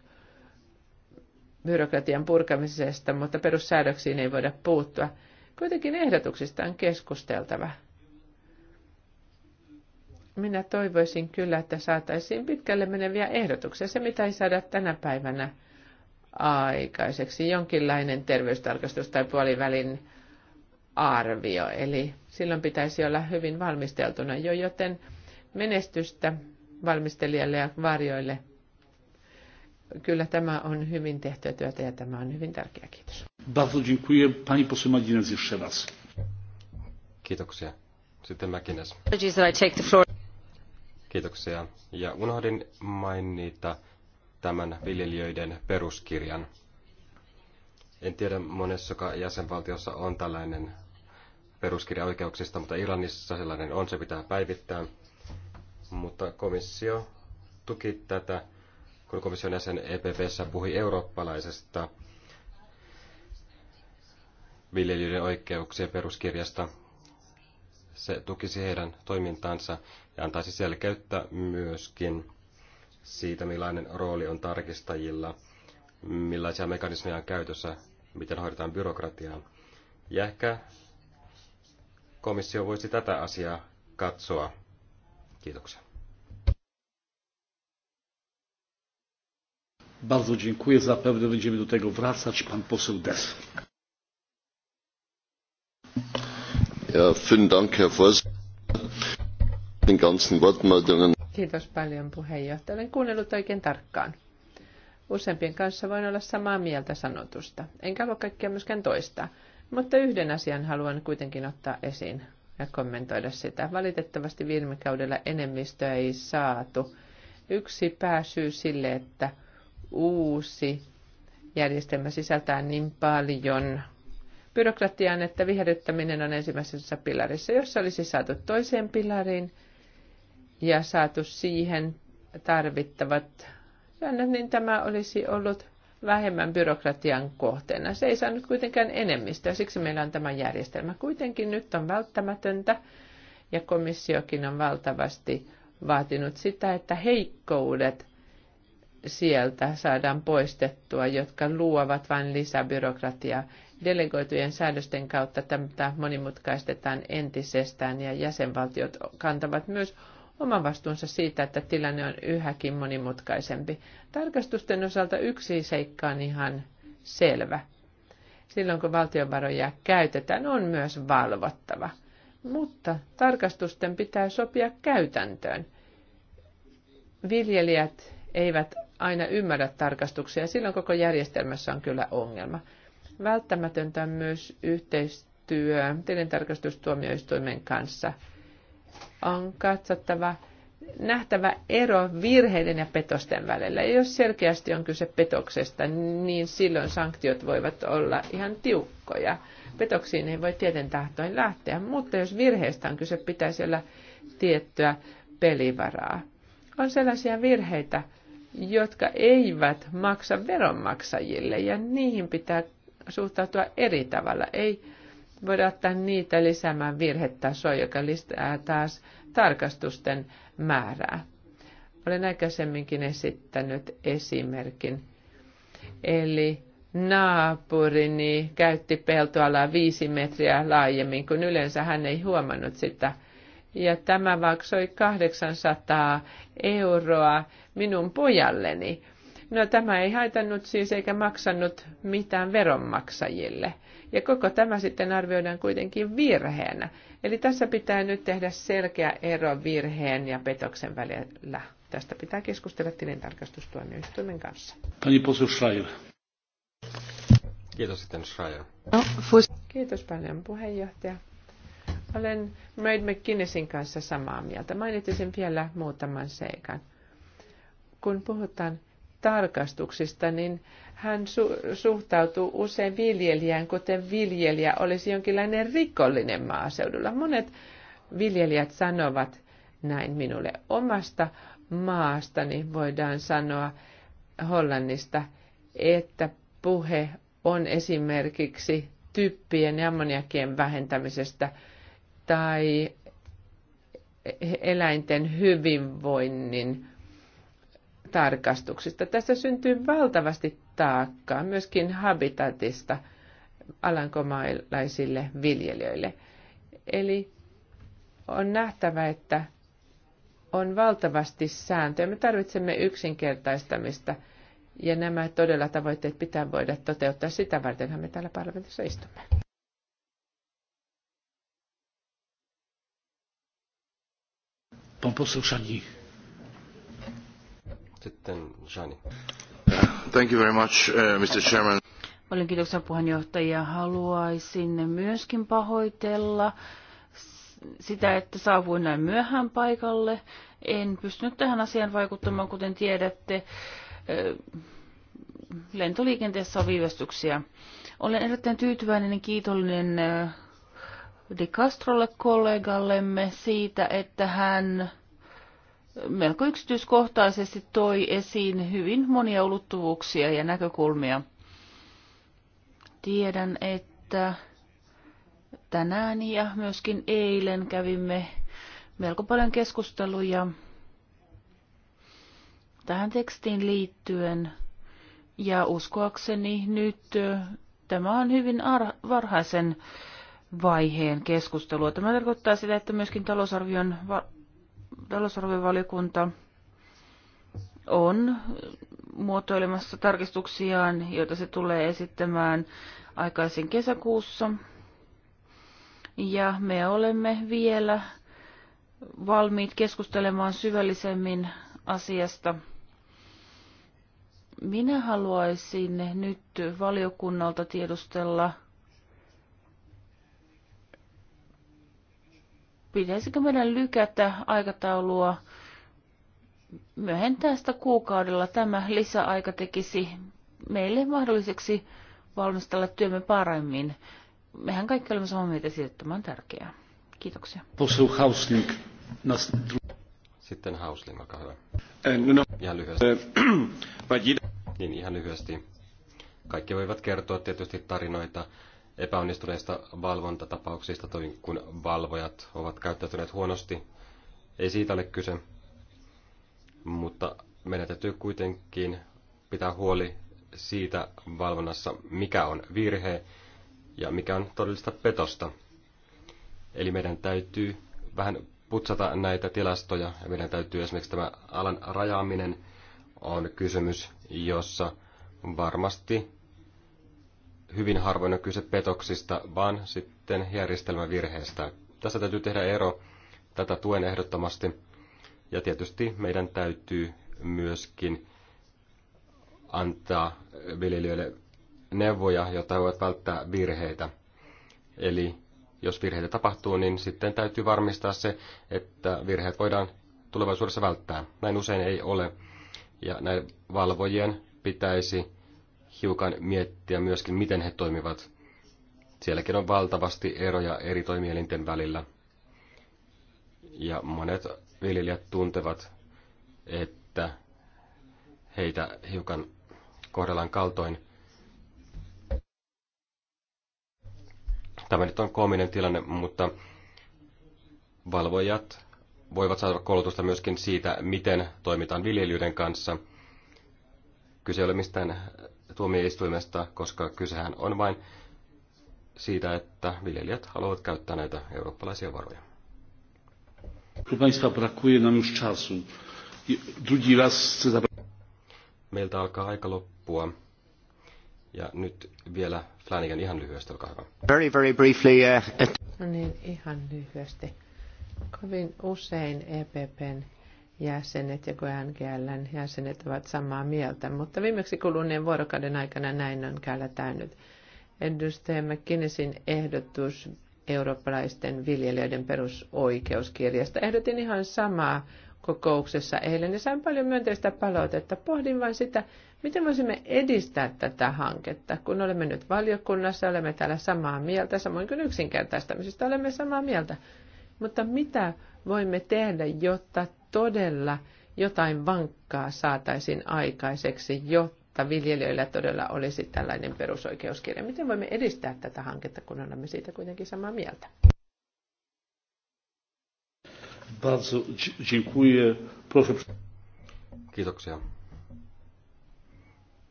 [SPEAKER 3] byrokratian purkamisesta, mutta perussäädöksiin ei voida puuttua. Kuitenkin ehdotuksista on keskusteltava minä toivoisin kyllä, että saataisiin pitkälle meneviä ehdotuksia. Se, mitä ei saada tänä päivänä aikaiseksi, jonkinlainen terveystarkastus tai puolivälin arvio. Eli silloin pitäisi olla hyvin valmisteltuna jo, joten menestystä valmistelijalle ja varjoille. Kyllä tämä on hyvin tehtyä työtä ja tämä on hyvin tärkeä. Kiitos. Bardzo
[SPEAKER 1] dziękuję. Pani poseł jeszcze raz. Kiitoksia. Sitten
[SPEAKER 2] Mäkinäs. Kiitoksia. Ja unohdin mainita tämän viljelijöiden peruskirjan. En tiedä monessa jäsenvaltiossa on tällainen peruskirja oikeuksista, mutta Irlannissa sellainen on, se pitää päivittää. Mutta komissio tuki tätä, kun komission jäsen EPPssä puhui eurooppalaisesta viljelijöiden oikeuksien peruskirjasta, se tukisi heidän toimintaansa ja antaisi selkeyttä myöskin siitä, millainen rooli on tarkistajilla, millaisia mekanismeja on käytössä, miten hoidetaan byrokratiaa. Ja ehkä komissio voisi tätä asiaa
[SPEAKER 1] katsoa. Kiitoksia. Bardzo dziękuję. Zapewne będziemy do tego wracać. Pan poseł Des. Ja, ganzen Wortmeldungen.
[SPEAKER 3] Kiitos paljon puheenjohtaja. Olen kuunnellut oikein tarkkaan. Useimpien kanssa voin olla samaa mieltä sanotusta. Enkä halua kaikkia myöskään toistaa. Mutta yhden asian haluan kuitenkin ottaa esiin ja kommentoida sitä. Valitettavasti viime kaudella enemmistöä ei saatu. Yksi pääsyy sille, että uusi järjestelmä sisältää niin paljon byrokratiaan, että viherryttäminen on ensimmäisessä pilarissa. Jos olisi saatu toiseen pilariin ja saatu siihen tarvittavat säännöt, niin tämä olisi ollut vähemmän byrokratian kohteena. Se ei saanut kuitenkaan enemmistöä, siksi meillä on tämä järjestelmä. Kuitenkin nyt on välttämätöntä, ja komissiokin on valtavasti vaatinut sitä, että heikkoudet sieltä saadaan poistettua, jotka luovat vain lisäbyrokratiaa. Delegoitujen säädösten kautta tämä monimutkaistetaan entisestään ja jäsenvaltiot kantavat myös oman vastuunsa siitä, että tilanne on yhäkin monimutkaisempi. Tarkastusten osalta yksi seikka on ihan selvä. Silloin kun valtionvaroja käytetään, on myös valvottava. Mutta tarkastusten pitää sopia käytäntöön. Viljelijät eivät aina ymmärrä tarkastuksia, silloin koko järjestelmässä on kyllä ongelma. Välttämätöntä myös yhteistyö tilintarkastustuomioistuimen kanssa. On katsottava nähtävä ero virheiden ja petosten välillä. Ja jos selkeästi on kyse petoksesta, niin silloin sanktiot voivat olla ihan tiukkoja. Petoksiin ei voi tieten tahtoin lähteä, mutta jos virheestä on kyse, pitäisi olla tiettyä pelivaraa. On sellaisia virheitä, jotka eivät maksa veronmaksajille, ja niihin pitää suhtautua eri tavalla. Ei voida ottaa niitä lisäämään virhetasoa, joka lisää taas tarkastusten määrää. Olen aikaisemminkin esittänyt esimerkin. Eli naapurini käytti peltoalaa viisi metriä laajemmin, kun yleensä hän ei huomannut sitä. Ja tämä maksoi 800 euroa minun pojalleni No tämä ei haitannut siis eikä maksanut mitään veronmaksajille. Ja koko tämä sitten arvioidaan kuitenkin virheenä. Eli tässä pitää nyt tehdä selkeä ero virheen ja petoksen välillä. Tästä pitää keskustella tilintarkastustuomioistuimen kanssa.
[SPEAKER 1] Pani Posu Schreier. Kiitos sitten Schreier.
[SPEAKER 3] No, Kiitos paljon puheenjohtaja. Olen Maid McKinnesin kanssa samaa mieltä. Mainitsin vielä muutaman seikan. Kun puhutaan tarkastuksista, niin hän su- suhtautuu usein viljelijään, kuten viljelijä olisi jonkinlainen rikollinen maaseudulla. Monet viljelijät sanovat näin minulle omasta maastani, voidaan sanoa Hollannista, että puhe on esimerkiksi typpien ja ammoniakien vähentämisestä tai eläinten hyvinvoinnin tarkastuksista. Tässä syntyy valtavasti taakkaa myöskin habitatista alankomaalaisille viljelijöille. Eli on nähtävä, että on valtavasti sääntöjä. Me tarvitsemme yksinkertaistamista ja nämä todella tavoitteet pitää voida toteuttaa. Sitä vartenhan me täällä parlamentissa istumme.
[SPEAKER 1] Pan Uh,
[SPEAKER 4] Paljon kiitoksia puheenjohtaja. Haluaisin myöskin pahoitella sitä, että saavuin näin myöhään paikalle. En pystynyt tähän asiaan vaikuttamaan, kuten tiedätte. Lentoliikenteessä on viivästyksiä. Olen erittäin tyytyväinen ja kiitollinen De Castrolle kollegallemme siitä, että hän melko yksityiskohtaisesti toi esiin hyvin monia ulottuvuuksia ja näkökulmia. Tiedän, että tänään ja myöskin eilen kävimme melko paljon keskusteluja tähän tekstiin liittyen. Ja uskoakseni nyt tämä on hyvin varhaisen vaiheen keskustelua. Tämä tarkoittaa sitä, että myöskin talousarvion talousarviovaliokunta on muotoilemassa tarkistuksiaan, joita se tulee esittämään aikaisin kesäkuussa. Ja me olemme vielä valmiit keskustelemaan syvällisemmin asiasta. Minä haluaisin nyt valiokunnalta tiedustella – pitäisikö meidän lykätä aikataulua myöhentää sitä kuukaudella. Tämä lisäaika tekisi meille mahdolliseksi valmistella työmme paremmin. Mehän kaikki olemme samaa mieltä siitä, että tämä on tärkeää. Kiitoksia.
[SPEAKER 2] Sitten Hausling, olkaa hyvä. No, no. Ihan lyhyesti. *clears throat* Niin, ihan lyhyesti. Kaikki voivat kertoa tietysti tarinoita epäonnistuneista valvontatapauksista, toin kun valvojat ovat käyttäytyneet huonosti. Ei siitä ole kyse, mutta meidän täytyy kuitenkin pitää huoli siitä valvonnassa, mikä on virhe ja mikä on todellista petosta. Eli meidän täytyy vähän putsata näitä tilastoja. Ja meidän täytyy esimerkiksi tämä alan rajaaminen on kysymys, jossa varmasti hyvin harvoin on kyse petoksista, vaan sitten järjestelmävirheestä. Tässä täytyy tehdä ero. Tätä tuen ehdottomasti. Ja tietysti meidän täytyy myöskin antaa viljelijöille neuvoja, jotta voivat välttää virheitä. Eli jos virheitä tapahtuu, niin sitten täytyy varmistaa se, että virheet voidaan tulevaisuudessa välttää. Näin usein ei ole. Ja näin valvojien pitäisi hiukan miettiä myöskin, miten he toimivat. Sielläkin on valtavasti eroja eri toimielinten välillä. Ja monet viljelijät tuntevat, että heitä hiukan kohdellaan kaltoin. Tämä nyt on koominen tilanne, mutta valvojat voivat saada koulutusta myöskin siitä, miten toimitaan viljelijöiden kanssa. Kyse ei ole mistään tuomioistuimesta, koska kysehän on vain
[SPEAKER 1] siitä, että viljelijät haluavat käyttää näitä eurooppalaisia varoja.
[SPEAKER 2] Meiltä alkaa aika loppua. Ja nyt vielä Flanagan ihan lyhyesti, olkaa hyvä. Very, very briefly, uh...
[SPEAKER 3] No niin, ihan lyhyesti. Kovin usein EPPn jäsenet ja KNGLn jäsenet ovat samaa mieltä, mutta viimeksi kuluneen vuorokauden aikana näin on käällä täynnyt. Edustaja McKinneysin ehdotus eurooppalaisten viljelijöiden perusoikeuskirjasta. Ehdotin ihan samaa kokouksessa eilen ja sain paljon myönteistä palautetta. Pohdin vain sitä, miten voisimme edistää tätä hanketta, kun olemme nyt valiokunnassa, olemme täällä samaa mieltä, samoin kuin yksinkertaistamisesta olemme samaa mieltä. Mutta mitä voimme tehdä, jotta todella jotain vankkaa saataisiin aikaiseksi, jotta viljelijöillä todella olisi tällainen perusoikeuskirja. Miten voimme edistää tätä hanketta, kun olemme siitä kuitenkin samaa mieltä?
[SPEAKER 1] Kiitoksia.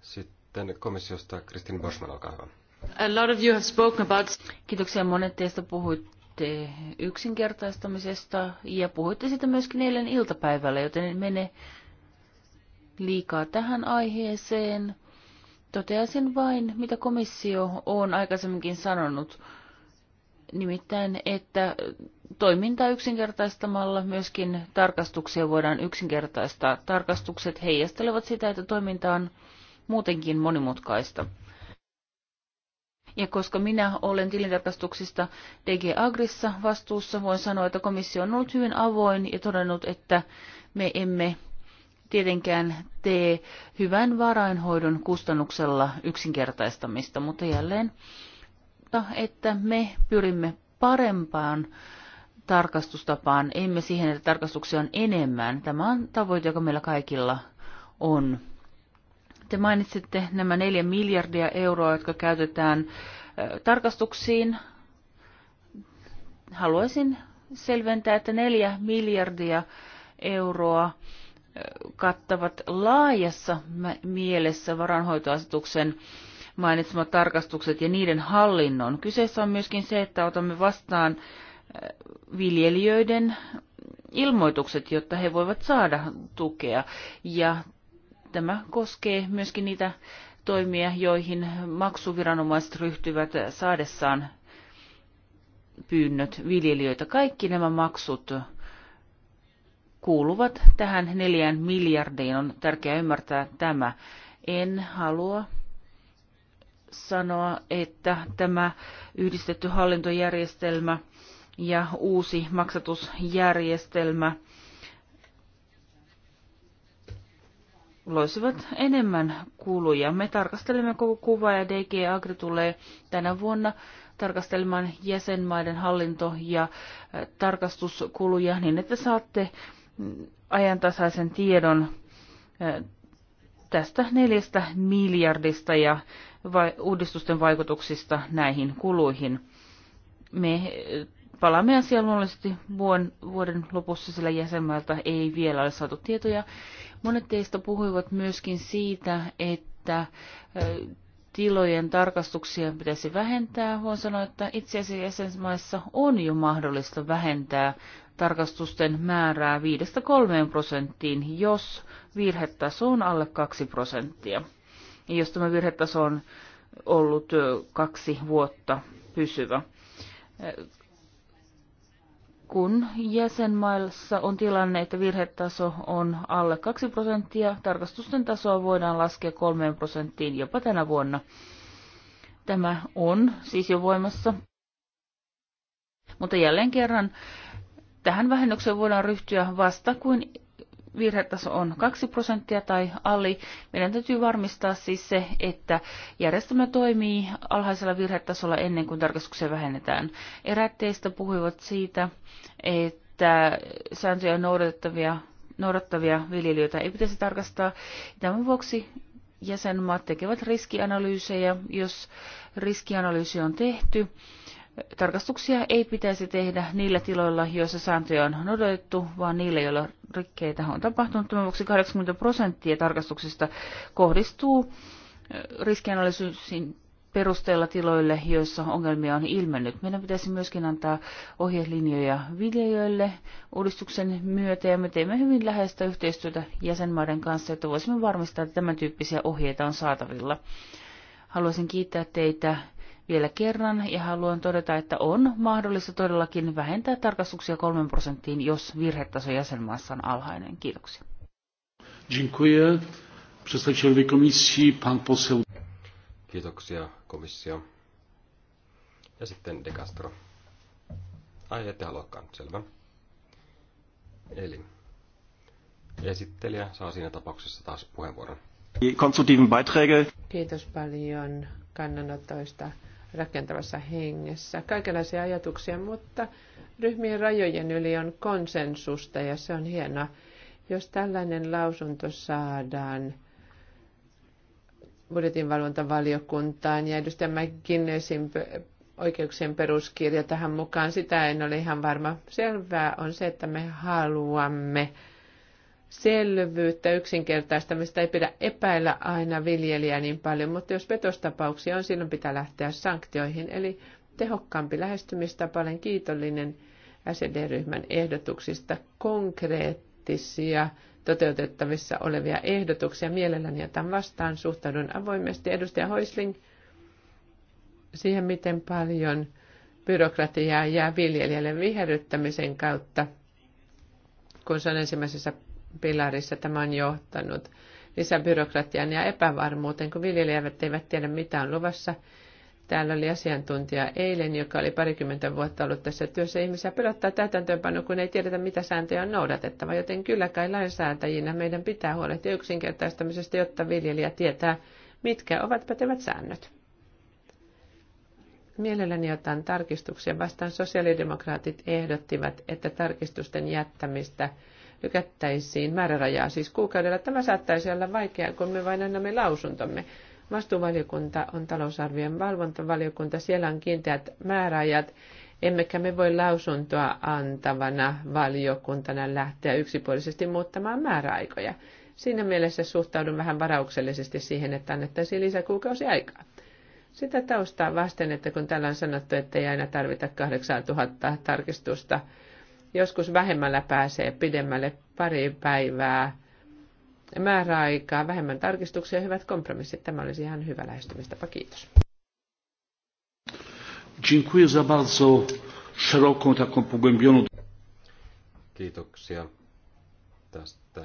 [SPEAKER 2] Sitten komissiosta Kristin Bosman, olkaa hyvä.
[SPEAKER 4] A lot of you have spoken about... Kiitoksia. Monet teistä puhuit, puhuitte yksinkertaistamisesta ja puhuitte sitä myöskin eilen iltapäivällä, joten en mene liikaa tähän aiheeseen. Toteaisin vain, mitä komissio on aikaisemminkin sanonut, nimittäin, että toimintaa yksinkertaistamalla myöskin tarkastuksia voidaan yksinkertaistaa. Tarkastukset heijastelevat sitä, että toiminta on muutenkin monimutkaista. Ja koska minä olen tilintarkastuksista DG Agrissa vastuussa, voin sanoa, että komissio on ollut hyvin avoin ja todennut, että me emme tietenkään tee hyvän varainhoidon kustannuksella yksinkertaistamista, mutta jälleen, että me pyrimme parempaan tarkastustapaan, emme siihen, että tarkastuksia on enemmän. Tämä on tavoite, joka meillä kaikilla on. Te mainitsitte nämä neljä miljardia euroa, jotka käytetään tarkastuksiin. Haluaisin selventää, että neljä miljardia euroa kattavat laajassa mielessä varanhoitoasetuksen mainitsemat tarkastukset ja niiden hallinnon. Kyseessä on myöskin se, että otamme vastaan viljelijöiden ilmoitukset, jotta he voivat saada tukea. Ja Tämä koskee myöskin niitä toimia, joihin maksuviranomaiset ryhtyvät saadessaan pyynnöt viljelijöitä. Kaikki nämä maksut kuuluvat tähän neljään miljardiin. On tärkeää ymmärtää tämä. En halua sanoa, että tämä yhdistetty hallintojärjestelmä ja uusi maksatusjärjestelmä – loisivat enemmän kuluja. Me tarkastelemme koko kuvaa ja DG Agri tulee tänä vuonna tarkastelemaan jäsenmaiden hallinto- ja äh, tarkastuskuluja niin, että saatte mm, ajantasaisen tiedon äh, tästä neljästä miljardista ja uudistusten vaikutuksista näihin kuluihin. Me äh, palaamme asiaan luonnollisesti vuoden, vuoden lopussa, sillä jäsenmailta ei vielä ole saatu tietoja Monet teistä puhuivat myöskin siitä, että tilojen tarkastuksia pitäisi vähentää. Voin sanoa, että itse asiassa jäsenmaissa on jo mahdollista vähentää tarkastusten määrää 5-3 prosenttiin, jos virhetaso on alle 2 prosenttia. Ja jos tämä virhetaso on ollut kaksi vuotta pysyvä kun jäsenmaissa on tilanne, että virhetaso on alle 2 prosenttia, tarkastusten tasoa voidaan laskea 3 prosenttiin jopa tänä vuonna. Tämä on siis jo voimassa. Mutta jälleen kerran tähän vähennykseen voidaan ryhtyä vasta, kun virhetaso on 2 prosenttia tai ali. Meidän täytyy varmistaa siis se, että järjestelmä toimii alhaisella virhetasolla ennen kuin tarkastuksia vähennetään. Eräät teistä puhuivat siitä, että sääntöjä noudatettavia, noudattavia viljelijöitä ei pitäisi tarkastaa. Tämän vuoksi jäsenmaat tekevät riskianalyysejä, jos riskianalyysi on tehty Tarkastuksia ei pitäisi tehdä niillä tiloilla, joissa sääntöjä on noudatettu, vaan niillä, joilla rikkeitä on tapahtunut. Tämän vuoksi 80 prosenttia tarkastuksista kohdistuu riskianalyysin perusteella tiloille, joissa ongelmia on ilmennyt. Meidän pitäisi myöskin antaa ohjelinjoja videoille. uudistuksen myötä ja me teemme hyvin läheistä yhteistyötä jäsenmaiden kanssa, että voisimme varmistaa, että tämän tyyppisiä ohjeita on saatavilla. Haluaisin kiittää teitä vielä kerran ja haluan todeta, että on mahdollista todellakin vähentää tarkastuksia 3 prosenttiin, jos virhetaso jäsenmaassa on alhainen. Kiitoksia.
[SPEAKER 2] Kiitoksia komissio. Ja sitten De Castro. Ai, ette haluakaan, selvä. Eli esittelijä saa siinä tapauksessa taas puheenvuoron.
[SPEAKER 3] Kiitos paljon kannanotoista rakentavassa hengessä. Kaikenlaisia ajatuksia, mutta ryhmien rajojen yli on konsensusta ja se on hienoa. Jos tällainen lausunto saadaan budjetinvalvontavaliokuntaan ja edustaja McGinnessin oikeuksien peruskirja tähän mukaan, sitä en ole ihan varma. Selvää on se, että me haluamme selvyyttä yksinkertaistamista ei pidä epäillä aina viljelijää niin paljon, mutta jos petostapauksia on, silloin pitää lähteä sanktioihin. Eli tehokkaampi lähestymistapa, olen kiitollinen SED-ryhmän ehdotuksista konkreettisia toteutettavissa olevia ehdotuksia. Mielelläni otan vastaan, suhtaudun avoimesti. Edustaja Hoisling, siihen miten paljon byrokratiaa jää viljelijälle viherryttämisen kautta, kun se on ensimmäisessä pilarissa tämä on johtanut lisäbyrokratian ja epävarmuuteen, kun viljelijät eivät tiedä mitä on luvassa. Täällä oli asiantuntija eilen, joka oli parikymmentä vuotta ollut tässä työssä. Ihmisiä pelottaa täytäntöönpano, kun ei tiedetä, mitä sääntöjä on noudatettava. Joten kyllä kai lainsäätäjinä meidän pitää huolehtia yksinkertaistamisesta, jotta viljelijä tietää, mitkä ovat pätevät säännöt. Mielelläni otan tarkistuksia vastaan. Sosiaalidemokraatit ehdottivat, että tarkistusten jättämistä lykättäisiin määrärajaa siis kuukaudella. Tämä saattaisi olla vaikeaa, kun me vain annamme lausuntomme. Vastuuvaliokunta on talousarvion valvontavaliokunta, siellä on kiinteät määräajat, emmekä me voi lausuntoa antavana valiokuntana lähteä yksipuolisesti muuttamaan määräaikoja. Siinä mielessä suhtaudun vähän varauksellisesti siihen, että annettaisiin lisäkuukausi aikaa. Sitä taustaa vasten, että kun täällä on sanottu, että ei aina tarvita 8000 tarkistusta – Joskus vähemmällä pääsee pidemmälle pari päivää määräaikaa, vähemmän tarkistuksia ja hyvät kompromissit. Tämä olisi ihan hyvä lähestymistapa. Kiitos.
[SPEAKER 1] Dziękuję za bardzo szeroką, taką pogłębioną.
[SPEAKER 2] Kiitoksia tästä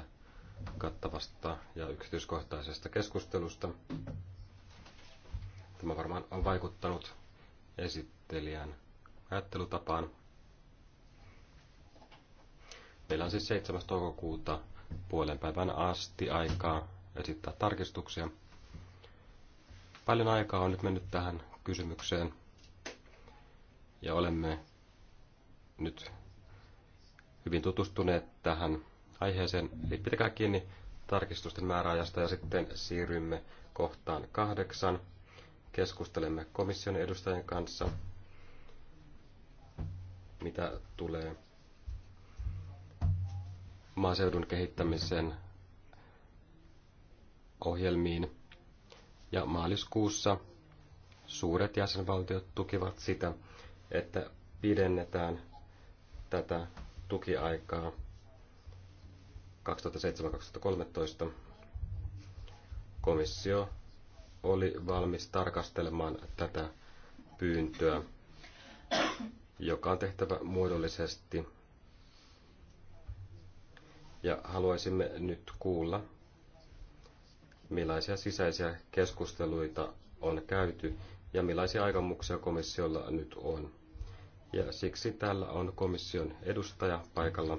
[SPEAKER 2] kattavasta ja yksityiskohtaisesta keskustelusta. Tämä varmaan on vaikuttanut esittelijän ajattelutapaan. Meillä on siis 7. toukokuuta puolen päivän asti aikaa esittää tarkistuksia. Paljon aikaa on nyt mennyt tähän kysymykseen ja olemme nyt hyvin tutustuneet tähän aiheeseen. Eli pitäkää kiinni tarkistusten määräajasta ja sitten siirrymme kohtaan kahdeksan. Keskustelemme komission edustajien kanssa, mitä tulee maaseudun kehittämisen ohjelmiin. Ja maaliskuussa suuret jäsenvaltiot tukivat sitä, että pidennetään tätä tukiaikaa 2007-2013. Komissio oli valmis tarkastelemaan tätä pyyntöä, joka on tehtävä muodollisesti ja haluaisimme nyt kuulla, millaisia sisäisiä keskusteluita on käyty ja millaisia aikomuksia komissiolla nyt on. Ja siksi täällä on komission edustaja paikalla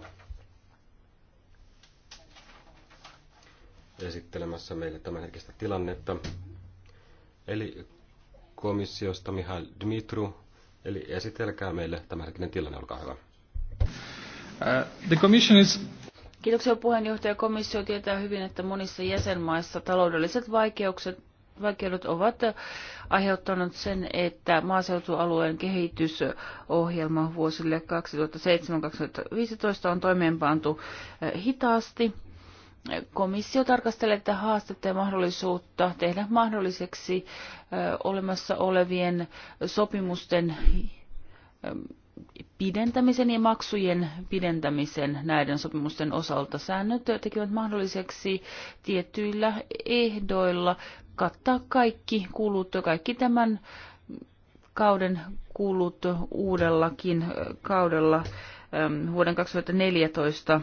[SPEAKER 2] esittelemässä meille hetkistä tilannetta. Eli komissiosta Mihail Dmitru, eli esitelkää meille hetkinen tilanne,
[SPEAKER 4] olkaa hyvä.
[SPEAKER 1] Uh, the commission is
[SPEAKER 4] Kiitoksia puheenjohtaja. Komissio tietää hyvin, että monissa jäsenmaissa taloudelliset vaikeukset, vaikeudet ovat aiheuttaneet sen, että maaseutualueen kehitysohjelma vuosille 2007-2015 on toimeenpantu eh, hitaasti. Komissio tarkastelee tätä haastetta ja mahdollisuutta tehdä mahdolliseksi eh, olemassa olevien sopimusten eh, pidentämisen ja maksujen pidentämisen näiden sopimusten osalta. Säännöt tekevät mahdolliseksi tietyillä ehdoilla kattaa kaikki kulut, kaikki tämän kauden kulut uudellakin kaudella vuoden 2014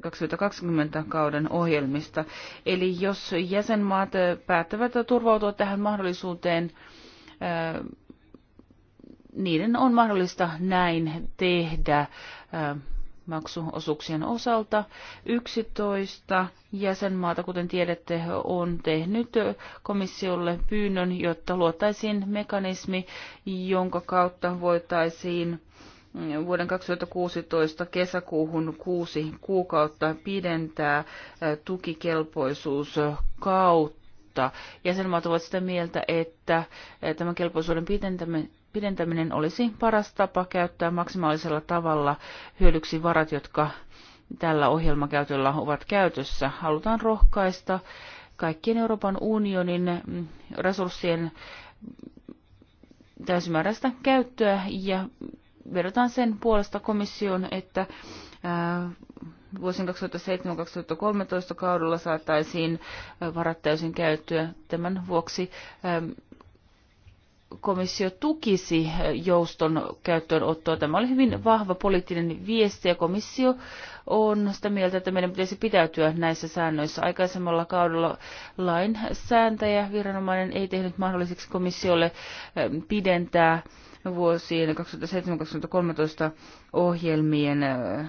[SPEAKER 4] 2020 kauden ohjelmista. Eli jos jäsenmaat päättävät turvautua tähän mahdollisuuteen niiden on mahdollista näin tehdä maksuosuuksien osalta. 11 jäsenmaata, kuten tiedätte, on tehnyt komissiolle pyynnön, jotta luotaisiin mekanismi, jonka kautta voitaisiin vuoden 2016 kesäkuuhun kuusi kuukautta pidentää tukikelpoisuuskautta. Jäsenmaat ovat sitä mieltä, että tämän kelpoisuuden pidentäminen pidentäminen olisi paras tapa käyttää maksimaalisella tavalla hyödyksi varat, jotka tällä ohjelmakäytöllä ovat käytössä. Halutaan rohkaista kaikkien Euroopan unionin resurssien täysimääräistä käyttöä ja vedotaan sen puolesta komission, että vuosien 2007-2013 kaudella saataisiin varat täysin käyttöä. Tämän vuoksi komissio tukisi jouston käyttöönottoa. Tämä oli hyvin vahva poliittinen viesti ja komissio on sitä mieltä, että meidän pitäisi pitäytyä näissä säännöissä. Aikaisemmalla kaudella lainsääntäjä viranomainen ei tehnyt mahdolliseksi komissiolle ähm, pidentää vuosien 2007-2013 ohjelmien äh,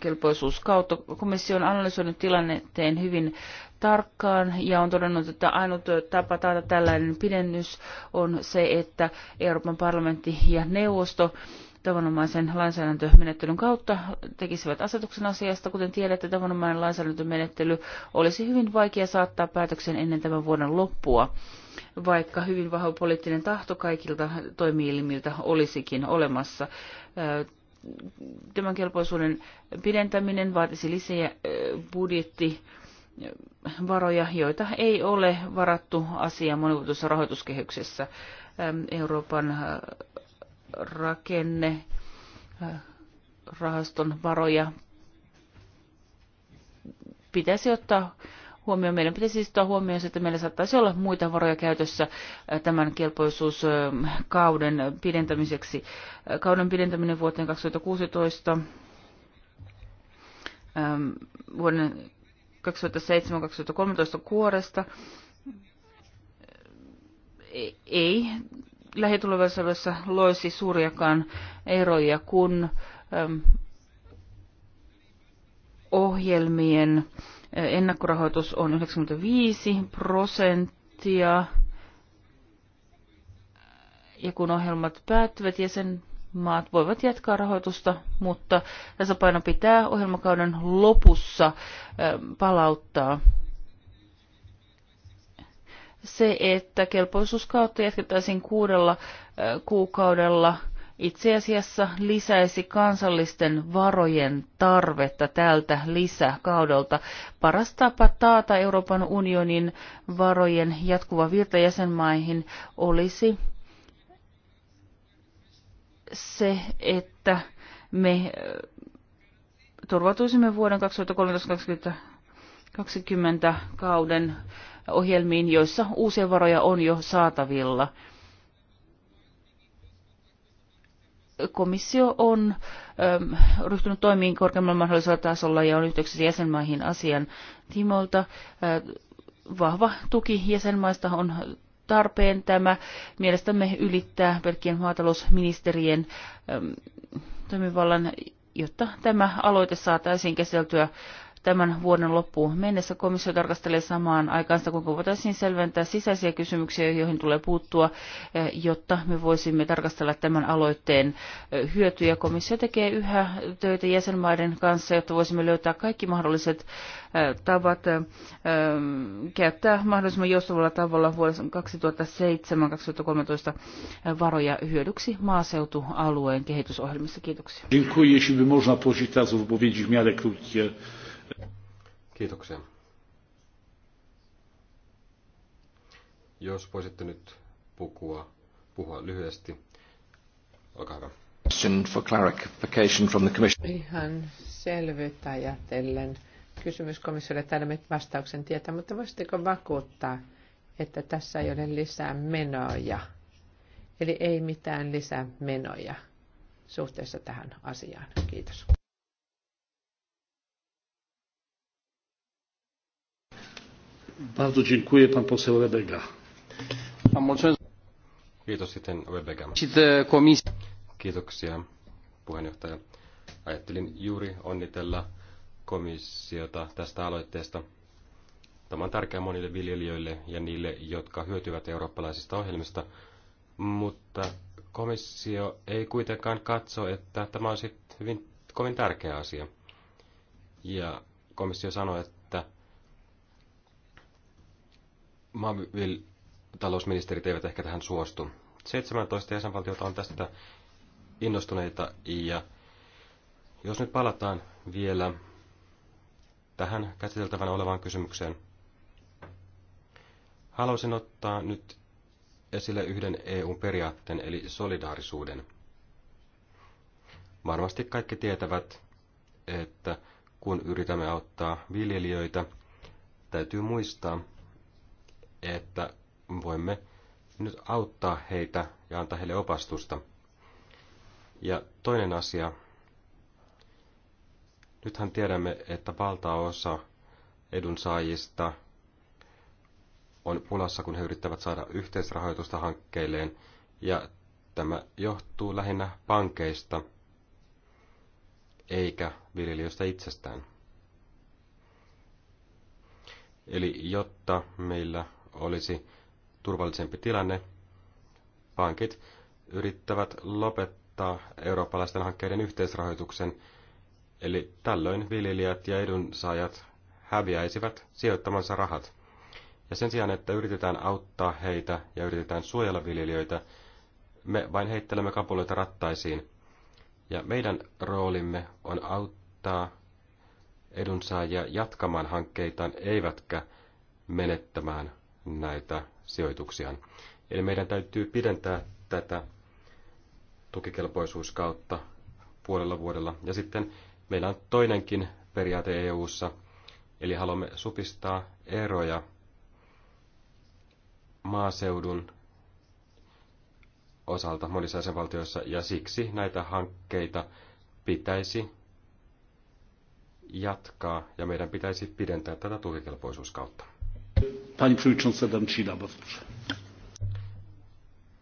[SPEAKER 4] kelpoisuuskautta. Komissio on analysoinut tilanteen hyvin tarkkaan ja on todennut, että ainut tapa taata tällainen pidennys on se, että Euroopan parlamentti ja neuvosto tavanomaisen lainsäädäntömenettelyn kautta tekisivät asetuksen asiasta. Kuten tiedätte, tavanomainen lainsäädäntömenettely olisi hyvin vaikea saattaa päätöksen ennen tämän vuoden loppua, vaikka hyvin vahva poliittinen tahto kaikilta toimielimiltä olisikin olemassa tämän kelpoisuuden pidentäminen vaatisi lisää budjetti varoja, joita ei ole varattu asiaan monivuotisessa rahoituskehyksessä. Euroopan rakenne rahaston varoja pitäisi ottaa huomioon. Meidän pitäisi siis ottaa huomioon, että meillä saattaisi olla muita varoja käytössä äh, tämän kelpoisuuskauden pidentämiseksi. Äh, kauden pidentäminen vuoteen 2016 ähm, vuoden 2007-2013 kuoresta ei lähitulevaisuudessa loisi suuriakaan eroja, kun ähm, ohjelmien ennakkorahoitus on 95 prosenttia. Ja kun ohjelmat päättyvät, jäsenmaat voivat jatkaa rahoitusta, mutta tasapaino pitää ohjelmakauden lopussa palauttaa se, että kelpoisuuskautta jatkettaisiin kuudella kuukaudella – itse asiassa lisäisi kansallisten varojen tarvetta tältä lisäkaudelta. Paras tapa taata Euroopan unionin varojen jatkuva virta jäsenmaihin olisi se, että me turvautuisimme vuoden 2013-2020 kauden ohjelmiin, joissa uusia varoja on jo saatavilla – komissio on äm, ryhtynyt toimiin korkeammalla mahdollisella tasolla ja on yhteyksissä jäsenmaihin asian tiimoilta. Äh, vahva tuki jäsenmaista on tarpeen tämä. Mielestämme ylittää pelkkien maatalousministerien äm, toimivallan, jotta tämä aloite saataisiin käsiteltyä tämän vuoden loppuun mennessä. Komissio tarkastelee samaan aikaan sitä, kuinka voitaisiin selventää sisäisiä kysymyksiä, joihin tulee puuttua, eh, jotta me voisimme tarkastella tämän aloitteen eh, hyötyjä. Komissio tekee yhä töitä jäsenmaiden kanssa, jotta voisimme löytää kaikki mahdolliset eh, tavat käyttää mahdollisimman joustavalla tavalla vuodessa 2007-2013 varoja hyödyksi maaseutualueen kehitysohjelmissa. Kiitoksia. Dziękuję,
[SPEAKER 1] jeśli można w miarę krótkie. Kiitoksia. Jos voisitte nyt
[SPEAKER 2] pukua, puhua lyhyesti, olkaa hyvä. For clarification
[SPEAKER 3] from the commission. Ihan selvyyttä ajatellen. Kysymys komissiolle täällä vastauksen tietää, mutta voisitteko vakuuttaa, että tässä ei ole lisää menoja? Eli ei mitään lisää menoja suhteessa tähän asiaan. Kiitos.
[SPEAKER 1] Bardzo dziękuję, pan poseł Rebega.
[SPEAKER 2] Kiitos sitten Rebega. Kiitoksia puheenjohtaja. Ajattelin juuri onnitella komissiota tästä aloitteesta. Tämä on tärkeää monille viljelijöille ja niille, jotka hyötyvät eurooppalaisista ohjelmista, mutta komissio ei kuitenkaan katso, että tämä on sitten hyvin, kovin tärkeä asia. Ja komissio sanoi, että talousministerit eivät ehkä tähän suostu. 17 jäsenvaltiota on tästä innostuneita ja jos nyt palataan vielä tähän käsiteltävän olevaan kysymykseen, haluaisin ottaa nyt esille yhden EU-periaatteen eli solidaarisuuden. Varmasti kaikki tietävät, että kun yritämme auttaa viljelijöitä, täytyy muistaa, että voimme nyt auttaa heitä ja antaa heille opastusta. Ja toinen asia. Nythän tiedämme, että valtaosa edunsaajista on pulassa, kun he yrittävät saada yhteisrahoitusta hankkeilleen, ja tämä johtuu lähinnä pankeista, eikä viljelijöistä itsestään. Eli jotta meillä olisi turvallisempi tilanne. Pankit yrittävät lopettaa eurooppalaisten hankkeiden yhteisrahoituksen, eli tällöin viljelijät ja edunsaajat häviäisivät sijoittamansa rahat. Ja sen sijaan, että yritetään auttaa heitä ja yritetään suojella viljelijöitä, me vain heittelemme kapuloita rattaisiin. Ja meidän roolimme on auttaa edunsaajia jatkamaan hankkeitaan eivätkä menettämään näitä sijoituksiaan. Eli meidän täytyy pidentää tätä tukikelpoisuuskautta puolella vuodella. Ja sitten meillä on toinenkin periaate EU:ssa, eli haluamme supistaa eroja maaseudun osalta monissa jäsenvaltioissa, ja siksi näitä hankkeita pitäisi jatkaa, ja meidän pitäisi pidentää tätä tukikelpoisuuskautta. Pani przewodnicząca Dancila, bardzo proszę.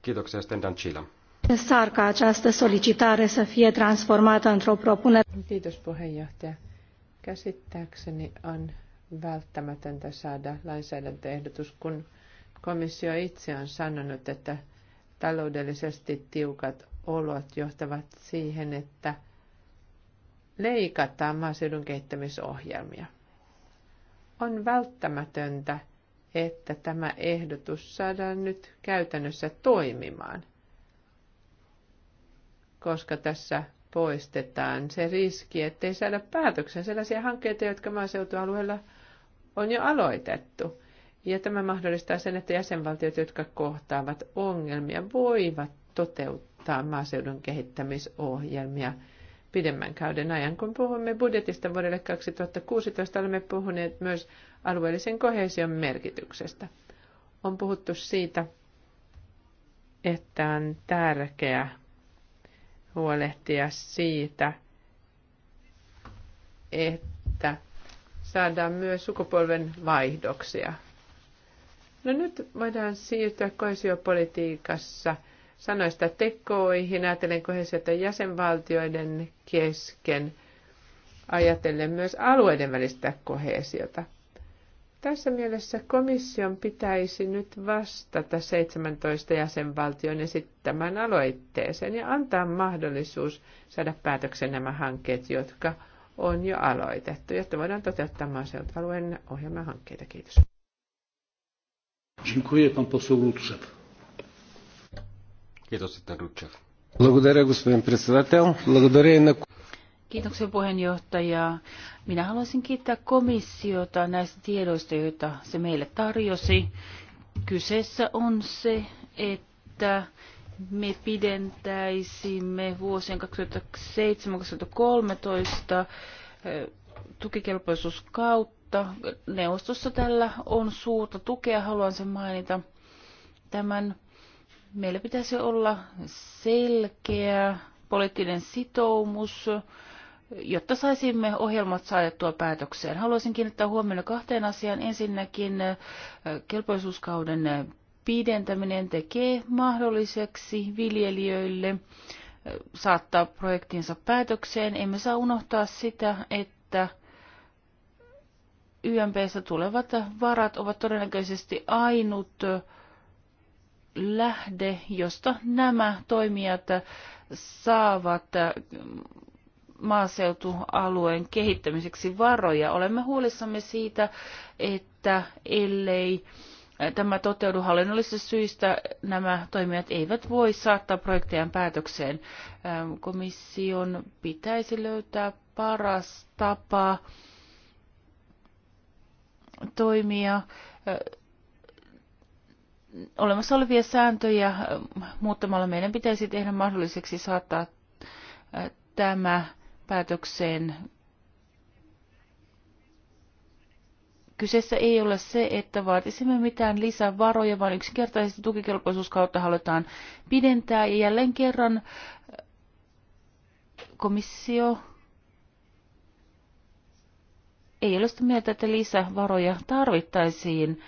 [SPEAKER 2] Kiitoksia, Sten Dancila.
[SPEAKER 3] această solicitare să fie transformată într-o propunere. Kiitos puheenjohtaja. Käsittääkseni on välttämätöntä saada lainsäädäntöehdotus, kun komissio itse on sanonut, että taloudellisesti tiukat olot johtavat siihen, että leikataan maaseudun kehittämisohjelmia. On välttämätöntä että tämä ehdotus saadaan nyt käytännössä toimimaan, koska tässä poistetaan se riski, ettei saada päätöksen sellaisia hankkeita, jotka maaseutualueella on jo aloitettu. Ja tämä mahdollistaa sen, että jäsenvaltiot, jotka kohtaavat ongelmia, voivat toteuttaa maaseudun kehittämisohjelmia – pidemmän kauden ajan. Kun puhumme budjetista vuodelle 2016, olemme puhuneet myös alueellisen kohesion merkityksestä. On puhuttu siitä, että on tärkeää huolehtia siitä, että saadaan myös sukupolven vaihdoksia. No nyt voidaan siirtyä koesiopolitiikassa – sanoista tekoihin, ajatellen kohesiota jäsenvaltioiden kesken, ajatellen myös alueiden välistä kohesiota. Tässä mielessä komission pitäisi nyt vastata 17 jäsenvaltion esittämään aloitteeseen ja antaa mahdollisuus saada päätöksen nämä hankkeet, jotka on jo aloitettu, jotta voidaan toteuttaa maaseutualueen ohjelmahankkeita. Kiitos.
[SPEAKER 1] Dziękuję pan poseł Kiitos sitten Rutschev.
[SPEAKER 4] Kiitoksia puheenjohtaja. Minä haluaisin kiittää komissiota näistä tiedoista, joita se meille tarjosi. Kyseessä on se, että me pidentäisimme vuosien 2007-2013 tukikelpoisuuskautta. Neuvostossa tällä on suurta tukea, haluan sen mainita. Tämän meillä pitäisi olla selkeä poliittinen sitoumus, jotta saisimme ohjelmat saatettua päätökseen. Haluaisin kiinnittää huomioon kahteen asiaan. Ensinnäkin kelpoisuuskauden pidentäminen tekee mahdolliseksi viljelijöille saattaa projektinsa päätökseen. Emme saa unohtaa sitä, että YMPssä tulevat varat ovat todennäköisesti ainut lähde, josta nämä toimijat saavat maaseutualueen kehittämiseksi varoja. Olemme huolissamme siitä, että ellei tämä toteudu hallinnollisista syistä, nämä toimijat eivät voi saattaa projektejaan päätökseen. Ähm, komission pitäisi löytää paras tapa toimia äh, olemassa olevia sääntöjä äh, muuttamalla meidän pitäisi tehdä mahdolliseksi saattaa äh, tämä päätökseen. Kyseessä ei ole se, että vaatisimme mitään lisävaroja, vaan yksinkertaisesti tukikelpoisuuskautta halutaan pidentää. Ja jälleen kerran äh, komissio ei ole sitä mieltä, että lisävaroja tarvittaisiin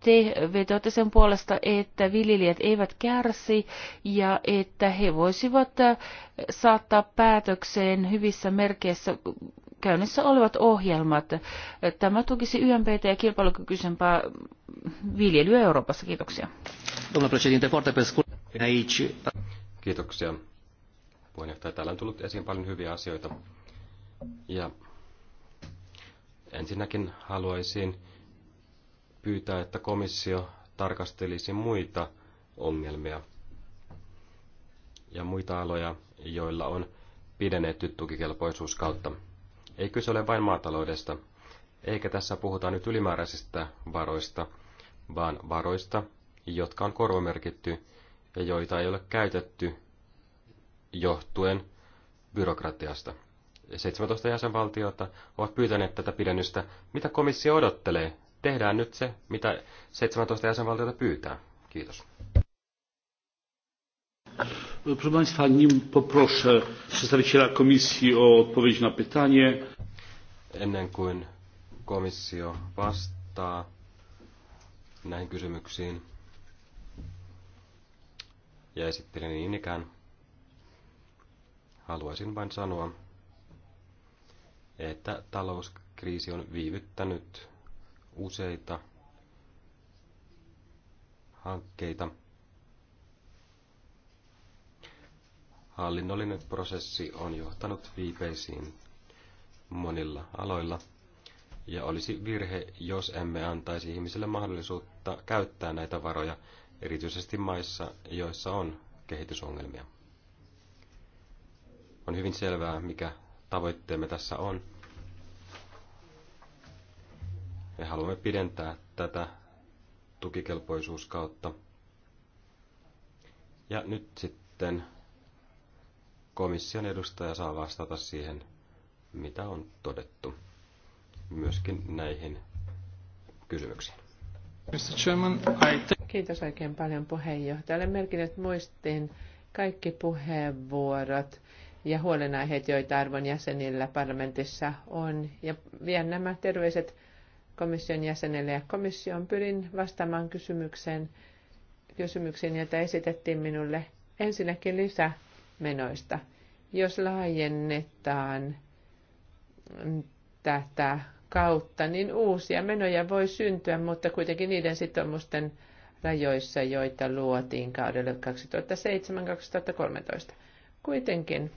[SPEAKER 4] te vetoatte sen puolesta, että viljelijät eivät kärsi ja että he voisivat äh, saattaa päätökseen hyvissä merkeissä käynnissä olevat ohjelmat. Tämä tukisi YMPT ja kilpailukykyisempää viljelyä Euroopassa. Kiitoksia.
[SPEAKER 2] Kiitoksia. Puheenjohtaja, täällä on tullut esiin paljon hyviä asioita. Ja ensinnäkin haluaisin pyytää, että komissio tarkastelisi muita ongelmia ja muita aloja, joilla on pidennetty kautta. Ei kyse ole vain maataloudesta, eikä tässä puhuta nyt ylimääräisistä varoista, vaan varoista, jotka on korvamerkitty ja joita ei ole käytetty johtuen byrokratiasta. 17 jäsenvaltiota ovat pyytäneet tätä pidennystä. Mitä komissio odottelee tehdään nyt se, mitä 17 jäsenvaltiota pyytää. Kiitos.
[SPEAKER 1] Proszę Państwa, nim poproszę przedstawiciela komisji o odpowiedź na pytanie. Ennen kuin
[SPEAKER 2] komissio vastaa näihin kysymyksiin ja esittelen niin ikään, haluaisin vain sanoa, että talouskriisi on viivyttänyt useita hankkeita. Hallinnollinen prosessi on johtanut viipeisiin monilla aloilla, ja olisi virhe, jos emme antaisi ihmisille mahdollisuutta käyttää näitä varoja, erityisesti maissa, joissa on kehitysongelmia. On hyvin selvää, mikä tavoitteemme tässä on me haluamme pidentää tätä tukikelpoisuuskautta. Ja nyt sitten komission edustaja saa vastata siihen, mitä on todettu myöskin näihin kysymyksiin.
[SPEAKER 3] Kiitos oikein paljon puheenjohtajalle. Merkinnyt muistiin kaikki puheenvuorot ja huolenaiheet, joita arvon jäsenillä parlamentissa on. Ja vien nämä terveiset komission jäsenelle ja komission pyrin vastaamaan kysymykseen, kysymyksiin, joita esitettiin minulle ensinnäkin lisämenoista. Jos laajennetaan tätä kautta, niin uusia menoja voi syntyä, mutta kuitenkin niiden sitoumusten rajoissa, joita luotiin kaudelle 2007-2013. Kuitenkin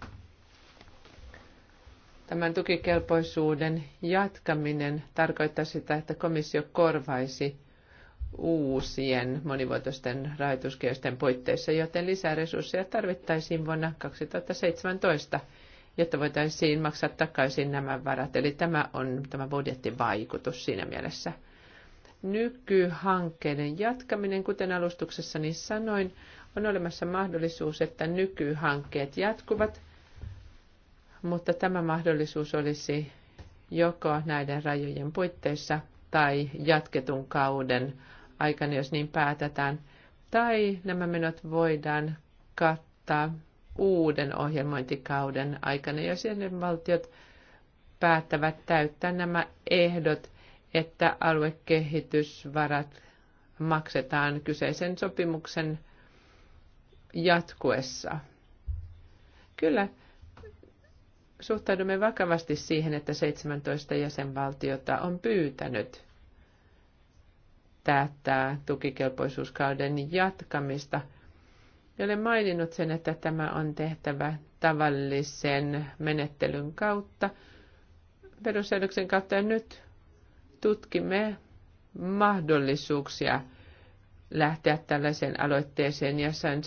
[SPEAKER 3] Tämän tukikelpoisuuden jatkaminen tarkoittaa sitä, että komissio korvaisi uusien monivuotoisten rahoituskehysten puitteissa, joten lisäresursseja tarvittaisiin vuonna 2017, jotta voitaisiin maksaa takaisin nämä varat. Eli tämä on tämä budjettivaikutus siinä mielessä. Nykyhankkeiden jatkaminen, kuten alustuksessani sanoin, on olemassa mahdollisuus, että nykyhankkeet jatkuvat – mutta tämä mahdollisuus olisi joko näiden rajojen puitteissa tai jatketun kauden aikana, jos niin päätetään, tai nämä menot voidaan kattaa uuden ohjelmointikauden aikana, jos valtiot päättävät täyttää nämä ehdot, että aluekehitysvarat maksetaan kyseisen sopimuksen jatkuessa. Kyllä suhtaudumme vakavasti siihen, että 17 jäsenvaltiota on pyytänyt tätä tukikelpoisuuskauden jatkamista. Olen maininnut sen, että tämä on tehtävä tavallisen menettelyn kautta, perussäädöksen kautta, ja nyt tutkimme mahdollisuuksia lähteä tällaiseen aloitteeseen ja sen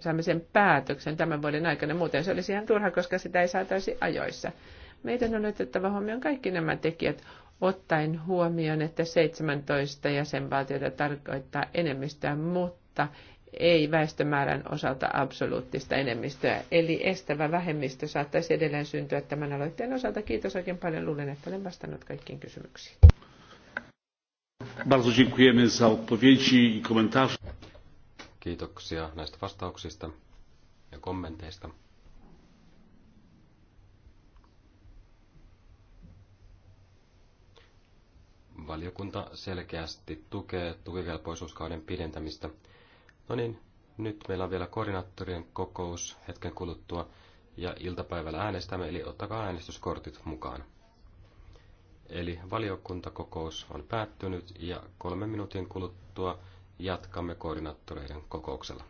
[SPEAKER 3] saamme sen päätöksen tämän vuoden aikana. Muuten se olisi ihan turha, koska sitä ei saataisi ajoissa. Meidän on otettava huomioon kaikki nämä tekijät, ottaen huomioon, että 17 jäsenvaltiota tarkoittaa enemmistöä, mutta ei väestömäärän osalta absoluuttista enemmistöä. Eli estävä vähemmistö saattaisi edelleen syntyä tämän aloitteen osalta. Kiitos oikein paljon. Luulen, että olen vastannut kaikkiin kysymyksiin.
[SPEAKER 1] Bardzo dziękujemy za odpowiedzi i komentarze.
[SPEAKER 2] Kiitoksia näistä vastauksista ja kommenteista. Valiokunta selkeästi tukee tukikelpoisuuskauden pidentämistä. No niin, nyt meillä on vielä koordinaattorien kokous hetken kuluttua ja iltapäivällä äänestämme, eli ottakaa äänestyskortit mukaan. Eli valiokuntakokous on päättynyt ja kolmen minuutin kuluttua jatkamme koordinaattoreiden
[SPEAKER 1] kokouksella.